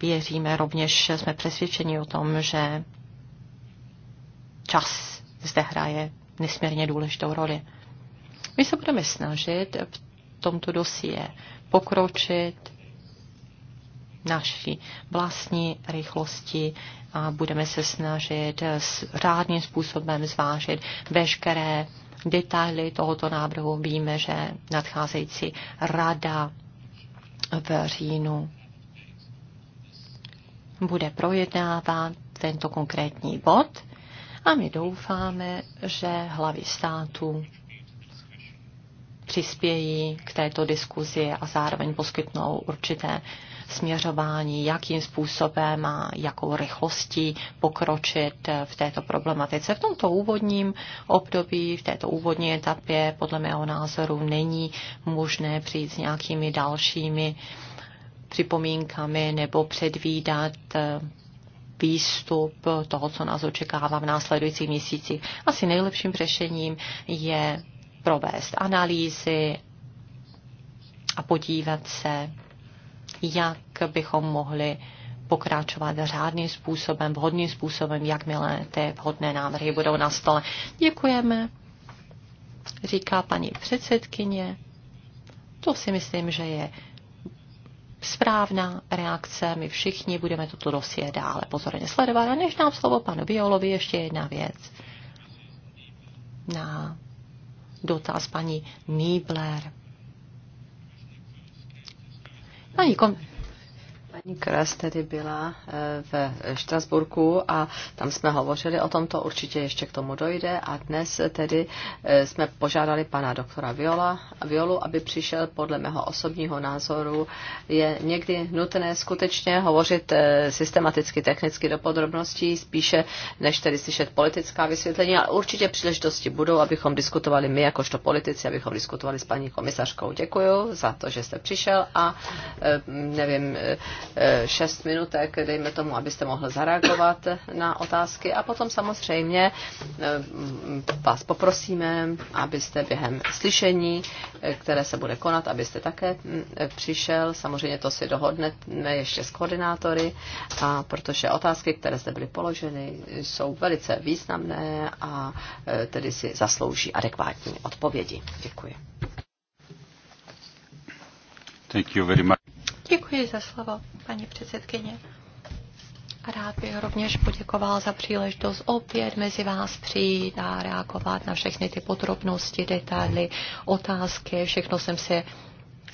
věříme, rovněž jsme přesvědčeni o tom, že čas zde hraje nesmírně důležitou roli. My se budeme snažit v tomto dosie pokročit naší vlastní rychlosti a budeme se snažit s řádným způsobem zvážit veškeré detaily tohoto návrhu. Víme, že nadcházející rada v říjnu bude projednávat tento konkrétní bod a my doufáme, že hlavy států přispějí k této diskuzi a zároveň poskytnou určité směřování, jakým způsobem a jakou rychlostí pokročit v této problematice. V tomto úvodním období, v této úvodní etapě, podle mého názoru, není možné přijít s nějakými dalšími připomínkami nebo předvídat eh, výstup toho, co nás očekává v následujících měsících. Asi nejlepším řešením je provést analýzy a podívat se jak bychom mohli pokračovat řádným způsobem, vhodným způsobem, jakmile ty vhodné návrhy budou na stole. Děkujeme, říká paní předsedkyně. To si myslím, že je správná reakce. My všichni budeme toto dosie dále pozorně sledovat. A než nám slovo panu Biolovi, ještě jedna věc. Na dotaz paní Niebler Paní kom- Kres tedy byla eh, ve Štrasburku a tam jsme hovořili o tomto, určitě ještě k tomu dojde a dnes tedy eh, jsme požádali pana doktora Viola, Violu, aby přišel podle mého osobního názoru. Je někdy nutné skutečně hovořit eh, systematicky, technicky do podrobností, spíše než tedy slyšet politická vysvětlení, ale určitě příležitosti budou, abychom diskutovali my jakožto politici, abychom diskutovali s paní komisařkou. Děkuji za to, že jste přišel a nevím, Eh, šest minutek, dejme tomu, abyste mohl zareagovat na otázky a potom samozřejmě eh, vás poprosíme, abyste během slyšení, eh, které se bude konat, abyste také mm, přišel. Samozřejmě to si dohodneme ještě s koordinátory, a protože otázky, které zde byly položeny, jsou velice významné a tedy si zaslouží adekvátní odpovědi. Děkuji. Thank you very much. Děkuji za slovo, paní předsedkyně. A rád bych rovněž poděkoval za příležitost opět mezi vás přijít a reagovat na všechny ty podrobnosti, detaily, otázky. Všechno jsem si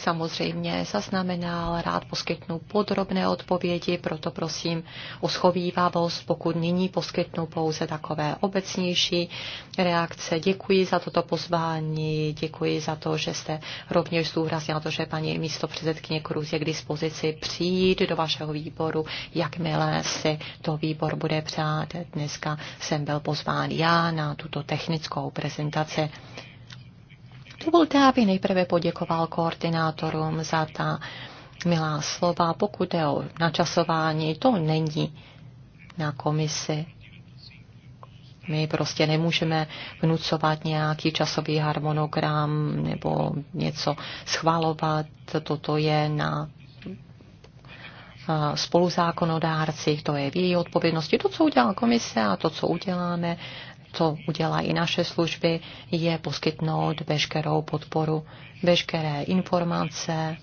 samozřejmě zaznamenal, rád poskytnu podrobné odpovědi, proto prosím o schovývavost, pokud nyní poskytnu pouze takové obecnější reakce. Děkuji za toto pozvání, děkuji za to, že jste rovněž zdůraznil to, že paní místo předsedkyně Kruz je k dispozici přijít do vašeho výboru, jakmile si to výbor bude přát. Dneska jsem byl pozván já na tuto technickou prezentaci. Dovolte, aby nejprve poděkoval koordinátorům za ta milá slova. Pokud je o načasování, to není na komisi. My prostě nemůžeme vnucovat nějaký časový harmonogram nebo něco schvalovat. Toto je na eh, spoluzákonodárcích, to je v její odpovědnosti. To, co udělá komise a to, co uděláme co udělají naše služby, je poskytnout veškerou podporu, veškeré informace,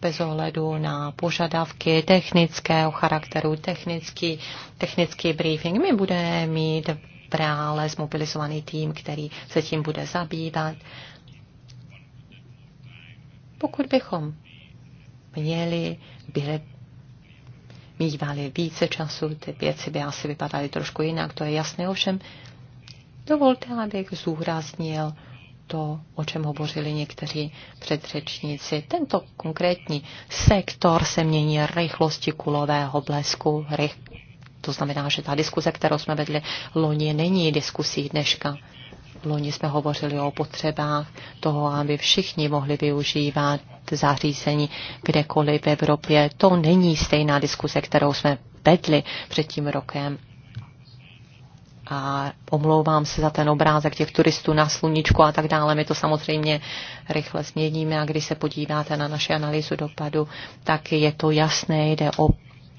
bez ohledu na požadavky technického charakteru, technický, technický briefing. My budeme mít v reále zmobilizovaný tým, který se tím bude zabývat. Pokud bychom měli, byli, mývali více času, ty věci by asi vypadaly trošku jinak, to je jasné, ovšem dovolte, abych zúraznil to, o čem hovořili někteří předřečníci. Tento konkrétní sektor se mění rychlosti kulového blesku. Rych... To znamená, že ta diskuze, kterou jsme vedli loni, není diskusí dneška. Loni jsme hovořili o potřebách toho, aby všichni mohli využívat zařízení kdekoliv v Evropě. To není stejná diskuse, kterou jsme vedli před tím rokem. A omlouvám se za ten obrázek těch turistů na sluníčku a tak dále. My to samozřejmě rychle změníme a když se podíváte na naši analýzu dopadu, tak je to jasné, jde o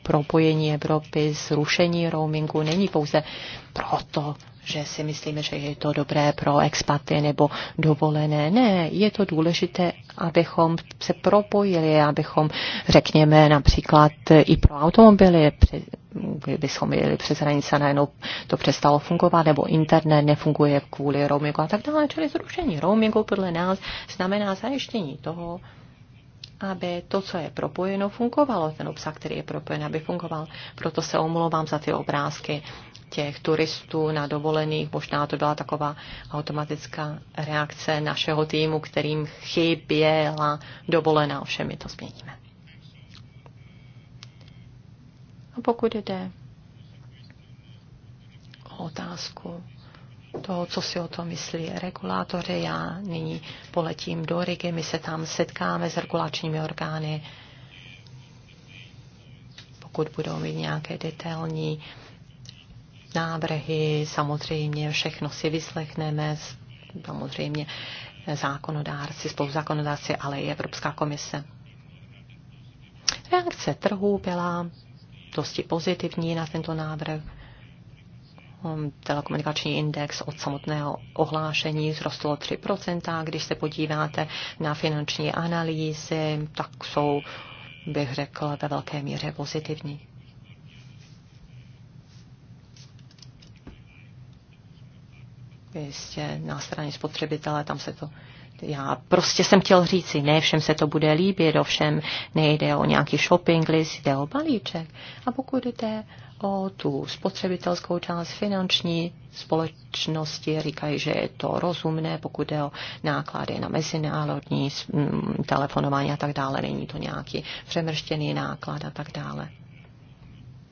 propojení Evropy, zrušení roamingu není pouze proto, že si myslíme, že je to dobré pro expaty nebo dovolené. Ne, je to důležité, abychom se propojili, abychom, řekněme, například i pro automobily, kdybychom jeli přes hranice, najednou to přestalo fungovat, nebo internet nefunguje kvůli roamingu a tak dále. Čili zrušení roamingu podle nás znamená zajištění toho, aby to, co je propojeno, fungovalo, ten obsah, který je propojen, aby fungoval. Proto se omlouvám za ty obrázky těch turistů na dovolených. Možná to byla taková automatická reakce našeho týmu, kterým chyběla dovolená. Ovšem my to změníme. A pokud jde o otázku toho, co si o tom myslí regulátoři, já nyní poletím do Rigi, my se tam setkáme s regulačními orgány, pokud budou mít nějaké detailní uh, návrhy, samozřejmě všechno si vyslechneme, samozřejmě zákonodárci, spoluzákonodárci, ale i Evropská komise. Reakce trhu byla dosti pozitivní na tento návrh. Hm, telekomunikační index od samotného ohlášení zrostlo 3%. Když se podíváte na finanční analýzy, tak jsou, bych řekl ve velké míře pozitivní. jistě na straně spotřebitele, tam se to já prostě jsem chtěl říci, ne všem se to bude líbit, ovšem nejde o nějaký shopping list, jde o balíček. A pokud jde o tu spotřebitelskou část finanční společnosti, říkají, že je to rozumné, pokud jde o náklady na mezinárodní telefonování a tak dále, není to nějaký přemrštěný náklad a tak dále.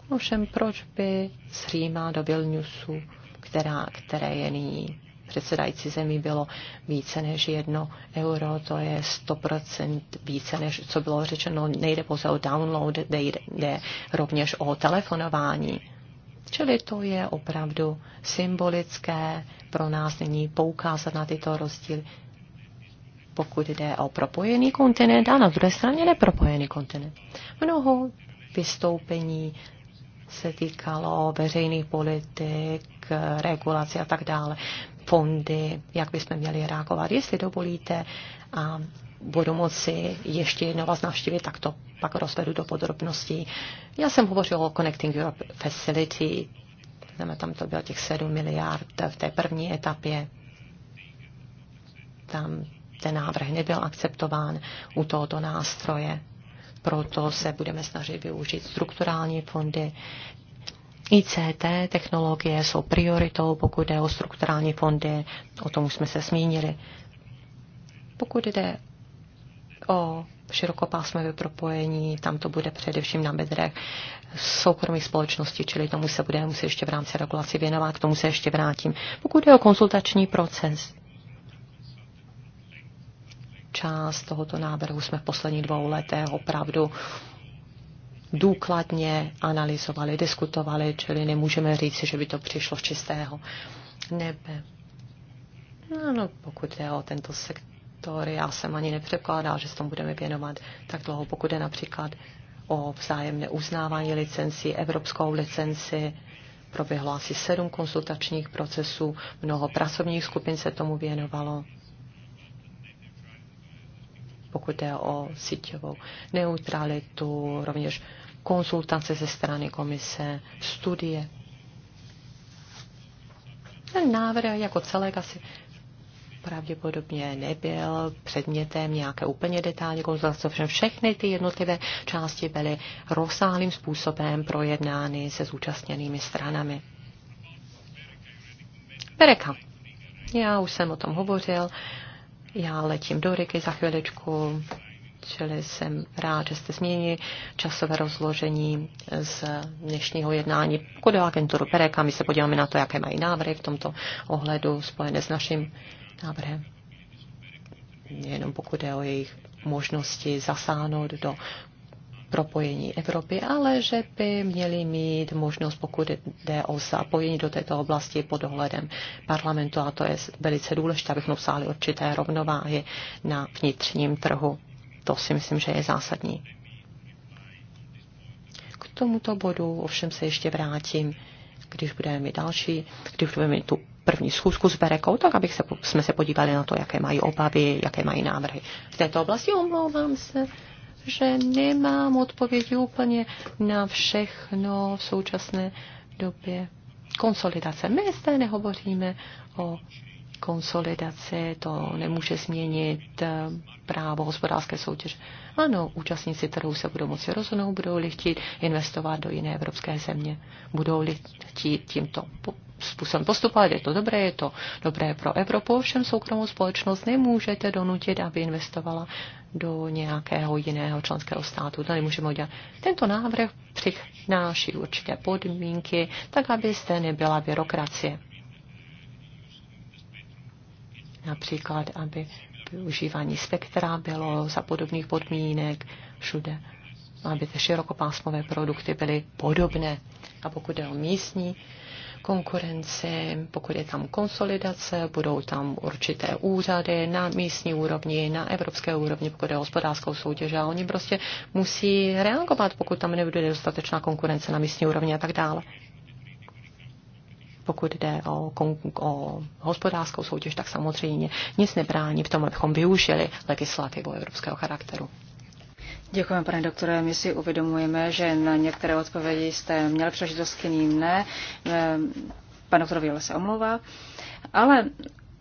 Ovšem, proč by z Říma do Vilniusu která, které je nyní předsedající zemí bylo více než jedno euro, to je 100% více než, co bylo řečeno, nejde pouze o download, jde, jde rovněž o telefonování. Čili to je opravdu symbolické, pro nás není poukázat na tyto rozdíly, pokud jde o propojený kontinent a na druhé straně nepropojený kontinent. Mnoho vystoupení se týkalo veřejných politik, regulace a tak dále, fondy, jak bychom měli reagovat. Jestli dovolíte a budu moci ještě jednou vás navštívit, tak to pak rozvedu do podrobností. Já jsem hovořil o Connecting Europe Facility, tam to bylo těch 7 miliard v té první etapě. Tam ten návrh nebyl akceptován u tohoto nástroje proto se budeme snažit využít strukturální fondy. ICT technologie jsou prioritou, pokud jde o strukturální fondy, o tom už jsme se zmínili. Pokud jde o širokopásmové propojení, tam to bude především na bedrech soukromých společností, čili tomu se budeme muset ještě v rámci regulaci věnovat, k tomu se ještě vrátím. Pokud je o konsultační proces, část tohoto návrhu jsme v posledních dvou letech opravdu důkladně analyzovali, diskutovali, čili nemůžeme říct, že by to přišlo z čistého nebe. No, no, pokud je o tento sektor, já jsem ani nepřekládal, že se tomu budeme věnovat tak dlouho, pokud je například o vzájemné uznávání licencí, evropskou licenci, proběhlo asi sedm konsultačních procesů, mnoho pracovních skupin se tomu věnovalo pokud jde o síťovou neutralitu, rovněž konsultace ze strany komise, studie. Ten návrh jako celek asi pravděpodobně nebyl předmětem nějaké úplně detailní konzultace, protože všechny ty jednotlivé části byly rozsáhlým způsobem projednány se zúčastněnými stranami. Pereka. Já už jsem o tom hovořil. Já letím do Riky za chviličku, čili jsem rád, že jste změnili časové rozložení z dnešního jednání. Pokud agenturu Pereka, my se podíváme na to, jaké mají návrhy v tomto ohledu spojené s naším návrhem. Jenom pokud je o jejich možnosti zasáhnout do propojení Evropy, ale že by měli mít možnost, pokud jde o zapojení do této oblasti pod dohledem parlamentu, a to je velice důležité, abychom obsáhli určité rovnováhy na vnitřním trhu. To si myslím, že je zásadní. K tomuto bodu ovšem se ještě vrátím, když budeme mít další, když budeme mít tu první schůzku s Berekou, tak abych se, jsme se podívali na to, jaké mají obavy, jaké mají návrhy. V této oblasti omlouvám se, že nemám odpovědi úplně na všechno v současné době. Konsolidace. My zde nehovoříme o konsolidaci, to nemůže změnit eh, právo hospodářské soutěže. Ano, účastníci trhu se budou moci rozhodnout, budou-li chtít investovat do jiné evropské země, budou-li chtít tímto způsobem postupovat, je to dobré, je to dobré pro Evropu, všem soukromou společnost nemůžete donutit, aby investovala do nějakého jiného členského státu. Tady můžeme udělat. Tento návrh přináší určité podmínky, tak aby zde nebyla byrokracie. Například, aby využívání spektra bylo za podobných podmínek všude, aby ty širokopásmové produkty byly podobné. A pokud je o místní konkurenci, pokud je tam konsolidace, budou tam určité úřady na místní úrovni, na evropské úrovni, pokud je hospodářskou soutěž a oni prostě musí reagovat, pokud tam nebude dostatečná konkurence na místní úrovni a tak dále. Pokud jde o, o hospodářskou soutěž, tak samozřejmě nic nebrání v tom, abychom využili legislativu evropského charakteru. Děkujeme pane doktore. My si uvědomujeme, že na některé odpovědi jste měl příležitost k ne. Eh, pan doktor Víle se omlouvá. Ale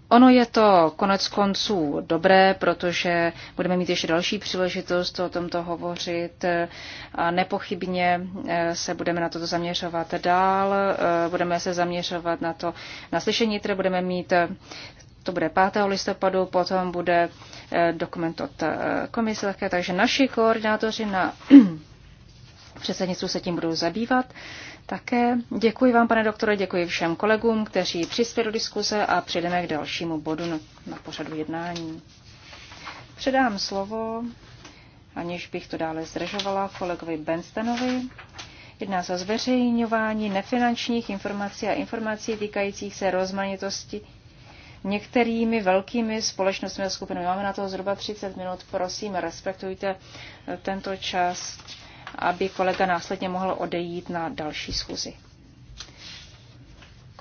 Ono je to konec konců dobré, protože budeme mít ještě další příležitost o tomto hovořit. Eh, a nepochybně eh, se budeme na toto zaměřovat dál. Budeme se zaměřovat na to naslyšení, které budeme mít to bude 5. listopadu, potom bude eh, dokument od eh, komise také, takže naši koordinátoři na <clears throat> předsednictvu se tím budou zabývat. Také děkuji vám, pane doktore, děkuji všem kolegům, kteří přispěli do diskuze a přejdeme k dalšímu bodu na pořadu jednání. Předám slovo, aniž bych to dále zdržovala, kolegovi Benstenovi. Jedná se o zveřejňování nefinančních informací a informací týkajících se rozmanitosti některými velkými společnostmi a skupinami. Máme na to zhruba 30 minut. Prosím, respektujte tento čas, aby kolega následně mohl odejít na další schůzi.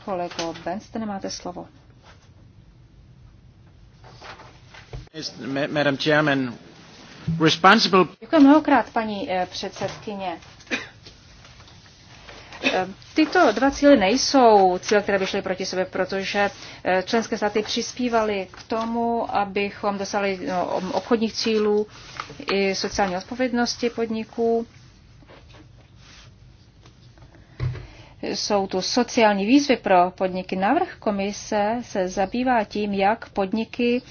Kolego Benste, nemáte slovo. Madam Chairman, Děkuji mnohokrát, paní eh, předsedkyně Ehm, tyto dva cíly nejsou cíle, které by šly proti sobě, protože eh, členské státy přispívaly k tomu, abychom dosáhli no, obchodních cílů i sociální odpovědnosti podniků. Jsou tu sociální výzvy pro podniky. Návrh komise se zabývá tím, jak podniky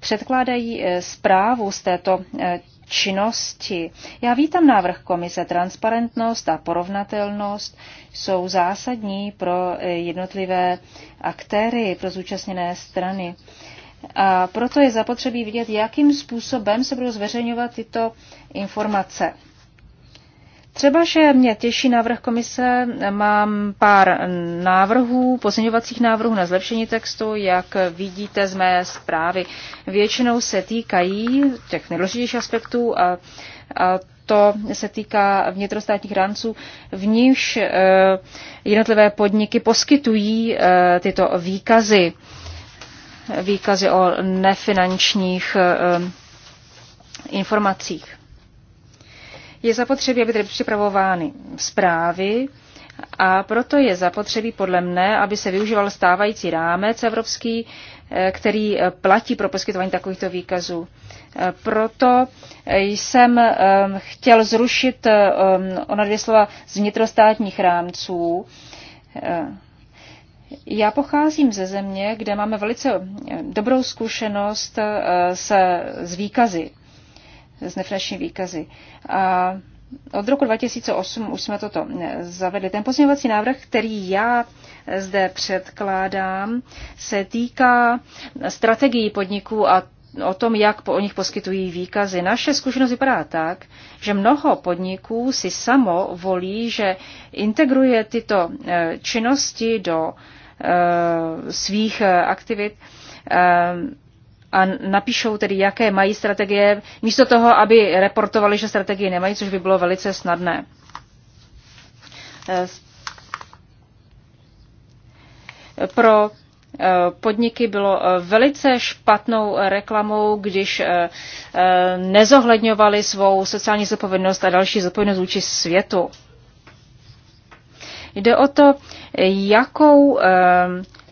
předkládají eh, zprávu z této eh, činnosti. Já vítám návrh komise. Transparentnost a porovnatelnost jsou zásadní pro eh, jednotlivé aktéry, pro zúčastněné strany. A proto je zapotřebí vidět, jakým způsobem se budou zveřejňovat tyto informace. Třeba, že mě těší návrh komise, mám pár návrhů, pozměňovacích návrhů na zlepšení textu, jak vidíte z mé zprávy. Většinou se týkají těch nejdůležitějších aspektů a, a to se týká vnitrostátních rámců, v níž e, jednotlivé podniky poskytují e, tyto výkazy, výkazy o nefinančních e, informacích. Je zapotřebí, aby tedy připravovány zprávy a proto je zapotřebí podle mne, aby se využíval stávající rámec evropský, eh, který eh, platí pro poskytování takovýchto výkazů. Eh, proto jsem chtěl zrušit ona dvě slova z vnitrostátních rámců. Já pocházím ze země, kde máme velice dobrou zkušenost se, s výkazy s nefinanční výkazy. A od roku 2008 už jsme toto eh, zavedli. Ten pozměňovací návrh, který já zde předkládám, se týká strategií podniků a o tom, jak o nich poskytují výkazy. Naše zkušenost vypadá tak, že mnoho podniků si samo volí, že integruje tyto eh, činnosti do eh, svých aktivit ehm, a napíšou tedy, jaké mají strategie, místo toho, aby reportovali, že strategie nemají, což by bylo velice snadné. Eh, pro eh, podniky bylo eh, velice špatnou reklamou, když nezohledňovali svou sociální zodpovědnost a další zodpovědnost vůči světu. Jde o to, jakou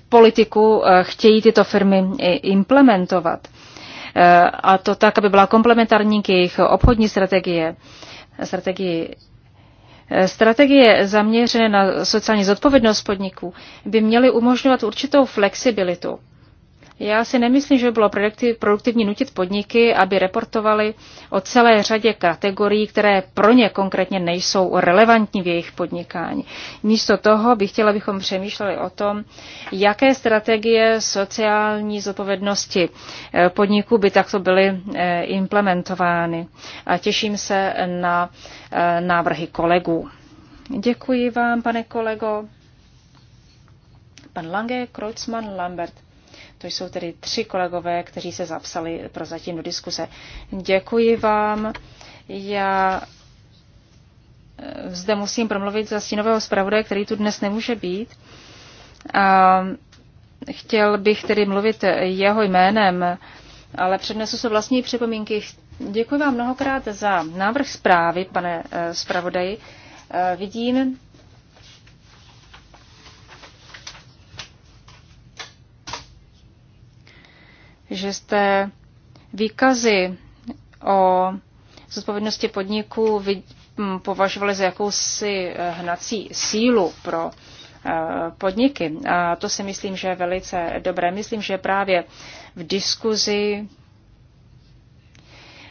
politiku eh, chtějí tyto firmy implementovat. Eh, a to tak, aby byla komplementární k jejich obchodní strategie. strategii. Eh, strategie zaměřené na sociální zodpovědnost podniků by měly umožňovat určitou flexibilitu já si nemyslím, že by bylo produktivní nutit podniky, aby reportovali o celé řadě kategorií, které pro ně konkrétně nejsou relevantní v jejich podnikání. Místo toho bych chtěla, abychom přemýšleli o tom, jaké strategie sociální zodpovědnosti eh, podniků by takto byly eh, implementovány. A těším se na eh, návrhy kolegů. Děkuji vám, pane kolego. Pan Lange, Kreuzmann, Lambert. To jsou tedy tři kolegové, kteří se zapsali prozatím do diskuse. Děkuji vám. Já eh, zde musím promluvit za stínového zpravodaje, který tu dnes nemůže být. A chtěl bych tedy mluvit jeho jménem, ale přednesu se vlastní připomínky. Děkuji vám mnohokrát za návrh zprávy, pane eh, zpravodaji. Eh, vidím, že jste výkazy o zodpovědnosti podniků považovali za jakousi eh, hnací sílu pro eh, podniky. A to si myslím, že je velice dobré. Myslím, že právě v diskuzi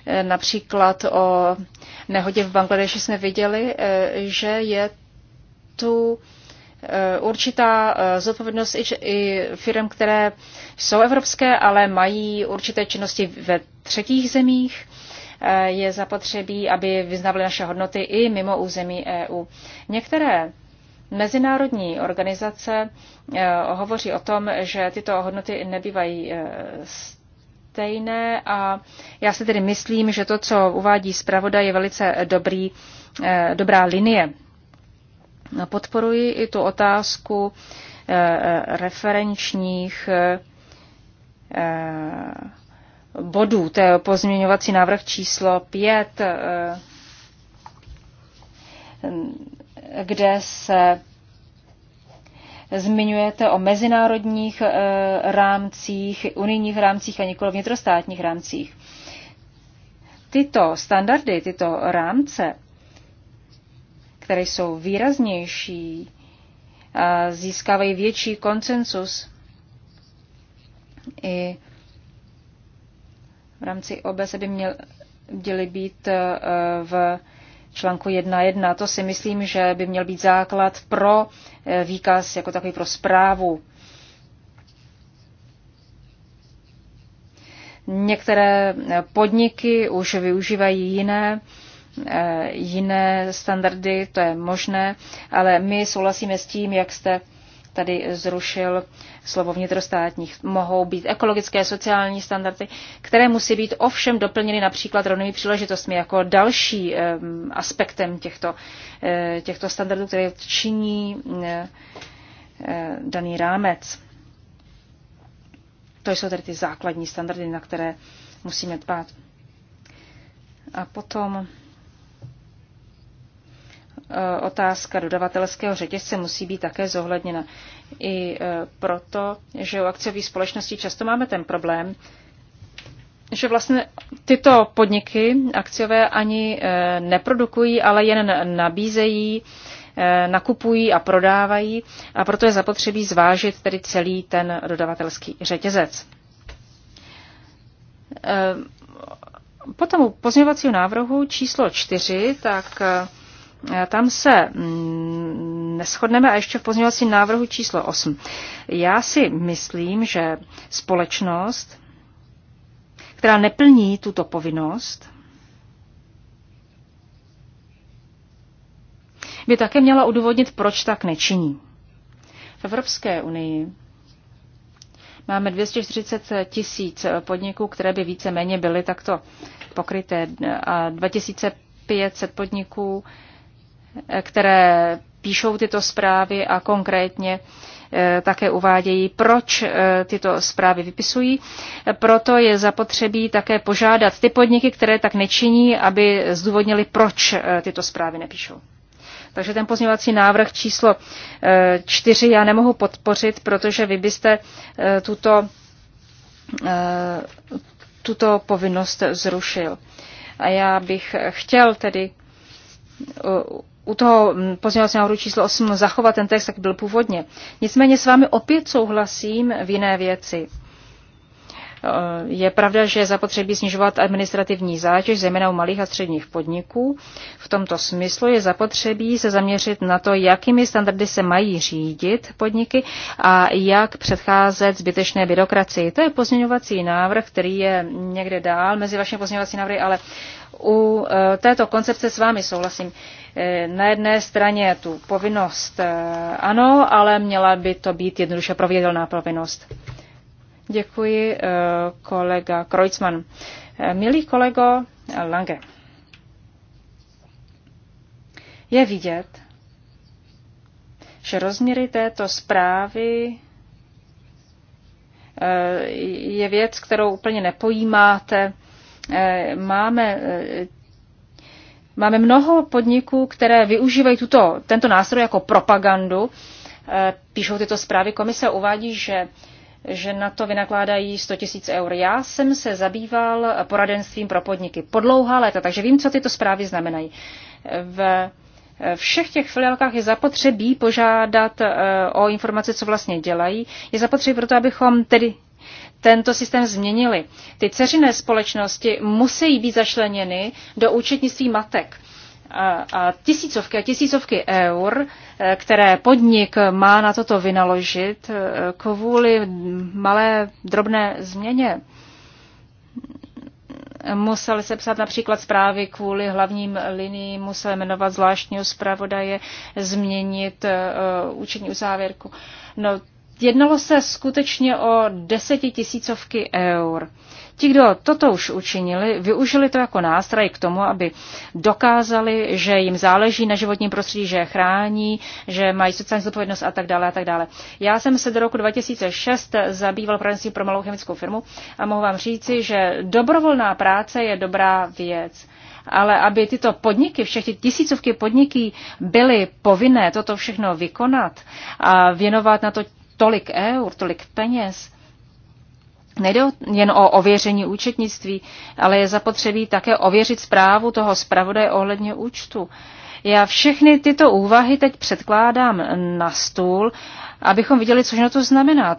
eh, například o nehodě v Bangladeši jsme viděli, že je tu Eh, určitá eh, zodpovědnost i firm, které jsou evropské, ale mají určité činnosti ve třetích zemích. Eh, je zapotřebí, aby vyznavaly naše hodnoty i mimo území EU. Některé mezinárodní organizace hovoří o tom, že tyto hodnoty nebývají stejné a já si tedy myslím, že to, co uvádí zpravodaj, je velice dobrý, dobrá linie. Podporuji i tu otázku eh, eh, referenčních eh, bodů. To je pozměňovací návrh číslo 5, kde se zmiňujete o mezinárodních rámcích, unijních rámcích a nikoli vnitrostátních rámcích. Tyto standardy, tyto rámce které jsou výraznější, získávají větší koncensus i v rámci OBS by měly být e, v článku 1.1. To si myslím, že by měl být základ pro e, výkaz jako takový pro zprávu. Některé podniky už využívají jiné Eh, jiné standardy, to je možné, ale my souhlasíme s tím, jak jste tady zrušil slovo vnitrostátních. Mohou být ekologické, sociální standardy, které musí být ovšem doplněny například rovnými příležitostmi jako další eh, aspektem těchto, eh, těchto standardů, které činí daný rámec. To jsou tedy ty základní standardy, na které musíme dbát. A potom Eh, otázka dodavatelského řetězce musí být také zohledněna. I eh, proto, že u akciových společností často máme ten problém, že vlastně tyto podniky akciové ani eh, neprodukují, ale jen nabízejí, nakupují a prodávají a proto je zapotřebí zvážit tedy celý ten dodavatelský řetězec. Potom u pozměňovacího návrhu číslo 4, tak Eh, tam se mm, neschodneme a ještě v pozměňovacím návrhu číslo 8. Já si myslím, že společnost, která neplní tuto povinnost, by také měla udůvodnit, proč tak nečiní. V Evropské unii máme 240 tisíc podniků, které by více-méně byly takto pokryté a 2500 podniků které píšou tyto zprávy a konkrétně eh, také uvádějí, proč eh, tyto zprávy vypisují. Proto je zapotřebí také požádat ty podniky, které tak nečiní, aby zdůvodnili, proč eh, tyto zprávy nepíšou. Takže ten pozměvací návrh číslo čtyři já nemohu podpořit, protože vy byste tuto, tuto povinnost zrušil. A já bych chtěl tedy u toho mm, pozměňovacího návrhu číslo 8 zachovat ten text, jak byl původně. Nicméně s vámi opět souhlasím v jiné věci. E, je pravda, že je zapotřebí snižovat administrativní zátěž, zejména u malých a středních podniků. V tomto smyslu je zapotřebí se zaměřit na to, jakými standardy se mají řídit podniky a jak předcházet zbytečné byrokracii. To je pozměňovací návrh, který je někde dál mezi vašimi pozměňovací návrhy, ale u e, této koncepce s vámi souhlasím. E, na jedné straně tu povinnost e, ano, ale měla by to být jednoduše proveditelná povinnost. Děkuji, kolega Kreuzmann. Milý kolego Lange, je vidět, že rozměry této zprávy je věc, kterou úplně nepojímáte Eh, máme eh, Máme mnoho podniků, které využívají tuto, tento nástroj jako propagandu. Eh, píšou tyto zprávy. Komise uvádí, že že na to vynakládají 100 tisíc eur. Já jsem se zabýval poradenstvím pro podniky po dlouhá léta, takže vím, co tyto zprávy znamenají. V všech těch filiálkách je zapotřebí požádat o informace, co vlastně dělají. Je zapotřebí proto, abychom tedy tento systém změnili. Ty ceřiné společnosti musí být zašleněny do účetnictví matek. A, a tisícovky a tisícovky eur, e, které podnik má na toto vynaložit e, kvůli malé drobné změně. Museli se psát například zprávy kvůli hlavním liniím, museli jmenovat zvláštního zpravodaje, změnit uh, účetní uzávěrku. No, Jednalo se skutečně o desetitisícovky eur. Ti, kdo toto už učinili, využili to jako nástroj k tomu, aby dokázali, že jim záleží na životním prostředí, že je chrání, že mají sociální zodpovědnost a tak dále a tak dále. Já jsem se do roku 2006 zabýval právnictvím pro malou chemickou firmu a mohu vám říci, že dobrovolná práce je dobrá věc. Ale aby tyto podniky, všechny tisícovky podniky byly povinné toto všechno vykonat a věnovat na to tolik eur, tolik peněz, Nejde jen o ověření účetnictví, ale je zapotřebí také ověřit zprávu toho zpravodaje ohledně účtu. Já všechny tyto úvahy teď předkládám na stůl, abychom viděli, což na to znamená,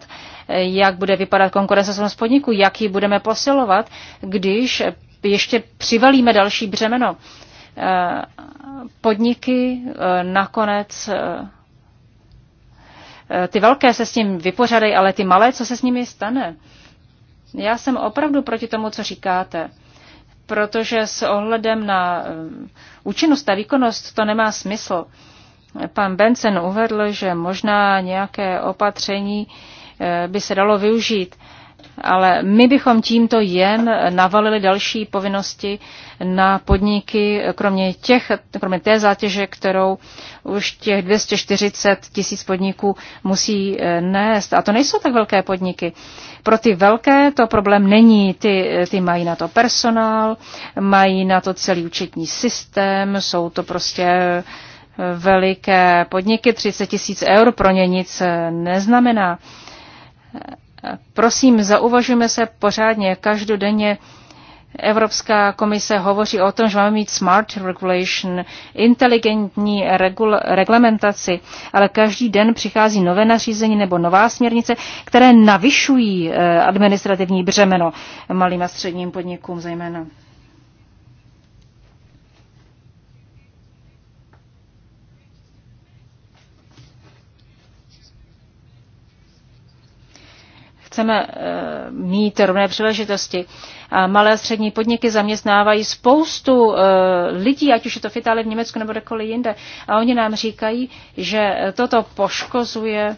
jak bude vypadat konkurenceschopnost podniku, jak ji budeme posilovat, když ještě přivalíme další břemeno. Eh, podniky eh, nakonec eh, Eh, ty velké se s tím vypořádají, ale ty malé, co se s nimi stane? Já jsem opravdu proti tomu, co říkáte, protože s ohledem na eh, účinnost a výkonnost to nemá smysl. Pan Benson uvedl, že možná nějaké opatření eh, by se dalo využít ale my bychom tímto jen navalili další povinnosti na podniky, kromě, těch, kromě té zátěže, kterou už těch 240 tisíc podniků musí eh, nést. A to nejsou tak velké podniky. Pro ty velké to problém není. Ty, eh, ty mají na to personál, mají na to celý účetní systém, jsou to prostě eh, veliké podniky, 30 tisíc eur pro ně nic neznamená Prosím, zauvažujeme se pořádně. Každodenně Evropská komise hovoří o tom, že máme mít smart regulation, inteligentní regul- reglementaci, ale každý den přichází nové nařízení nebo nová směrnice, které navyšují eh, administrativní břemeno malým a středním podnikům zejména. chceme eh, mít rovné příležitosti. A malé a střední podniky zaměstnávají spoustu eh, lidí, ať už je to v Itálii, v Německu nebo kdekoliv jinde. A oni nám říkají, že toto poškozuje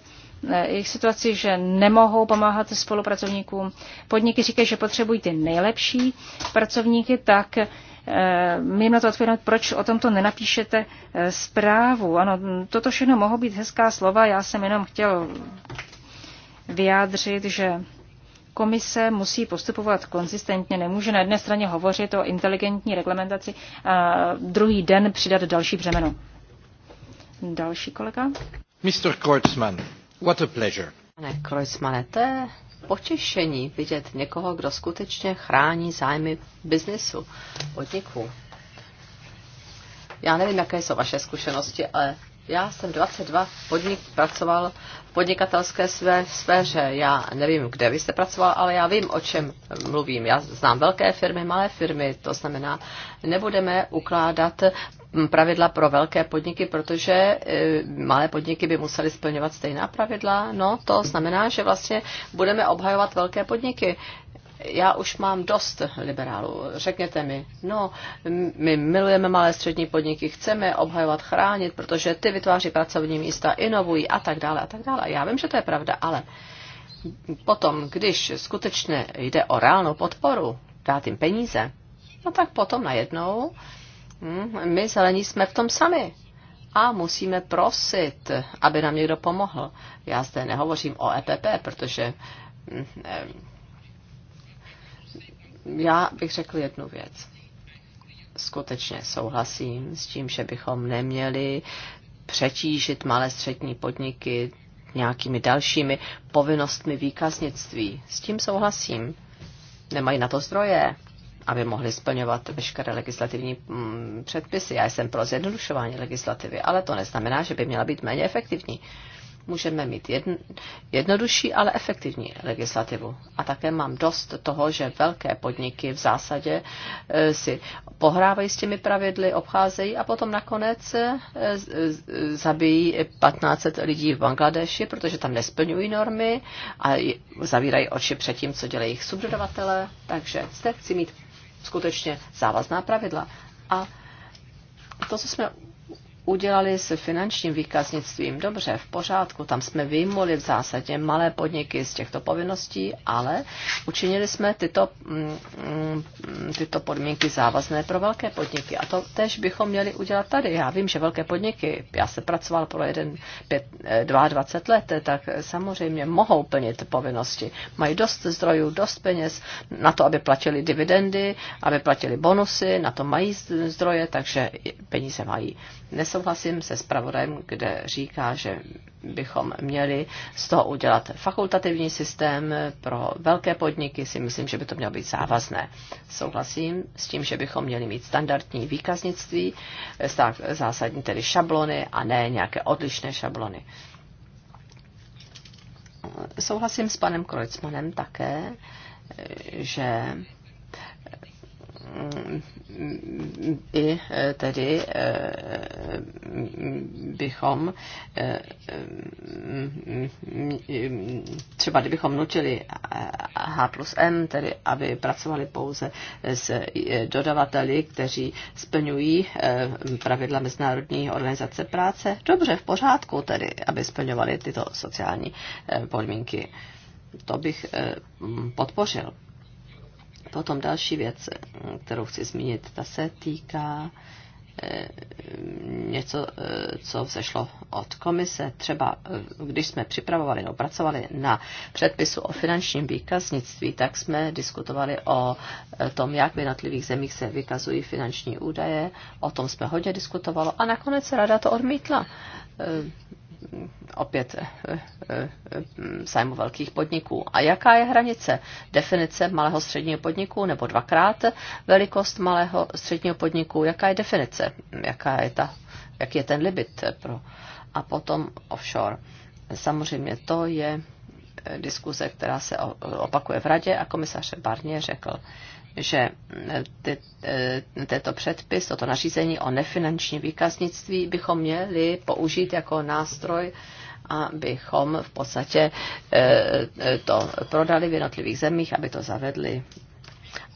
eh, jejich situaci, že nemohou pomáhat spolupracovníkům. Podniky říkají, že potřebují ty nejlepší pracovníky, tak my jim na to odpovědět, proč o tomto nenapíšete zprávu. Ano, toto všechno mohou být hezká slova, já jsem jenom chtěl vyjádřit, že komise musí postupovat konzistentně. Nemůže na jedné straně hovořit o inteligentní reglementaci a druhý den přidat další břemeno. Další kolega. Mr. Kreutzmann, what a pleasure. Pane Kreutzmane, to je potěšení vidět někoho, kdo skutečně chrání zájmy biznesu, podniku. Já nevím, jaké jsou vaše zkušenosti, ale já jsem 22 podnik pracoval v podnikatelské své sféře. Já nevím, kde vy jste pracoval, ale já vím, o čem mluvím. Já znám velké firmy, malé firmy, to znamená, nebudeme ukládat mm, pravidla pro velké podniky, protože e, malé podniky by musely splňovat stejná pravidla. No, to znamená, že vlastně budeme obhajovat velké podniky já už mám dost liberálů. Řekněte mi, no, my milujeme malé střední podniky, chceme obhajovat, chránit, protože ty vytváří pracovní místa, inovují a tak dále a tak dále. Já vím, že to je pravda, ale potom, když skutečně jde o reálnou podporu, dát jim peníze, no tak potom najednou hm, my zelení jsme v tom sami a musíme prosit, aby nám někdo pomohl. Já zde nehovořím o EPP, protože hm, já bych řekl jednu věc. Skutečně souhlasím s tím, že bychom neměli přetížit malé střední podniky nějakými dalšími povinnostmi výkaznictví. S tím souhlasím. Nemají na to zdroje, aby mohli splňovat veškeré legislativní mm, předpisy. Já jsem pro zjednodušování legislativy, ale to neznamená, že by měla být méně efektivní můžeme mít jedn, jednodušší, ale efektivní legislativu. A také mám dost toho, že velké podniky v zásadě e, si pohrávají s těmi pravidly, obcházejí a potom nakonec e, zabijí 1500 lidí v Bangladeši, protože tam nesplňují normy a zavírají oči před tím, co dělají jejich subdodavatele. Takže zde chci mít skutečně závazná pravidla. A to, co jsme udělali s finančním výkaznictvím. Dobře, v pořádku, tam jsme vyjmuli v zásadě malé podniky z těchto povinností, ale učinili jsme tyto, mm, mm, tyto podmínky závazné pro velké podniky. A to tež bychom měli udělat tady. Já vím, že velké podniky, já se pracoval pro jeden, pět, eh, dvacet let, tak samozřejmě mohou plnit povinnosti. Mají dost zdrojů, dost peněz na to, aby platili dividendy, aby platili bonusy, na to mají zdroje, takže peníze mají. Nesou souhlasím se zpravodajem, kde říká, že bychom měli z toho udělat fakultativní systém pro velké podniky, si myslím, že by to mělo být závazné. Souhlasím s tím, že bychom měli mít standardní výkaznictví, zásadní tedy šablony a ne nějaké odlišné šablony. Souhlasím s panem Krojcmanem také, že i tedy eh, bychom eh, třeba kdybychom nutili H plus M, tedy aby pracovali pouze s dodavateli, kteří splňují eh, pravidla Mezinárodní organizace práce, dobře, v pořádku tedy, aby splňovali tyto sociální podmínky. To bych podpořil. Potom další věc, kterou chci zmínit, ta se týká eh, něco, eh, co vzešlo od komise. Třeba eh, když jsme připravovali nebo pracovali na předpisu o finančním výkaznictví, tak jsme diskutovali o tom, jak v jednotlivých zemích se vykazují finanční údaje. O tom jsme hodně diskutovalo a nakonec rada to odmítla opět eh, eh, eh, zájmu velkých podniků. A jaká je hranice? Definice malého středního podniku nebo dvakrát velikost malého středního podniku? Jaká je definice? Jaká je ta, jaký je ten limit pro? A potom offshore. Samozřejmě to je diskuze, která se opakuje v radě a komisař Barně řekl, že eh, ty, eh, tento předpis, toto nařízení o nefinanční výkaznictví bychom měli použít jako nástroj, abychom v podstatě eh, to prodali v jednotlivých zemích, aby to zavedli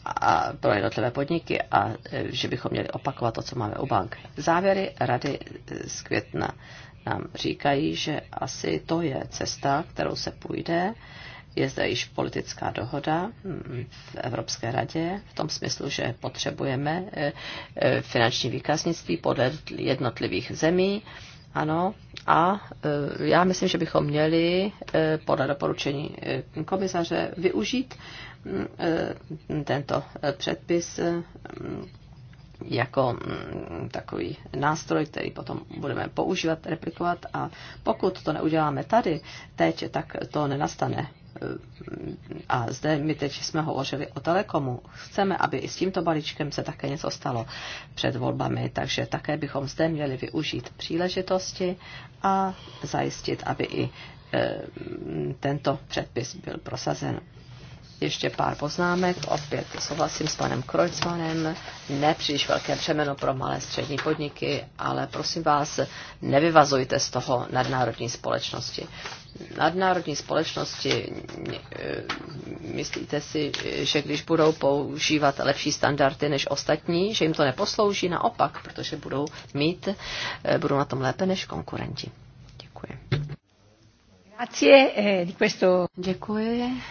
a pro jednotlivé podniky a že bychom měli opakovat to, co máme u bank. Závěry rady z května nám říkají, že asi to je cesta, kterou se půjde je zde již politická dohoda mm, v Evropské radě v tom smyslu, že potřebujeme e, e, finanční výkaznictví podle jednotlivých zemí. Ano, a e, já myslím, že bychom měli podle doporučení komisaře využít mm, tento předpis mm, jako takový nástroj, který potom budeme používat, replikovat a pokud to neuděláme tady, teď, tak to nenastane a zde my teď jsme hovořili o telekomu, chceme, aby i s tímto balíčkem se také něco stalo před volbami, takže také bychom zde měli využít příležitosti a zajistit, aby i eh, tento předpis byl prosazen ještě pár poznámek. Opět souhlasím s panem Krojcmanem. Nepříliš velké břemeno pro malé střední podniky, ale prosím vás, nevyvazujte z toho nadnárodní společnosti. Nadnárodní společnosti, eh, myslíte si, že když budou používat lepší standardy než ostatní, že jim to neposlouží? Naopak, protože budou mít, eh, budou na tom lépe než konkurenti. Děkuji. Eh, Děkuji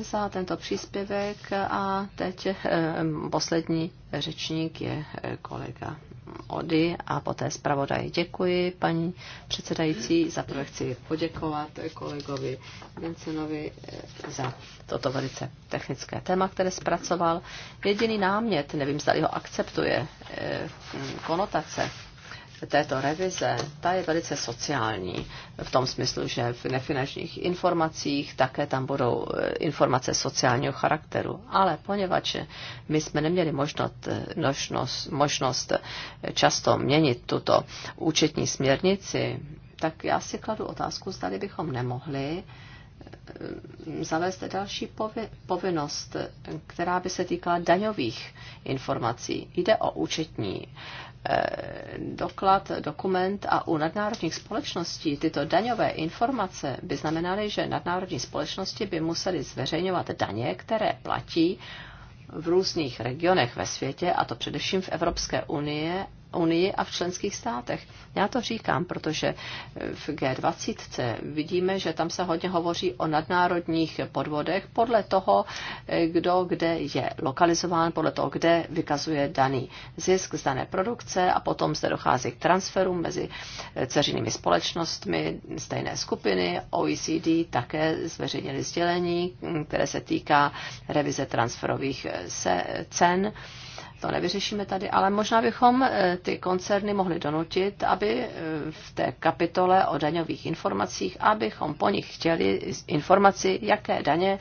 za tento příspěvek a teď eh, poslední řečník je eh, kolega Ody a poté zpravodaj. Děkuji paní předsedající. za Zaprvé chci poděkovat kolegovi Vincenovi eh, za toto velice technické téma, které zpracoval. Jediný námět, nevím, zda ho akceptuje, konotace této revize, ta je velice sociální v tom smyslu, že v nefinančních informacích také tam budou eh, informace sociálního charakteru. Ale poněvadž my jsme neměli možnost, eh, možnost, možnost eh, často měnit tuto účetní směrnici, tak já si kladu otázku, zda bychom nemohli zavést další povinnost, která by se týkala daňových informací. Jde o účetní Eh, doklad, dokument a u nadnárodních společností tyto daňové informace by znamenaly, že nadnárodní společnosti by musely zveřejňovat daně, které platí v různých regionech ve světě, a to především v Evropské unie Unii a v členských státech. Já to říkám, protože v G20 vidíme, že tam se hodně hovoří o nadnárodních podvodech podle toho, kdo kde je lokalizován, podle toho, kde vykazuje daný zisk z dané produkce a potom zde dochází k transferům mezi ceřinými společnostmi stejné skupiny. OECD také zveřejnili sdělení, které se týká revize transferových cen. To nevyřešíme tady, ale možná bychom eh, ty koncerny mohli donutit, aby eh, v té kapitole o daňových informacích, abychom po nich chtěli informaci, jaké daně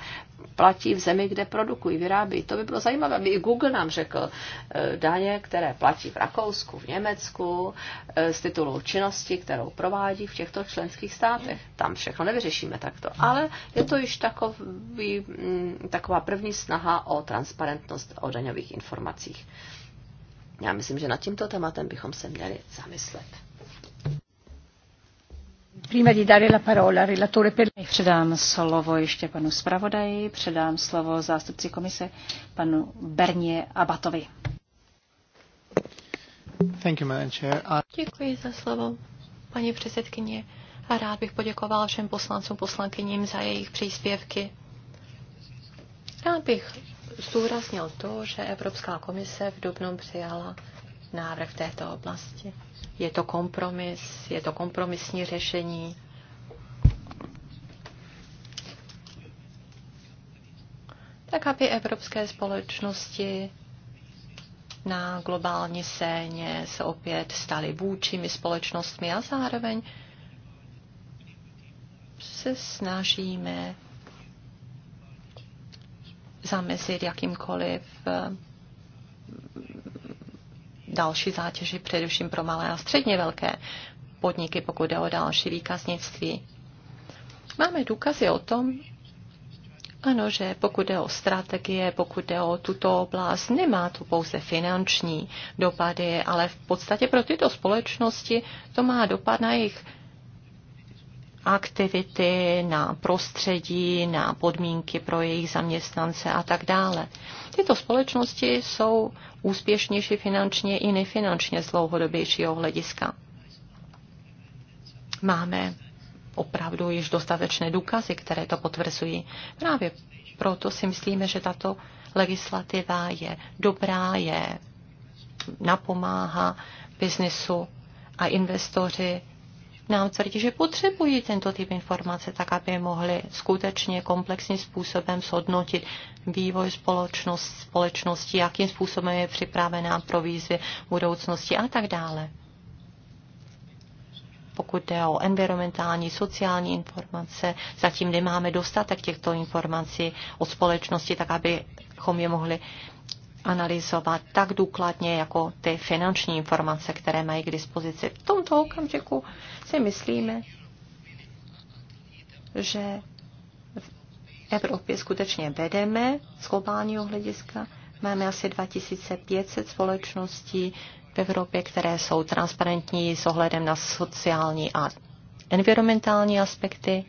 platí v zemi, kde produkují, vyrábí. To by bylo zajímavé, aby i Google nám řekl eh, daně, které platí v Rakousku, v Německu, eh, z titulu činnosti, kterou provádí v těchto členských státech. Tam všechno nevyřešíme takto. Ale je to již takový, mm, taková první snaha o transparentnost o daňových informacích. Já myslím, že nad tímto tématem bychom se měli zamyslet. Prima di dare la parola al relatore per... Předám slovo ještě panu zpravodaji, předám slovo zástupci komise panu Bernie Abatovi. Thank you, Madam Chair. A... Děkuji za slovo, paní předsedkyně. A rád bych poděkoval všem poslancům poslankyním za jejich příspěvky. Rád bych zdůraznil to, že Evropská komise v Dubnu přijala návrh v této oblasti. Je to kompromis, je to kompromisní řešení. Tak, aby evropské společnosti na globální scéně se opět staly vůčími společnostmi a zároveň se snažíme zamezit jakýmkoliv další zátěži, především pro malé a středně velké podniky, pokud jde o další výkaznictví. Máme důkazy o tom, ano, že pokud jde o strategie, pokud jde o tuto oblast, nemá to pouze finanční dopady, ale v podstatě pro tyto společnosti to má dopad na jejich aktivity, na prostředí, na podmínky pro jejich zaměstnance a tak dále. Tyto společnosti jsou úspěšnější finančně i nefinančně z dlouhodobějšího hlediska. Máme opravdu již dostatečné důkazy, které to potvrzují. Právě proto si myslíme, že tato legislativa je dobrá, je napomáhá biznesu a investoři nám tvrdí, že potřebují tento typ informace, tak aby mohli skutečně komplexním způsobem shodnotit vývoj společnost, společnosti, jakým způsobem je připravená pro výzvy budoucnosti a tak dále. Pokud jde o environmentální, sociální informace, zatím nemáme dostatek těchto informací od společnosti, tak abychom je mohli analyzovat tak důkladně jako ty finanční informace, které mají k dispozici. V tomto okamžiku si myslíme, že v Evropě skutečně vedeme z globálního hlediska. Máme asi 2500 společností v Evropě, které jsou transparentní s ohledem na sociální a environmentální aspekty.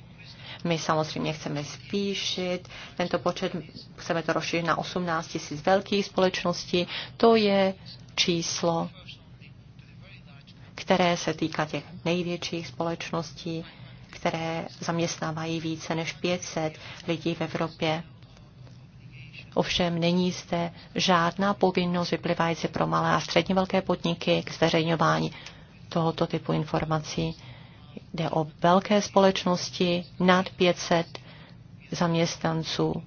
My samozřejmě chceme spíšit tento počet, chceme to rozšířit na 18 000 velkých společností. To je číslo, které se týká těch největších společností, které zaměstnávají více než 500 lidí v Evropě. Ovšem není zde žádná povinnost vyplývající pro malé a středně velké podniky k zveřejňování tohoto typu informací. Jde o velké společnosti nad 500 zaměstnanců.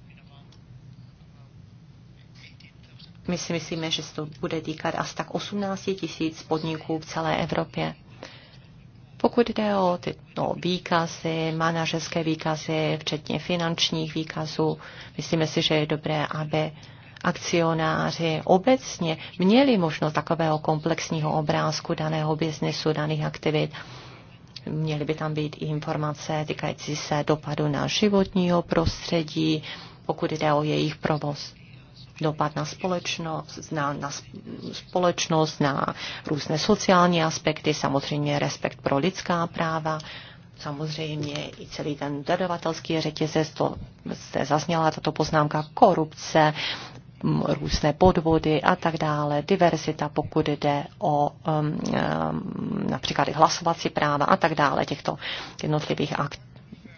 My si myslíme, že se to bude týkat asi tak 18 tisíc podniků v celé Evropě. Pokud jde o ty no, výkazy, manažerské výkazy, včetně finančních výkazů, myslíme si, že je dobré, aby akcionáři obecně měli možnost takového komplexního obrázku daného biznesu, daných aktivit měly by tam být i informace týkající se dopadu na životního prostředí, pokud jde o jejich provoz dopad na společnost, na, na společnost, na různé sociální aspekty, samozřejmě respekt pro lidská práva, samozřejmě i celý ten dodavatelský řetězec, to jste zazněla tato poznámka, korupce, různé podvody a tak dále, diverzita, pokud jde o um, um například hlasovací práva a tak dále těchto jednotlivých akt,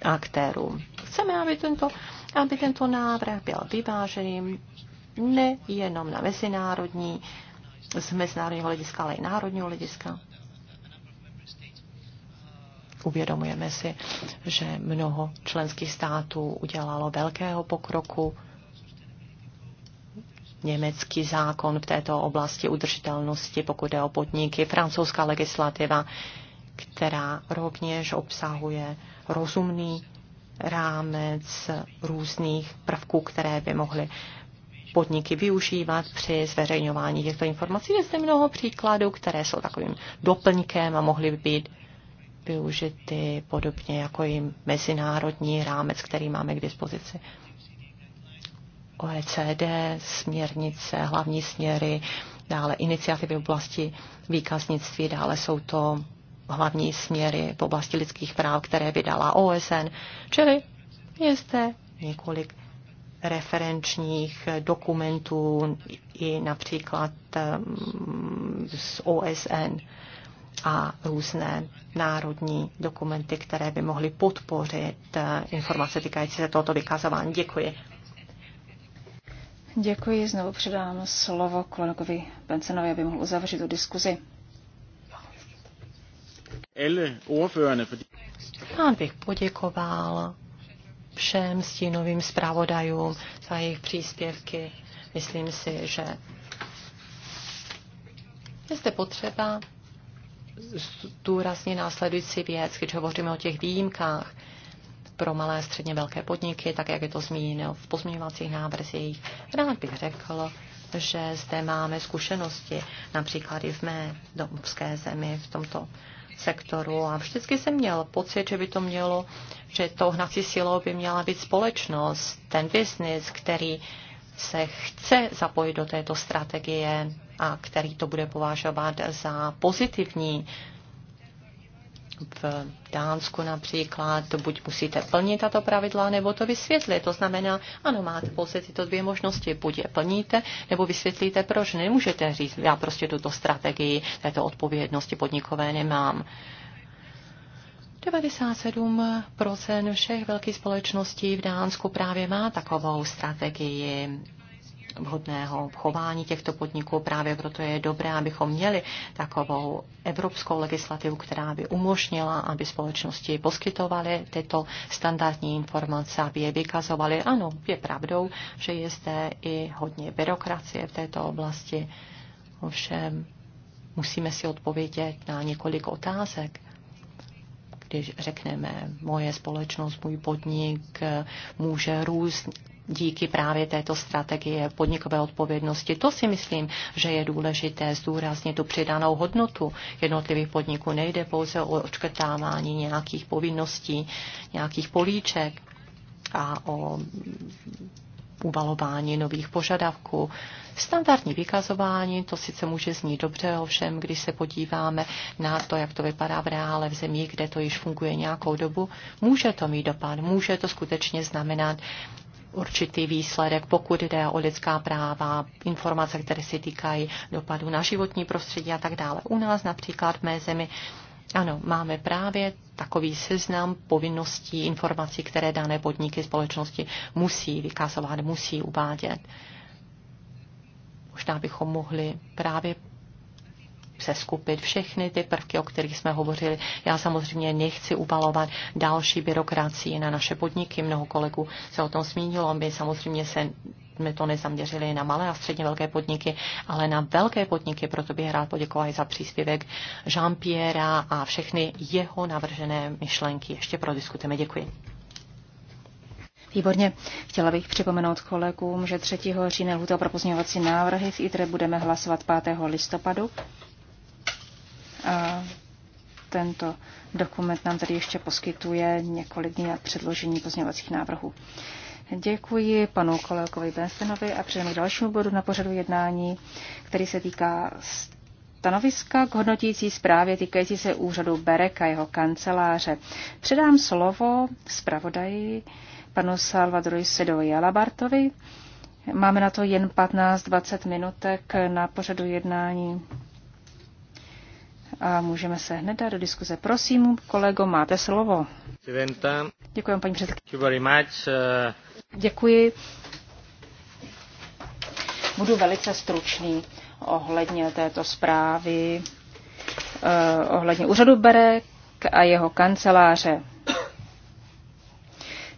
aktérů. Chceme, aby tento, aby tento návrh byl vyvážený nejenom na mezinárodní, z mezinárodního hlediska, ale i národního hlediska uvědomujeme si, že mnoho členských států udělalo velkého pokroku německý zákon v této oblasti udržitelnosti, pokud jde o podniky, francouzská legislativa, která rovněž obsahuje rozumný rámec různých prvků, které by mohly podniky využívat při zveřejňování těchto informací. Je zde mnoho příkladů, které jsou takovým doplňkem a mohly by být využity podobně jako i mezinárodní rámec, který máme k dispozici. OECD, směrnice, hlavní směry, dále iniciativy v oblasti výkaznictví, dále jsou to hlavní směry v oblasti lidských práv, které vydala OSN. Čili je zde několik referenčních dokumentů i například mm, z OSN a různé národní dokumenty, které by mohly podpořit eh, informace týkající se tohoto vykazování. Děkuji. Děkuji, znovu předám slovo kolegovi Bencenovi, aby mohl uzavřít tu diskuzi. Rád bych poděkoval všem stínovým zpravodajům za jejich příspěvky. Myslím si, že je zde potřeba důrazně následující věc, když hovoříme o těch výjimkách pro malé středně velké podniky, tak jak je to zmíněno v pozměňovacích návrzích. Rád bych řekl, že zde máme zkušenosti, například i v mé domovské zemi v tomto sektoru a vždycky jsem měl pocit, že by to mělo, že to hnací silou by měla být společnost, ten biznis, který se chce zapojit do této strategie a který to bude považovat za pozitivní v Dánsku například, buď musíte plnit tato pravidla, nebo to vysvětlit. To znamená, ano, máte pouze tyto dvě možnosti, buď je plníte, nebo vysvětlíte, proč nemůžete říct, já prostě tuto strategii této odpovědnosti podnikové nemám. 97% všech velkých společností v Dánsku právě má takovou strategii vhodného chování těchto podniků. Právě proto je dobré, abychom měli takovou evropskou legislativu, která by umožnila, aby společnosti poskytovaly tyto standardní informace, aby je vykazovaly. Ano, je pravdou, že je zde i hodně byrokracie v této oblasti. Ovšem, musíme si odpovědět na několik otázek když řekneme, moje společnost, můj podnik může růst díky právě této strategie podnikové odpovědnosti. To si myslím, že je důležité zdůraznit tu přidanou hodnotu jednotlivých podniků. Nejde pouze o očkrtávání nějakých povinností, nějakých políček a o uvalování nových požadavků. Standardní vykazování, to sice může znít dobře, ovšem, když se podíváme na to, jak to vypadá v reále v zemích, kde to již funguje nějakou dobu, může to mít dopad, může to skutečně znamenat určitý výsledek, pokud jde o lidská práva, informace, které se týkají dopadu na životní prostředí a tak dále. U nás například v mé zemi ano, máme právě takový seznam povinností, informací, které dané podniky společnosti musí vykazovat, musí uvádět. Možná bychom mohli právě přeskupit všechny ty prvky, o kterých jsme hovořili. Já samozřejmě nechci upalovat další byrokracii na naše podniky. Mnoho kolegů se o tom zmínilo. My samozřejmě se my to nezaměřili na malé a středně velké podniky, ale na velké podniky. Proto bych rád poděkoval za příspěvek Jean-Pierre a všechny jeho navržené myšlenky. Ještě prodiskutujeme. Děkuji. Výborně. Chtěla bych připomenout kolegům, že 3. října lhuta pro pozměňovací návrhy v ITRE budeme hlasovat 5. listopadu tento dokument nám tady ještě poskytuje několik dní na předložení pozměňovacích návrhů. Děkuji panu kolegovi Benstenovi a přejeme k dalšímu bodu na pořadu jednání, který se týká stanoviska k hodnotící zprávě týkající se úřadu Bereka, jeho kanceláře. Předám slovo zpravodaji panu Salvadoru Sedovi Alabartovi. Máme na to jen 15-20 minutek na pořadu jednání. A můžeme se hned dát do diskuze. Prosím, kolego, máte slovo. Děkuji, paní předsedkyně. Uh, Děkuji. Budu velice stručný ohledně této zprávy, eh, ohledně úřadu Berek a jeho kanceláře.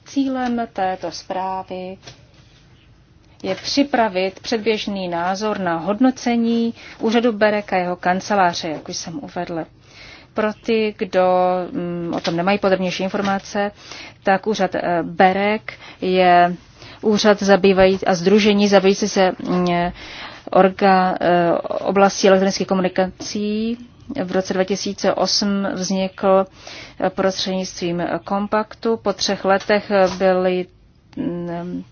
Cílem této zprávy je připravit předběžný názor na hodnocení úřadu Bereka a jeho kanceláře, jak už jsem uvedla. Pro ty, kdo mm, o tom nemají podrobnější informace, tak úřad eh, Berek je úřad zabývají a združení zabývající se mm, orga, eh, oblasti elektronických komunikací. V roce 2008 vznikl eh, prostřednictvím kompaktu. Po třech letech byly mm,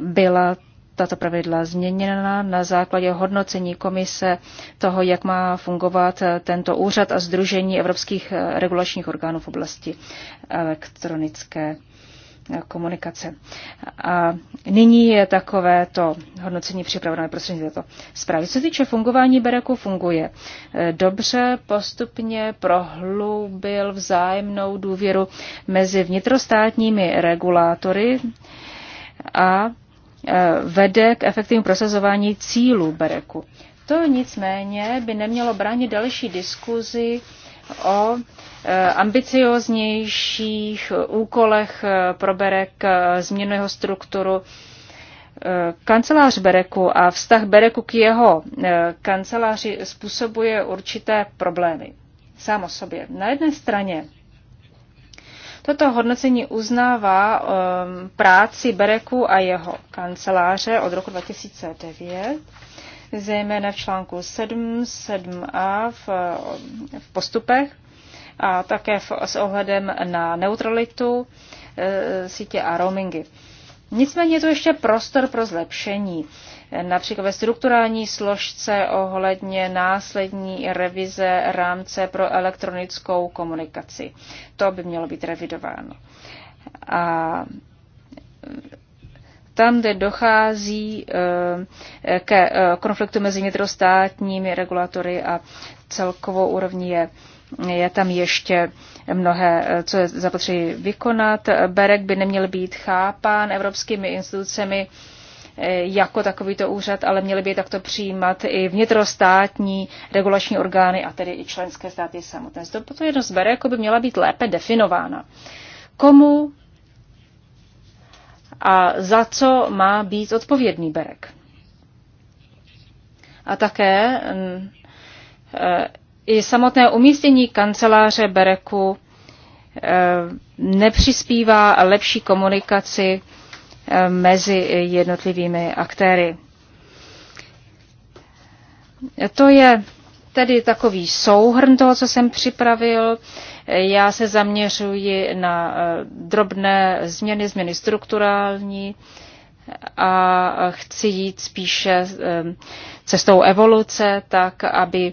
byla tato pravidla změněna na základě hodnocení komise toho, jak má fungovat tento úřad a Združení evropských regulačních orgánů v oblasti elektronické komunikace. A nyní je takové to hodnocení připravené prostřední této zprávy. Co se týče fungování Bereku, funguje eh, dobře, postupně prohloubil vzájemnou důvěru mezi vnitrostátními regulátory, a e, vede k efektivnímu prosazování cílů Bereku. To nicméně by nemělo bránit další diskuzi o e, ambicioznějších úkolech e, pro Berek, změnu jeho strukturu. Kancelář Bereku a vztah Bereku k jeho kanceláři způsobuje určité problémy sám o sobě. Na jedné straně Toto hodnocení uznává um, práci Bereku a jeho kanceláře od roku 2009, zejména v článku 7, 7a v, v postupech a také v, s ohledem na neutralitu e, sítě a roamingy. Nicméně je tu ještě prostor pro zlepšení. E, například ve strukturální složce ohledně následní revize rámce pro elektronickou komunikaci. To by mělo být revidováno. A tam, kde dochází eh, ke eh, konfliktu mezi vnitrostátními regulatory a celkovou úrovní je, je tam ještě mnohé, eh, co je zapotřebí vykonat. Berek by neměl být chápán evropskými institucemi E, jako takovýto úřad, ale měly by takto přijímat i vnitrostátní regulační orgány a tedy i členské státy samotné. To jedno z jako by měla být lépe definována. Komu a za co má být odpovědný berek? A také e, i samotné umístění kanceláře Bereku e, nepřispívá lepší komunikaci mezi jednotlivými aktéry. To je tedy takový souhrn toho, co jsem připravil. Já se zaměřuji na eh, drobné změny, změny strukturální a chci jít spíše eh, cestou evoluce, tak aby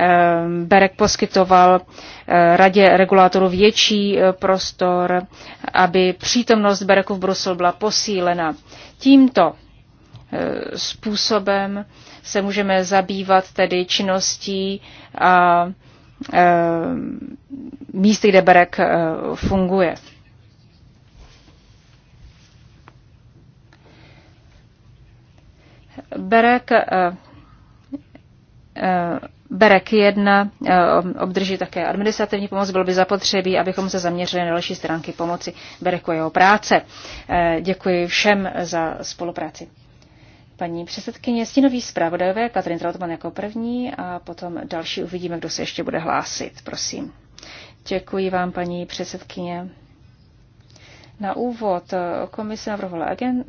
Ehm, Berek poskytoval eh, radě regulátorů větší eh, prostor, aby přítomnost Bereku v Bruselu byla posílena. Tímto eh, způsobem se můžeme zabývat tedy činností a ehm, místy, kde Berek funguje. Berek Berek 1 eh, obdrží také administrativní pomoc, bylo by zapotřebí, abychom se zaměřili na další stránky pomoci Bereku jeho práce. Eh, děkuji všem za spolupráci. Paní předsedkyně stínový zpravodajové, Katrin Trautmann jako první a potom další uvidíme, kdo se ještě bude hlásit. Prosím. Děkuji vám, paní předsedkyně. Na úvod eh, komise navrhovala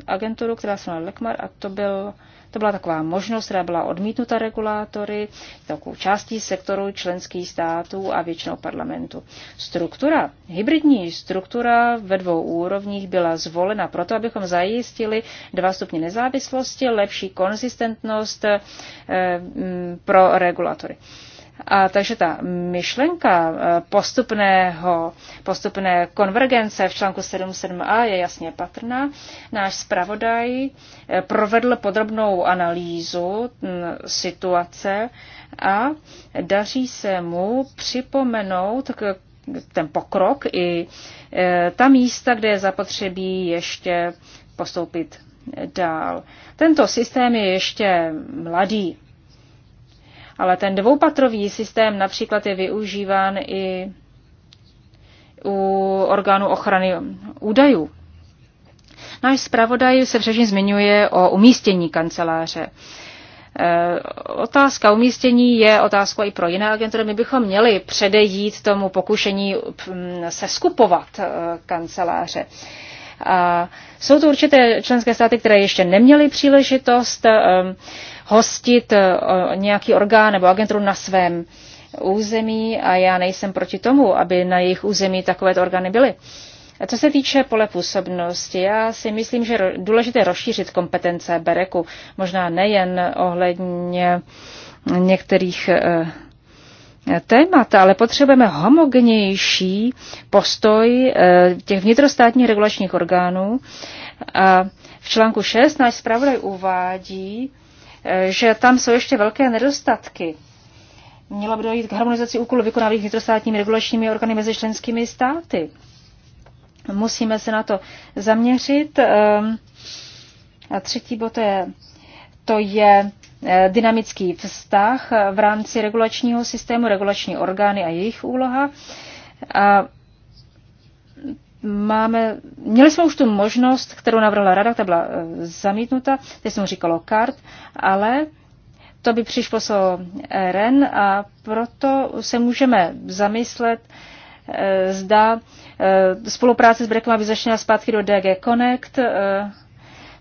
agenturu, která se jmenovala Lekmar a to byl to byla taková možnost, která byla odmítnuta regulátory, takovou částí sektoru členských států a většinou parlamentu. Struktura, hybridní struktura ve dvou úrovních byla zvolena proto, abychom zajistili dva stupně nezávislosti, lepší konzistentnost eh, pro regulatory. A takže ta myšlenka e, postupného, postupné konvergence v článku 7.7a je jasně patrná. Náš zpravodaj e, provedl podrobnou analýzu situace a daří se mu připomenout ten pokrok i e, ta místa, kde je zapotřebí ještě postoupit dál. Tento systém je ještě mladý ale ten dvoupatrový systém například je využíván i u orgánu ochrany údajů. Náš zpravodaj se především zmiňuje o umístění kanceláře. Eh, otázka umístění je otázka i pro jiné agentury. My bychom měli předejít tomu pokušení hm, se skupovat eh, kanceláře jsou to určité členské státy, které ještě neměly příležitost eh, hostit eh, nějaký orgán nebo agenturu na svém území a já nejsem proti tomu, aby na jejich území takovéto orgány byly. A co se týče pole působnosti, já si myslím, že důležité rozšířit kompetence Bereku, možná nejen ohledně některých eh, témata, ale potřebujeme homogenější postoj eh, těch vnitrostátních regulačních orgánů. A v článku 6 náš zpravodaj uvádí, eh, že tam jsou ještě velké nedostatky. Měla by dojít k harmonizaci úkolů vykonávaných vnitrostátními regulačními orgány mezi členskými státy. Musíme se na to zaměřit. Ehm, a třetí bod je, to je Eh, dynamický vztah v rámci regulačního systému, regulační orgány a jejich úloha. A máme, měli jsme už tu možnost, kterou navrhla rada, ta byla eh, zamítnuta, teď jsem říkalo kart, ale to by přišlo so Ren a proto se můžeme zamyslet, eh, zda spolupráce s Brekem by začala zpátky do DG Connect,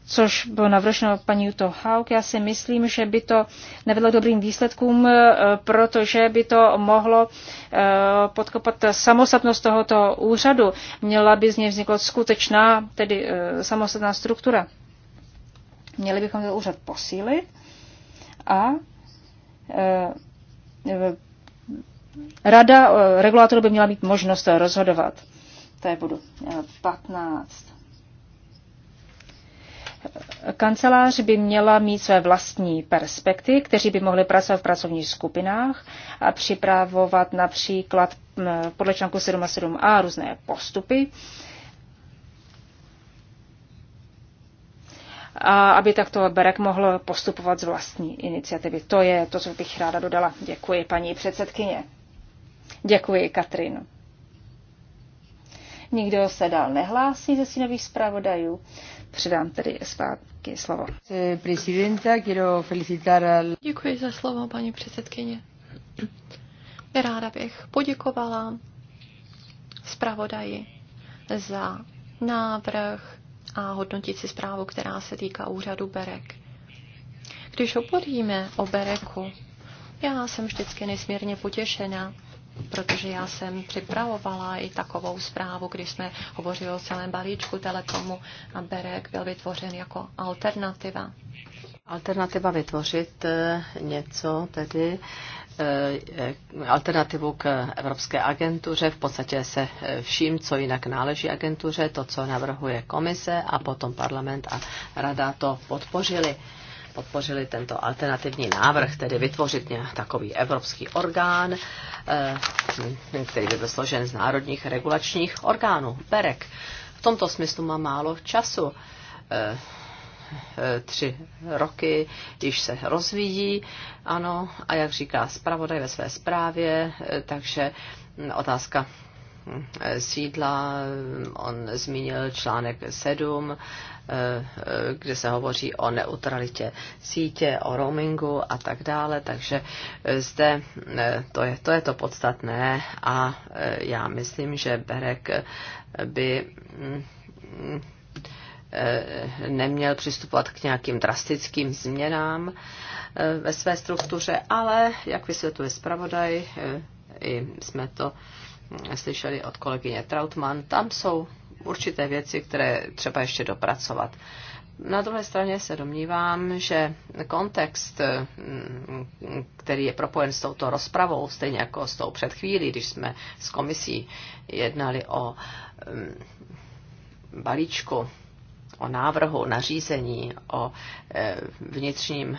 což bylo navrženo paní Uto Hauk. Já si myslím, že by to nevedlo dobrým výsledkům, e, protože by to mohlo e, podkopat samostatnost tohoto úřadu. Měla by z něj vzniknout skutečná, tedy e, samostatná struktura. Měli bychom ten úřad posílit a rada regulátorů by měla mít možnost rozhodovat. To je budu 15. Kancelář by měla mít své vlastní perspekty, kteří by mohli pracovat v pracovních skupinách a připravovat například podle článku 7 a 7a různé postupy, a aby takto Berek mohl postupovat z vlastní iniciativy. To je to, co bych ráda dodala. Děkuji, paní předsedkyně. Děkuji, Katrin. Nikdo se dál nehlásí ze synových zpravodajů předám tedy zpátky slovo. Děkuji za slovo, paní předsedkyně. Ráda bych poděkovala zpravodaji za návrh a hodnotící zprávu, která se týká úřadu Berek. Když hovoříme o Bereku, já jsem vždycky nesmírně potěšena, protože já jsem připravovala i takovou zprávu, když jsme hovořili o celém balíčku Telekomu a Berek byl vytvořen jako alternativa. Alternativa vytvořit eh, něco tedy, eh, alternativu k Evropské agentuře, v podstatě se eh, vším, co jinak náleží agentuře, to, co navrhuje komise a potom parlament a rada to podpořili podpořili tento alternativní návrh, tedy vytvořit takový evropský orgán, eh, který by byl složen z národních regulačních orgánů, BEREK. V tomto smyslu má málo času. Eh, eh, tři roky když se rozvíjí, ano, a jak říká zpravodaj ve své zprávě, takže mm, otázka sídla, on zmínil článek 7, eh, eh, kde se hovoří o neutralitě sítě, o roamingu a tak dále, takže eh, zde to je to, je to podstatné a já myslím, že Berek by mm, neměl přistupovat k nějakým drastickým změnám ve své struktuře, ale, jak vysvětluje zpravodaj, i jsme to slyšeli od kolegyně Trautmann, tam jsou určité věci, které třeba ještě dopracovat. Na druhé straně se domnívám, že kontext, mm, který je propojen s touto rozpravou, stejně jako s tou před chvílí, když jsme s komisí jednali o mm, balíčku, o návrhu nařízení, o eh, vnitřním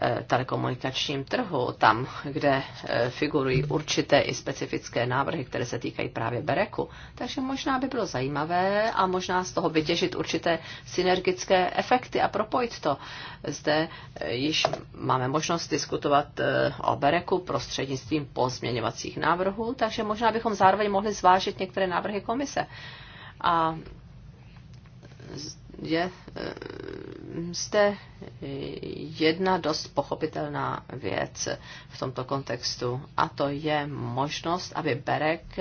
Eh, telekomunikačním trhu, tam, kde eh, figurují určité i specifické návrhy, které se týkají právě Bereku. Takže možná by bylo zajímavé a možná z toho vytěžit určité synergické efekty a propojit to. Zde eh, již máme možnost diskutovat o Bereku prostřednictvím pozměňovacích návrhů, takže možná bychom zároveň mohli zvážit některé návrhy komise. A je zde eh, jedna dost pochopitelná věc v tomto kontextu a to je možnost, aby Berek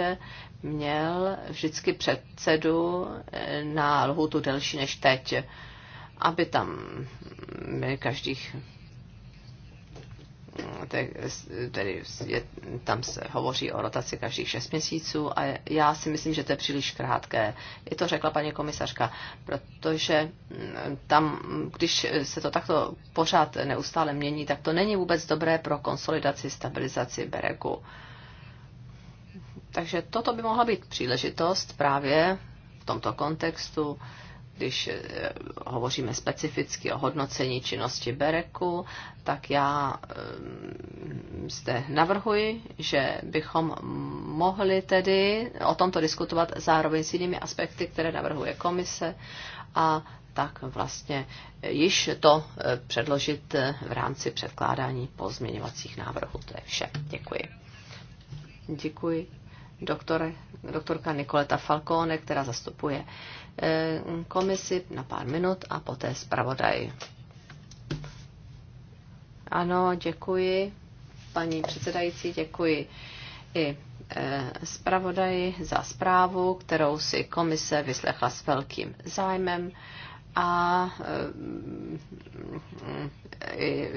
měl vždycky předsedu eh, na lhutu delší než teď, aby tam eh, každých tedy je, tam se hovoří o rotaci každých 6 měsíců a já si myslím, že to je příliš krátké. Je to řekla paní komisařka, protože mm, tam, když se to takto pořád neustále mění, tak to není vůbec dobré pro konsolidaci, stabilizaci beregu. Takže toto by mohla být příležitost právě v tomto kontextu když eh, hovoříme specificky o hodnocení činnosti Bereku, tak já ehm, zde navrhuji, že bychom mohli tedy o tomto diskutovat zároveň s jinými aspekty, které navrhuje komise a tak vlastně již to eh, předložit eh, v rámci předkládání pozměňovacích návrhů. To je vše. Děkuji. Děkuji doktor, doktorka Nikoleta Falcone, která zastupuje eh, komisi na pár minut a poté zpravodaj. Ano, děkuji. Paní předsedající, děkuji i eh, zpravodaji za zprávu, kterou si komise vyslechla s velkým zájmem a eh,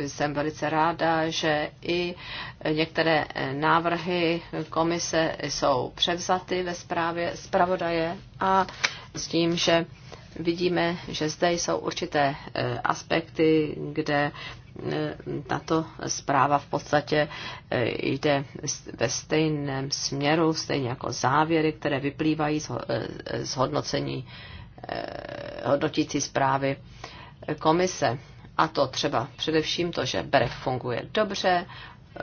jsem velice ráda, že i některé návrhy komise jsou převzaty ve zprávě zpravodaje a s tím, že vidíme, že zde jsou určité eh, aspekty, kde eh, tato zpráva v podstatě jde ve stejném směru, stejně jako závěry, které vyplývají z hodnocení Eh, hodnotící zprávy komise. A to třeba především to, že BEREF funguje dobře, eh,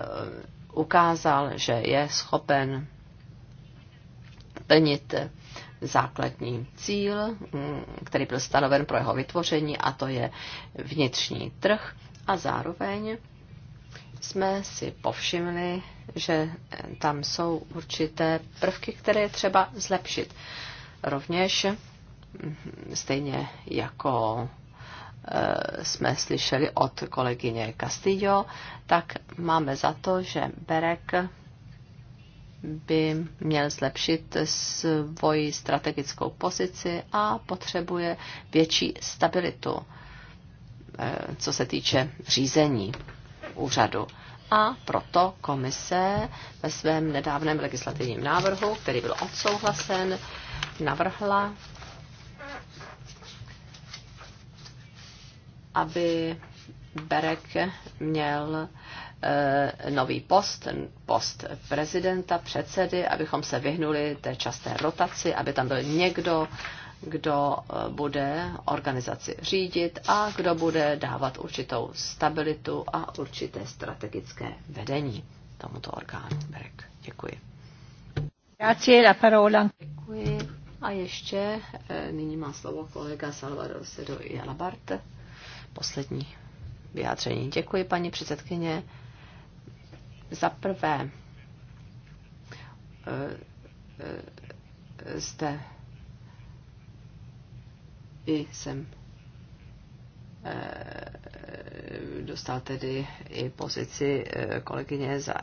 ukázal, že je schopen plnit základní cíl, mm, který byl stanoven pro jeho vytvoření, a to je vnitřní trh. A zároveň jsme si povšimli, že tam jsou určité prvky, které je třeba zlepšit. Rovněž stejně jako eh, jsme slyšeli od kolegyně Castillo, tak máme za to, že Berek by měl zlepšit svoji strategickou pozici a potřebuje větší stabilitu, eh, co se týče řízení úřadu. A proto komise ve svém nedávném legislativním návrhu, který byl odsouhlasen, navrhla aby Berek měl eh, nový post, post prezidenta, předsedy, abychom se vyhnuli té časté rotaci, aby tam byl někdo, kdo eh, bude organizaci řídit a kdo bude dávat určitou stabilitu a určité strategické vedení tomuto orgánu. Berek, děkuji. Děkuji. A ještě eh, nyní má slovo kolega Salvador Sedo Jalabarte poslední vyjádření. Děkuji, paní předsedkyně. Za prvé, eh, eh, zde i jsem eh, dostal tedy i pozici kolegyně za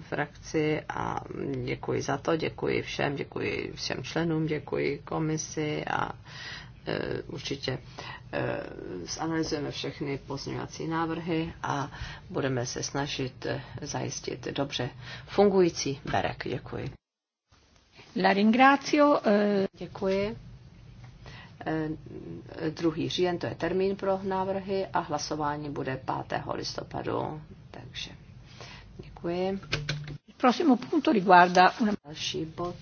frakci a děkuji za to, děkuji všem, děkuji všem členům, děkuji komisi a Eh, určitě eh, zanalizujeme všechny pozměňovací návrhy a budeme se snažit eh, zajistit dobře fungující berek. Děkuji. La ringrazio. Děkuji. 2. říjen, to je termín pro návrhy a hlasování bude 5. listopadu. Takže děkuji. Prossimo punto riguarda una... Další bod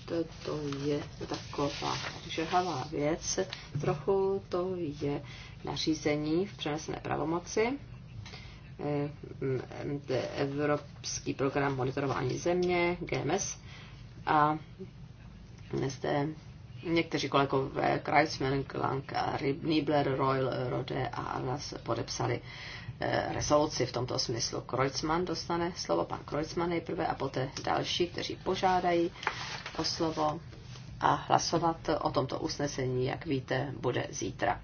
to je taková žehavá věc. Trochu to je nařízení v přenesené pravomoci. Eh, eh, Evropský program monitorování země, GMS. A zde Někteří kolegové Kreisman, Klank a Nibler, Royal, Rode a Alas podepsali eh, rezoluci v tomto smyslu. Kreuzmann dostane slovo, pan Kreuzmann nejprve a poté další, kteří požádají o slovo a hlasovat o tomto usnesení, jak víte, bude zítra.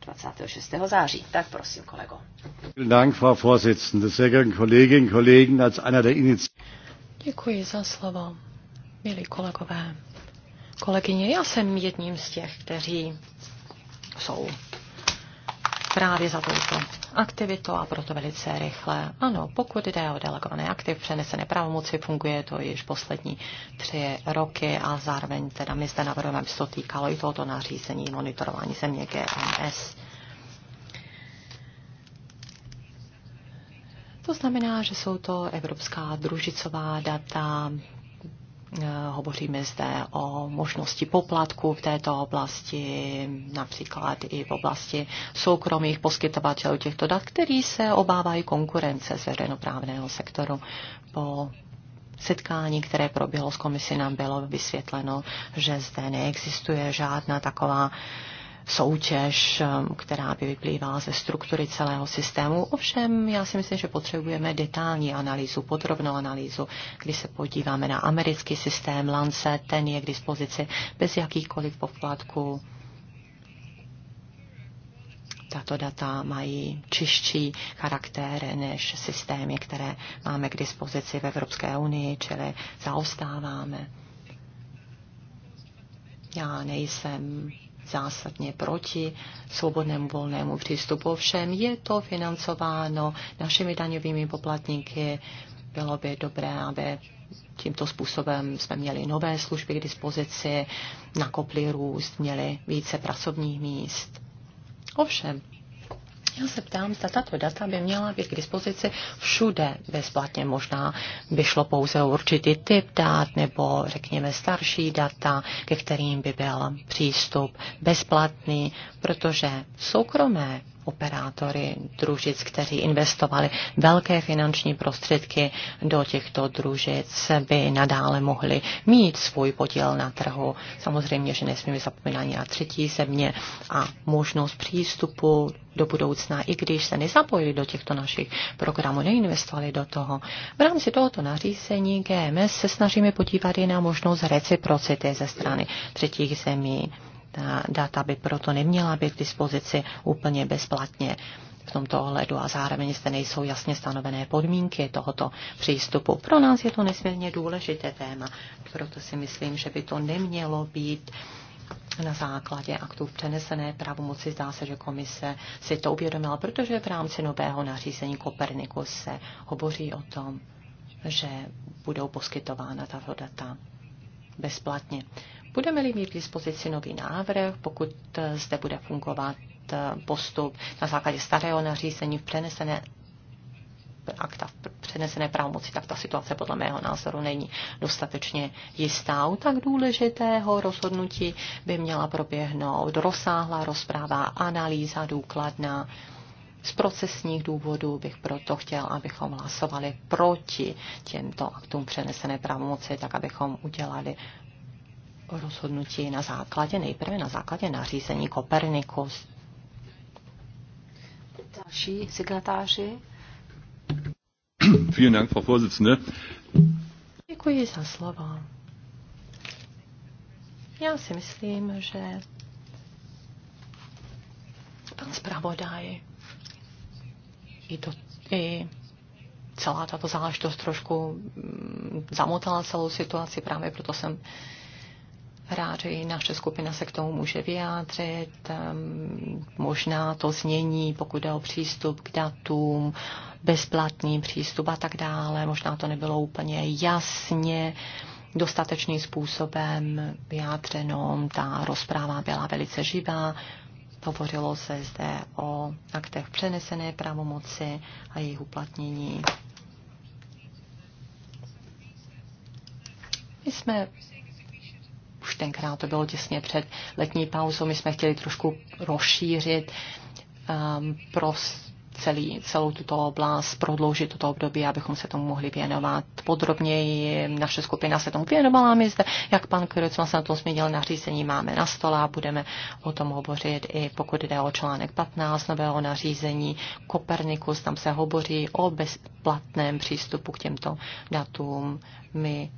26. září. Tak prosím, kolego. Děkuji za slovo, milí kolegové kolegyně, já jsem jedním z těch, kteří jsou právě za touto aktivitu a proto velice rychle. Ano, pokud jde o delegované aktiv, přenesené pravomoci, funguje to již poslední tři roky a zároveň teda my zde navrhujeme, aby se to týkalo i tohoto nařízení monitorování země GMS. To znamená, že jsou to evropská družicová data, Eh, hovoříme zde o možnosti poplatku v této oblasti, například i v oblasti soukromých poskytovatelů těchto dat, který se obávají konkurence z veřejnoprávného sektoru. Po setkání, které proběhlo s komisí, nám bylo vysvětleno, že zde neexistuje žádná taková uh, soutěž, um, která by vyplývala ze struktury celého systému. Ovšem, já si myslím, že potřebujeme detailní analýzu, podrobnou analýzu. Když se podíváme na americký systém Lance, ten je k dispozici bez jakýchkoliv poplatků. Tato data mají čistší charakter než systémy, které máme k dispozici v Evropské unii, čili zaostáváme. Já nejsem zásadně proti svobodnému volnému přístupu. Ovšem je to financováno našimi daňovými poplatníky. Bylo by dobré, aby tímto způsobem jsme měli nové služby k dispozici, nakopli růst, měli více pracovních míst. Ovšem, já se ptám, zda tato data by měla být k dispozici všude bezplatně. Možná by šlo pouze o určitý typ dat nebo řekněme starší data, ke kterým by byl přístup bezplatný, protože soukromé operátory družic, kteří investovali velké finanční prostředky do těchto družic, by nadále mohli mít svůj podíl na trhu. Samozřejmě, že nesmíme zapomínat ani na třetí země a možnost přístupu do budoucna, i když se nezapojili do těchto našich programů, neinvestovali do toho. V rámci tohoto nařízení GMS se snažíme podívat i na možnost reciprocity ze strany třetích zemí ta data by proto neměla být k dispozici úplně bezplatně v tomto ohledu a zároveň zde nejsou jasně stanovené podmínky tohoto přístupu. Pro nás je to nesmírně důležité téma, proto si myslím, že by to nemělo být na základě aktů přenesené pravomoci. Zdá se, že komise si to uvědomila, protože v rámci nového nařízení Koperniku se hovoří o tom, že budou poskytována tato data bezplatně. Budeme-li mít k dispozici nový návrh, pokud eh, zde bude fungovat eh, postup na základě starého nařízení v přenesené akta v přenesené pravomoci, tak ta situace podle mého názoru není dostatečně jistá. U tak důležitého rozhodnutí by měla proběhnout rozsáhlá rozpráva, analýza důkladná. Z procesních důvodů bych proto chtěl, abychom hlasovali proti těmto aktům přenesené pravomoci, tak abychom udělali rozhodnutí na základě, nejprve na základě nařízení Kopernikus. Další signatáři. Vielen Dank, Frau Vorsitzende. Děkuji za slovo. Já si myslím, že pan zpravodaj i, to, i celá tato záležitost trošku mm, zamotala celou situaci, právě proto jsem rád, že i naše skupina se k tomu může vyjádřit. Ehm, možná to změní, pokud jde o přístup k datům, bezplatný přístup a tak dále. Možná to nebylo úplně jasně dostatečným způsobem vyjádřeno. Ta rozpráva byla velice živá. Hovořilo se zde o aktech přenesené pravomoci a jejich uplatnění. My jsme už tenkrát to bylo těsně před letní pauzou, my jsme chtěli trošku rozšířit um, ehm, pro celý, celou tuto oblast, prodloužit toto období, abychom se tomu mohli věnovat podrobněji. Naše skupina se tomu věnovala, my zde, jak pan Krocman se na tom změnil, nařízení máme na stole a budeme o tom hovořit i pokud jde o článek 15 nového nařízení Kopernikus, tam se hovoří o bezplatném přístupu k těmto datům. My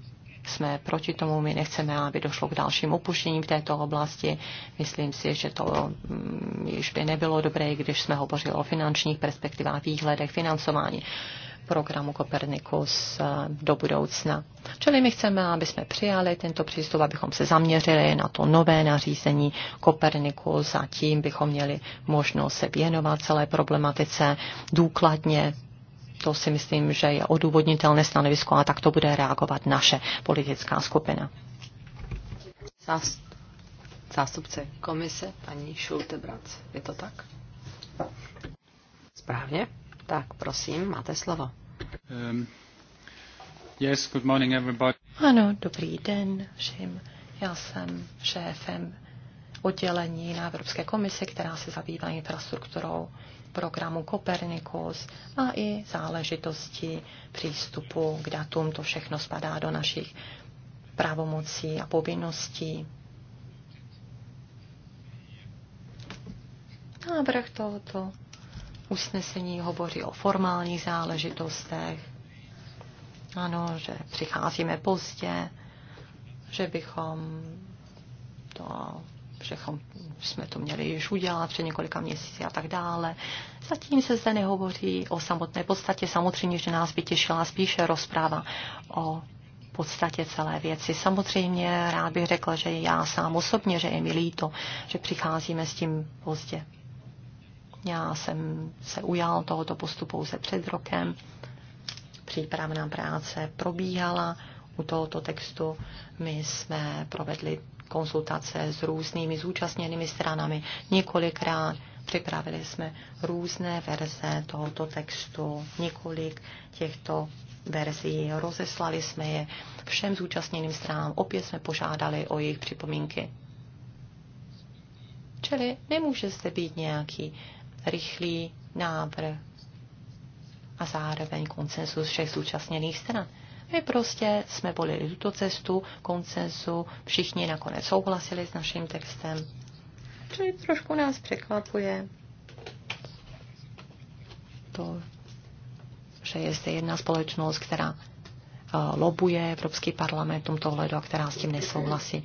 jsme proti tomu, my nechceme, aby došlo k dalším opuštěním v této oblasti. Myslím si, že to mm, již by nebylo dobré, když jsme hovořili o finančních perspektivách, výhledech, financování programu Kopernikus eh, do budoucna. Čili my chceme, aby jsme přijali tento přístup, abychom se zaměřili na to nové nařízení Kopernikus a tím bychom měli možnost se věnovat celé problematice důkladně to si myslím, že je odůvodnitelné stanovisko a tak to bude reagovat naše politická skupina. Zástupce komise, paní Šultebrac, je to tak? Správně? Tak prosím, máte slovo. Um, yes, good morning everybody. Ano, dobrý den všem. Já jsem šéfem oddělení na Evropské komisi, která se zabývá infrastrukturou programu Kopernikus a i záležitosti přístupu k datům. To všechno spadá do našich pravomocí a povinností. Návrh tohoto usnesení hovoří o formálních záležitostech. Ano, že přicházíme pozdě, že bychom to že jsme to měli již udělat před několika měsíci a tak dále. Zatím se zde nehovoří o samotné podstatě. Samozřejmě, že nás by těšila spíše rozpráva o podstatě celé věci. Samozřejmě rád bych řekl, že já sám osobně, že je mi líto, že přicházíme s tím pozdě. Já jsem se ujal tohoto postupu pouze před rokem. Přípravná práce probíhala u tohoto textu. My jsme provedli konzultace s různými zúčastněnými stranami několikrát. Připravili jsme různé verze tohoto textu, několik těchto verzí, rozeslali jsme je všem zúčastněným stranám, opět jsme požádali o jejich připomínky. Čili nemůže zde být nějaký rychlý návrh a zároveň koncensus všech zúčastněných stran. My prostě jsme volili tuto cestu, koncensu, všichni nakonec souhlasili s naším textem. Čili trošku nás překvapuje to, že je zde jedna společnost, která eh, lobuje Evropský parlament v tomto ohledu a která s tím nesouhlasí.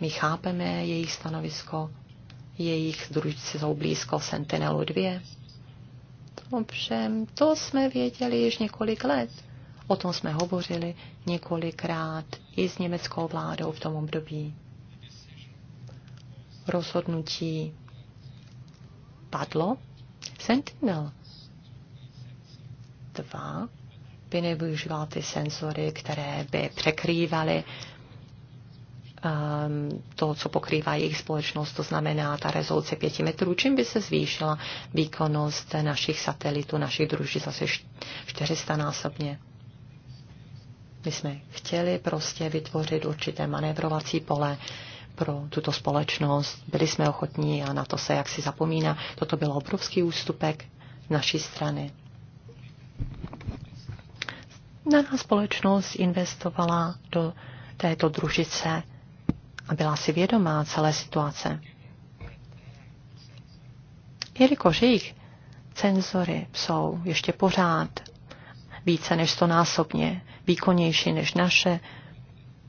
My chápeme jejich stanovisko, jejich družci jsou blízko Sentinelu 2. Ovšem, to jsme věděli již několik let. O tom jsme hovořili několikrát i s německou vládou v tom období. Rozhodnutí padlo. Sentinel 2 by nevyužíval ty senzory, které by překrývaly um, to, co pokrývá jejich společnost, to znamená ta rezoluce 5 metrů, čím by se zvýšila výkonnost našich satelitů, našich družic zase 400 násobně. My jsme chtěli prostě vytvořit určité manévrovací pole pro tuto společnost. Byli jsme ochotní a na to se jaksi zapomíná. Toto byl obrovský ústupek naší strany. Daná společnost investovala do této družice a byla si vědomá celé situace. Jelikož jejich cenzory jsou ještě pořád více než stonásobně výkonnější než naše.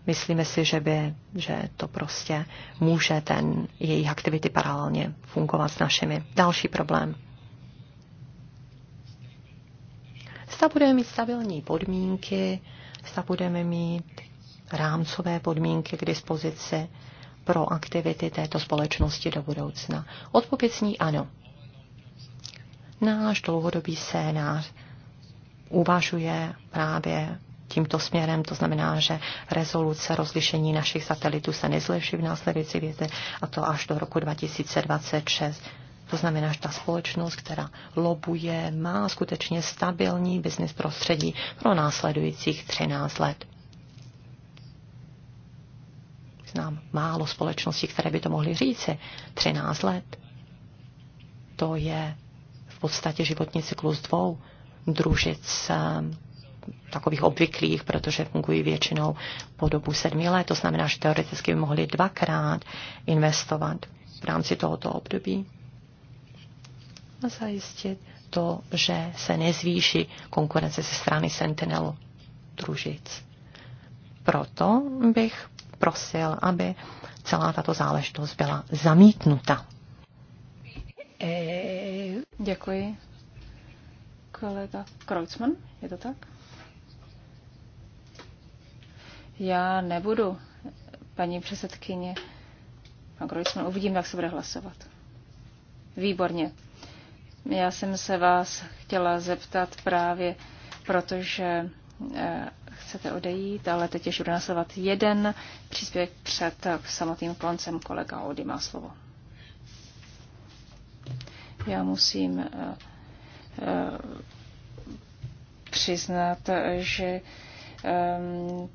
Myslíme si, že, by, že to prostě může ten jejich aktivity paralelně fungovat s našimi. Další problém. Zda budeme mít stabilní podmínky, zda budeme mít rámcové podmínky k dispozici pro aktivity této společnosti do budoucna? Odpověď zní ano. Náš dlouhodobý scénář uvažuje právě tímto směrem, to znamená, že rezoluce rozlišení našich satelitů se nezlepší v následující věci a to až do roku 2026. To znamená, že ta společnost, která lobuje, má skutečně stabilní biznis prostředí pro následujících 13 let. Znám málo společností, které by to mohly říci. 13 let. To je v podstatě životní cyklus dvou družic eh, takových obvyklých, protože fungují většinou po dobu sedmi let. To znamená, že teoreticky by mohli dvakrát investovat v rámci tohoto období a zajistit to, že se nezvýší konkurence ze strany Sentinelu družic. Proto bych prosil, aby celá tato záležitost byla zamítnuta. Děkuji kolega Kreutzmann, je to tak? Já nebudu, paní předsedkyně. Pan Kreutzmann, uvidím, jak se bude hlasovat. Výborně. Já jsem se vás chtěla zeptat právě, protože eh, chcete odejít, ale teď ještě bude následovat jeden příspěvek před samotným koncem kolega Ody má slovo. Já musím eh, Eh, přiznat, že ehm,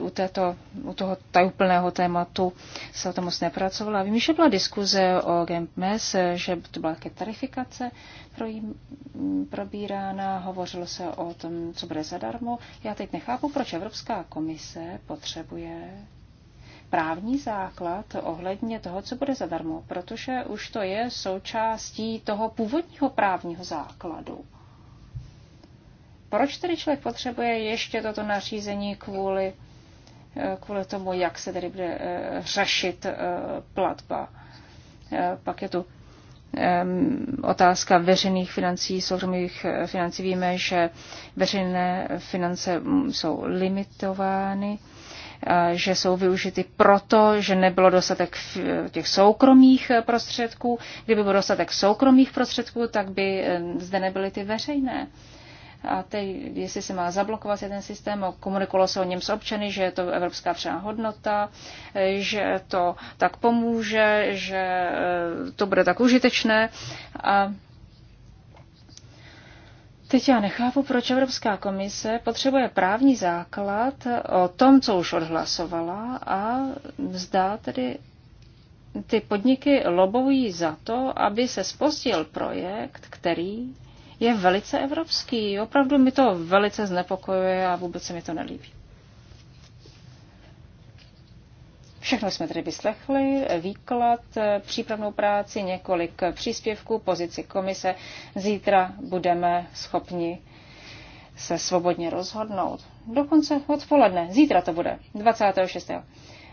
u, této, u toho tajuplného tématu se o tom moc nepracovala. Vím, že byla diskuze o GMS, že to byla také tarifikace pro probírána, hovořilo se o tom, co bude zadarmo. Já teď nechápu, proč Evropská komise potřebuje právní základ ohledně toho, co bude zadarmo, protože už to je součástí toho původního právního základu. Proč tedy člověk potřebuje ještě toto nařízení kvůli, eh, kvůli tomu, jak se tedy bude eh, řešit eh, platba? Pak je tu ehm, otázka veřejných financí, soukromých financí. Víme, že veřejné finance mm, jsou limitovány že jsou využity proto, že nebylo dostatek těch soukromých e, prostředků. Kdyby bylo dostatek soukromých prostředků, tak by e, zde nebyly ty veřejné. A teď, jestli se má zablokovat jeden systém, komunikovalo se o něm s občany, že je to evropská přená hodnota, e, že to tak pomůže, že to bude tak užitečné. A Teď já nechápu, proč Evropská komise potřebuje právní základ o tom, co už odhlasovala a zdá tedy ty podniky lobují za to, aby se spostil projekt, který je velice evropský. Opravdu mi to velice znepokojuje a vůbec se mi to nelíbí. Všechno jsme tedy vyslechli, výklad, eh, přípravnou práci, několik příspěvků, pozici komise. Zítra budeme schopni se svobodně rozhodnout. Dokonce odpoledne, zítra to bude, 26.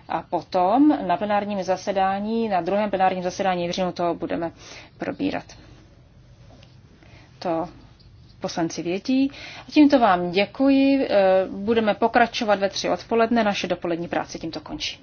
A potom na plenárním zasedání, na druhém plenárním zasedání v říjnu to budeme probírat. To poslanci vědí. A tímto vám děkuji. Eh, budeme pokračovat ve tři odpoledne. Naše dopolední práce tímto končí.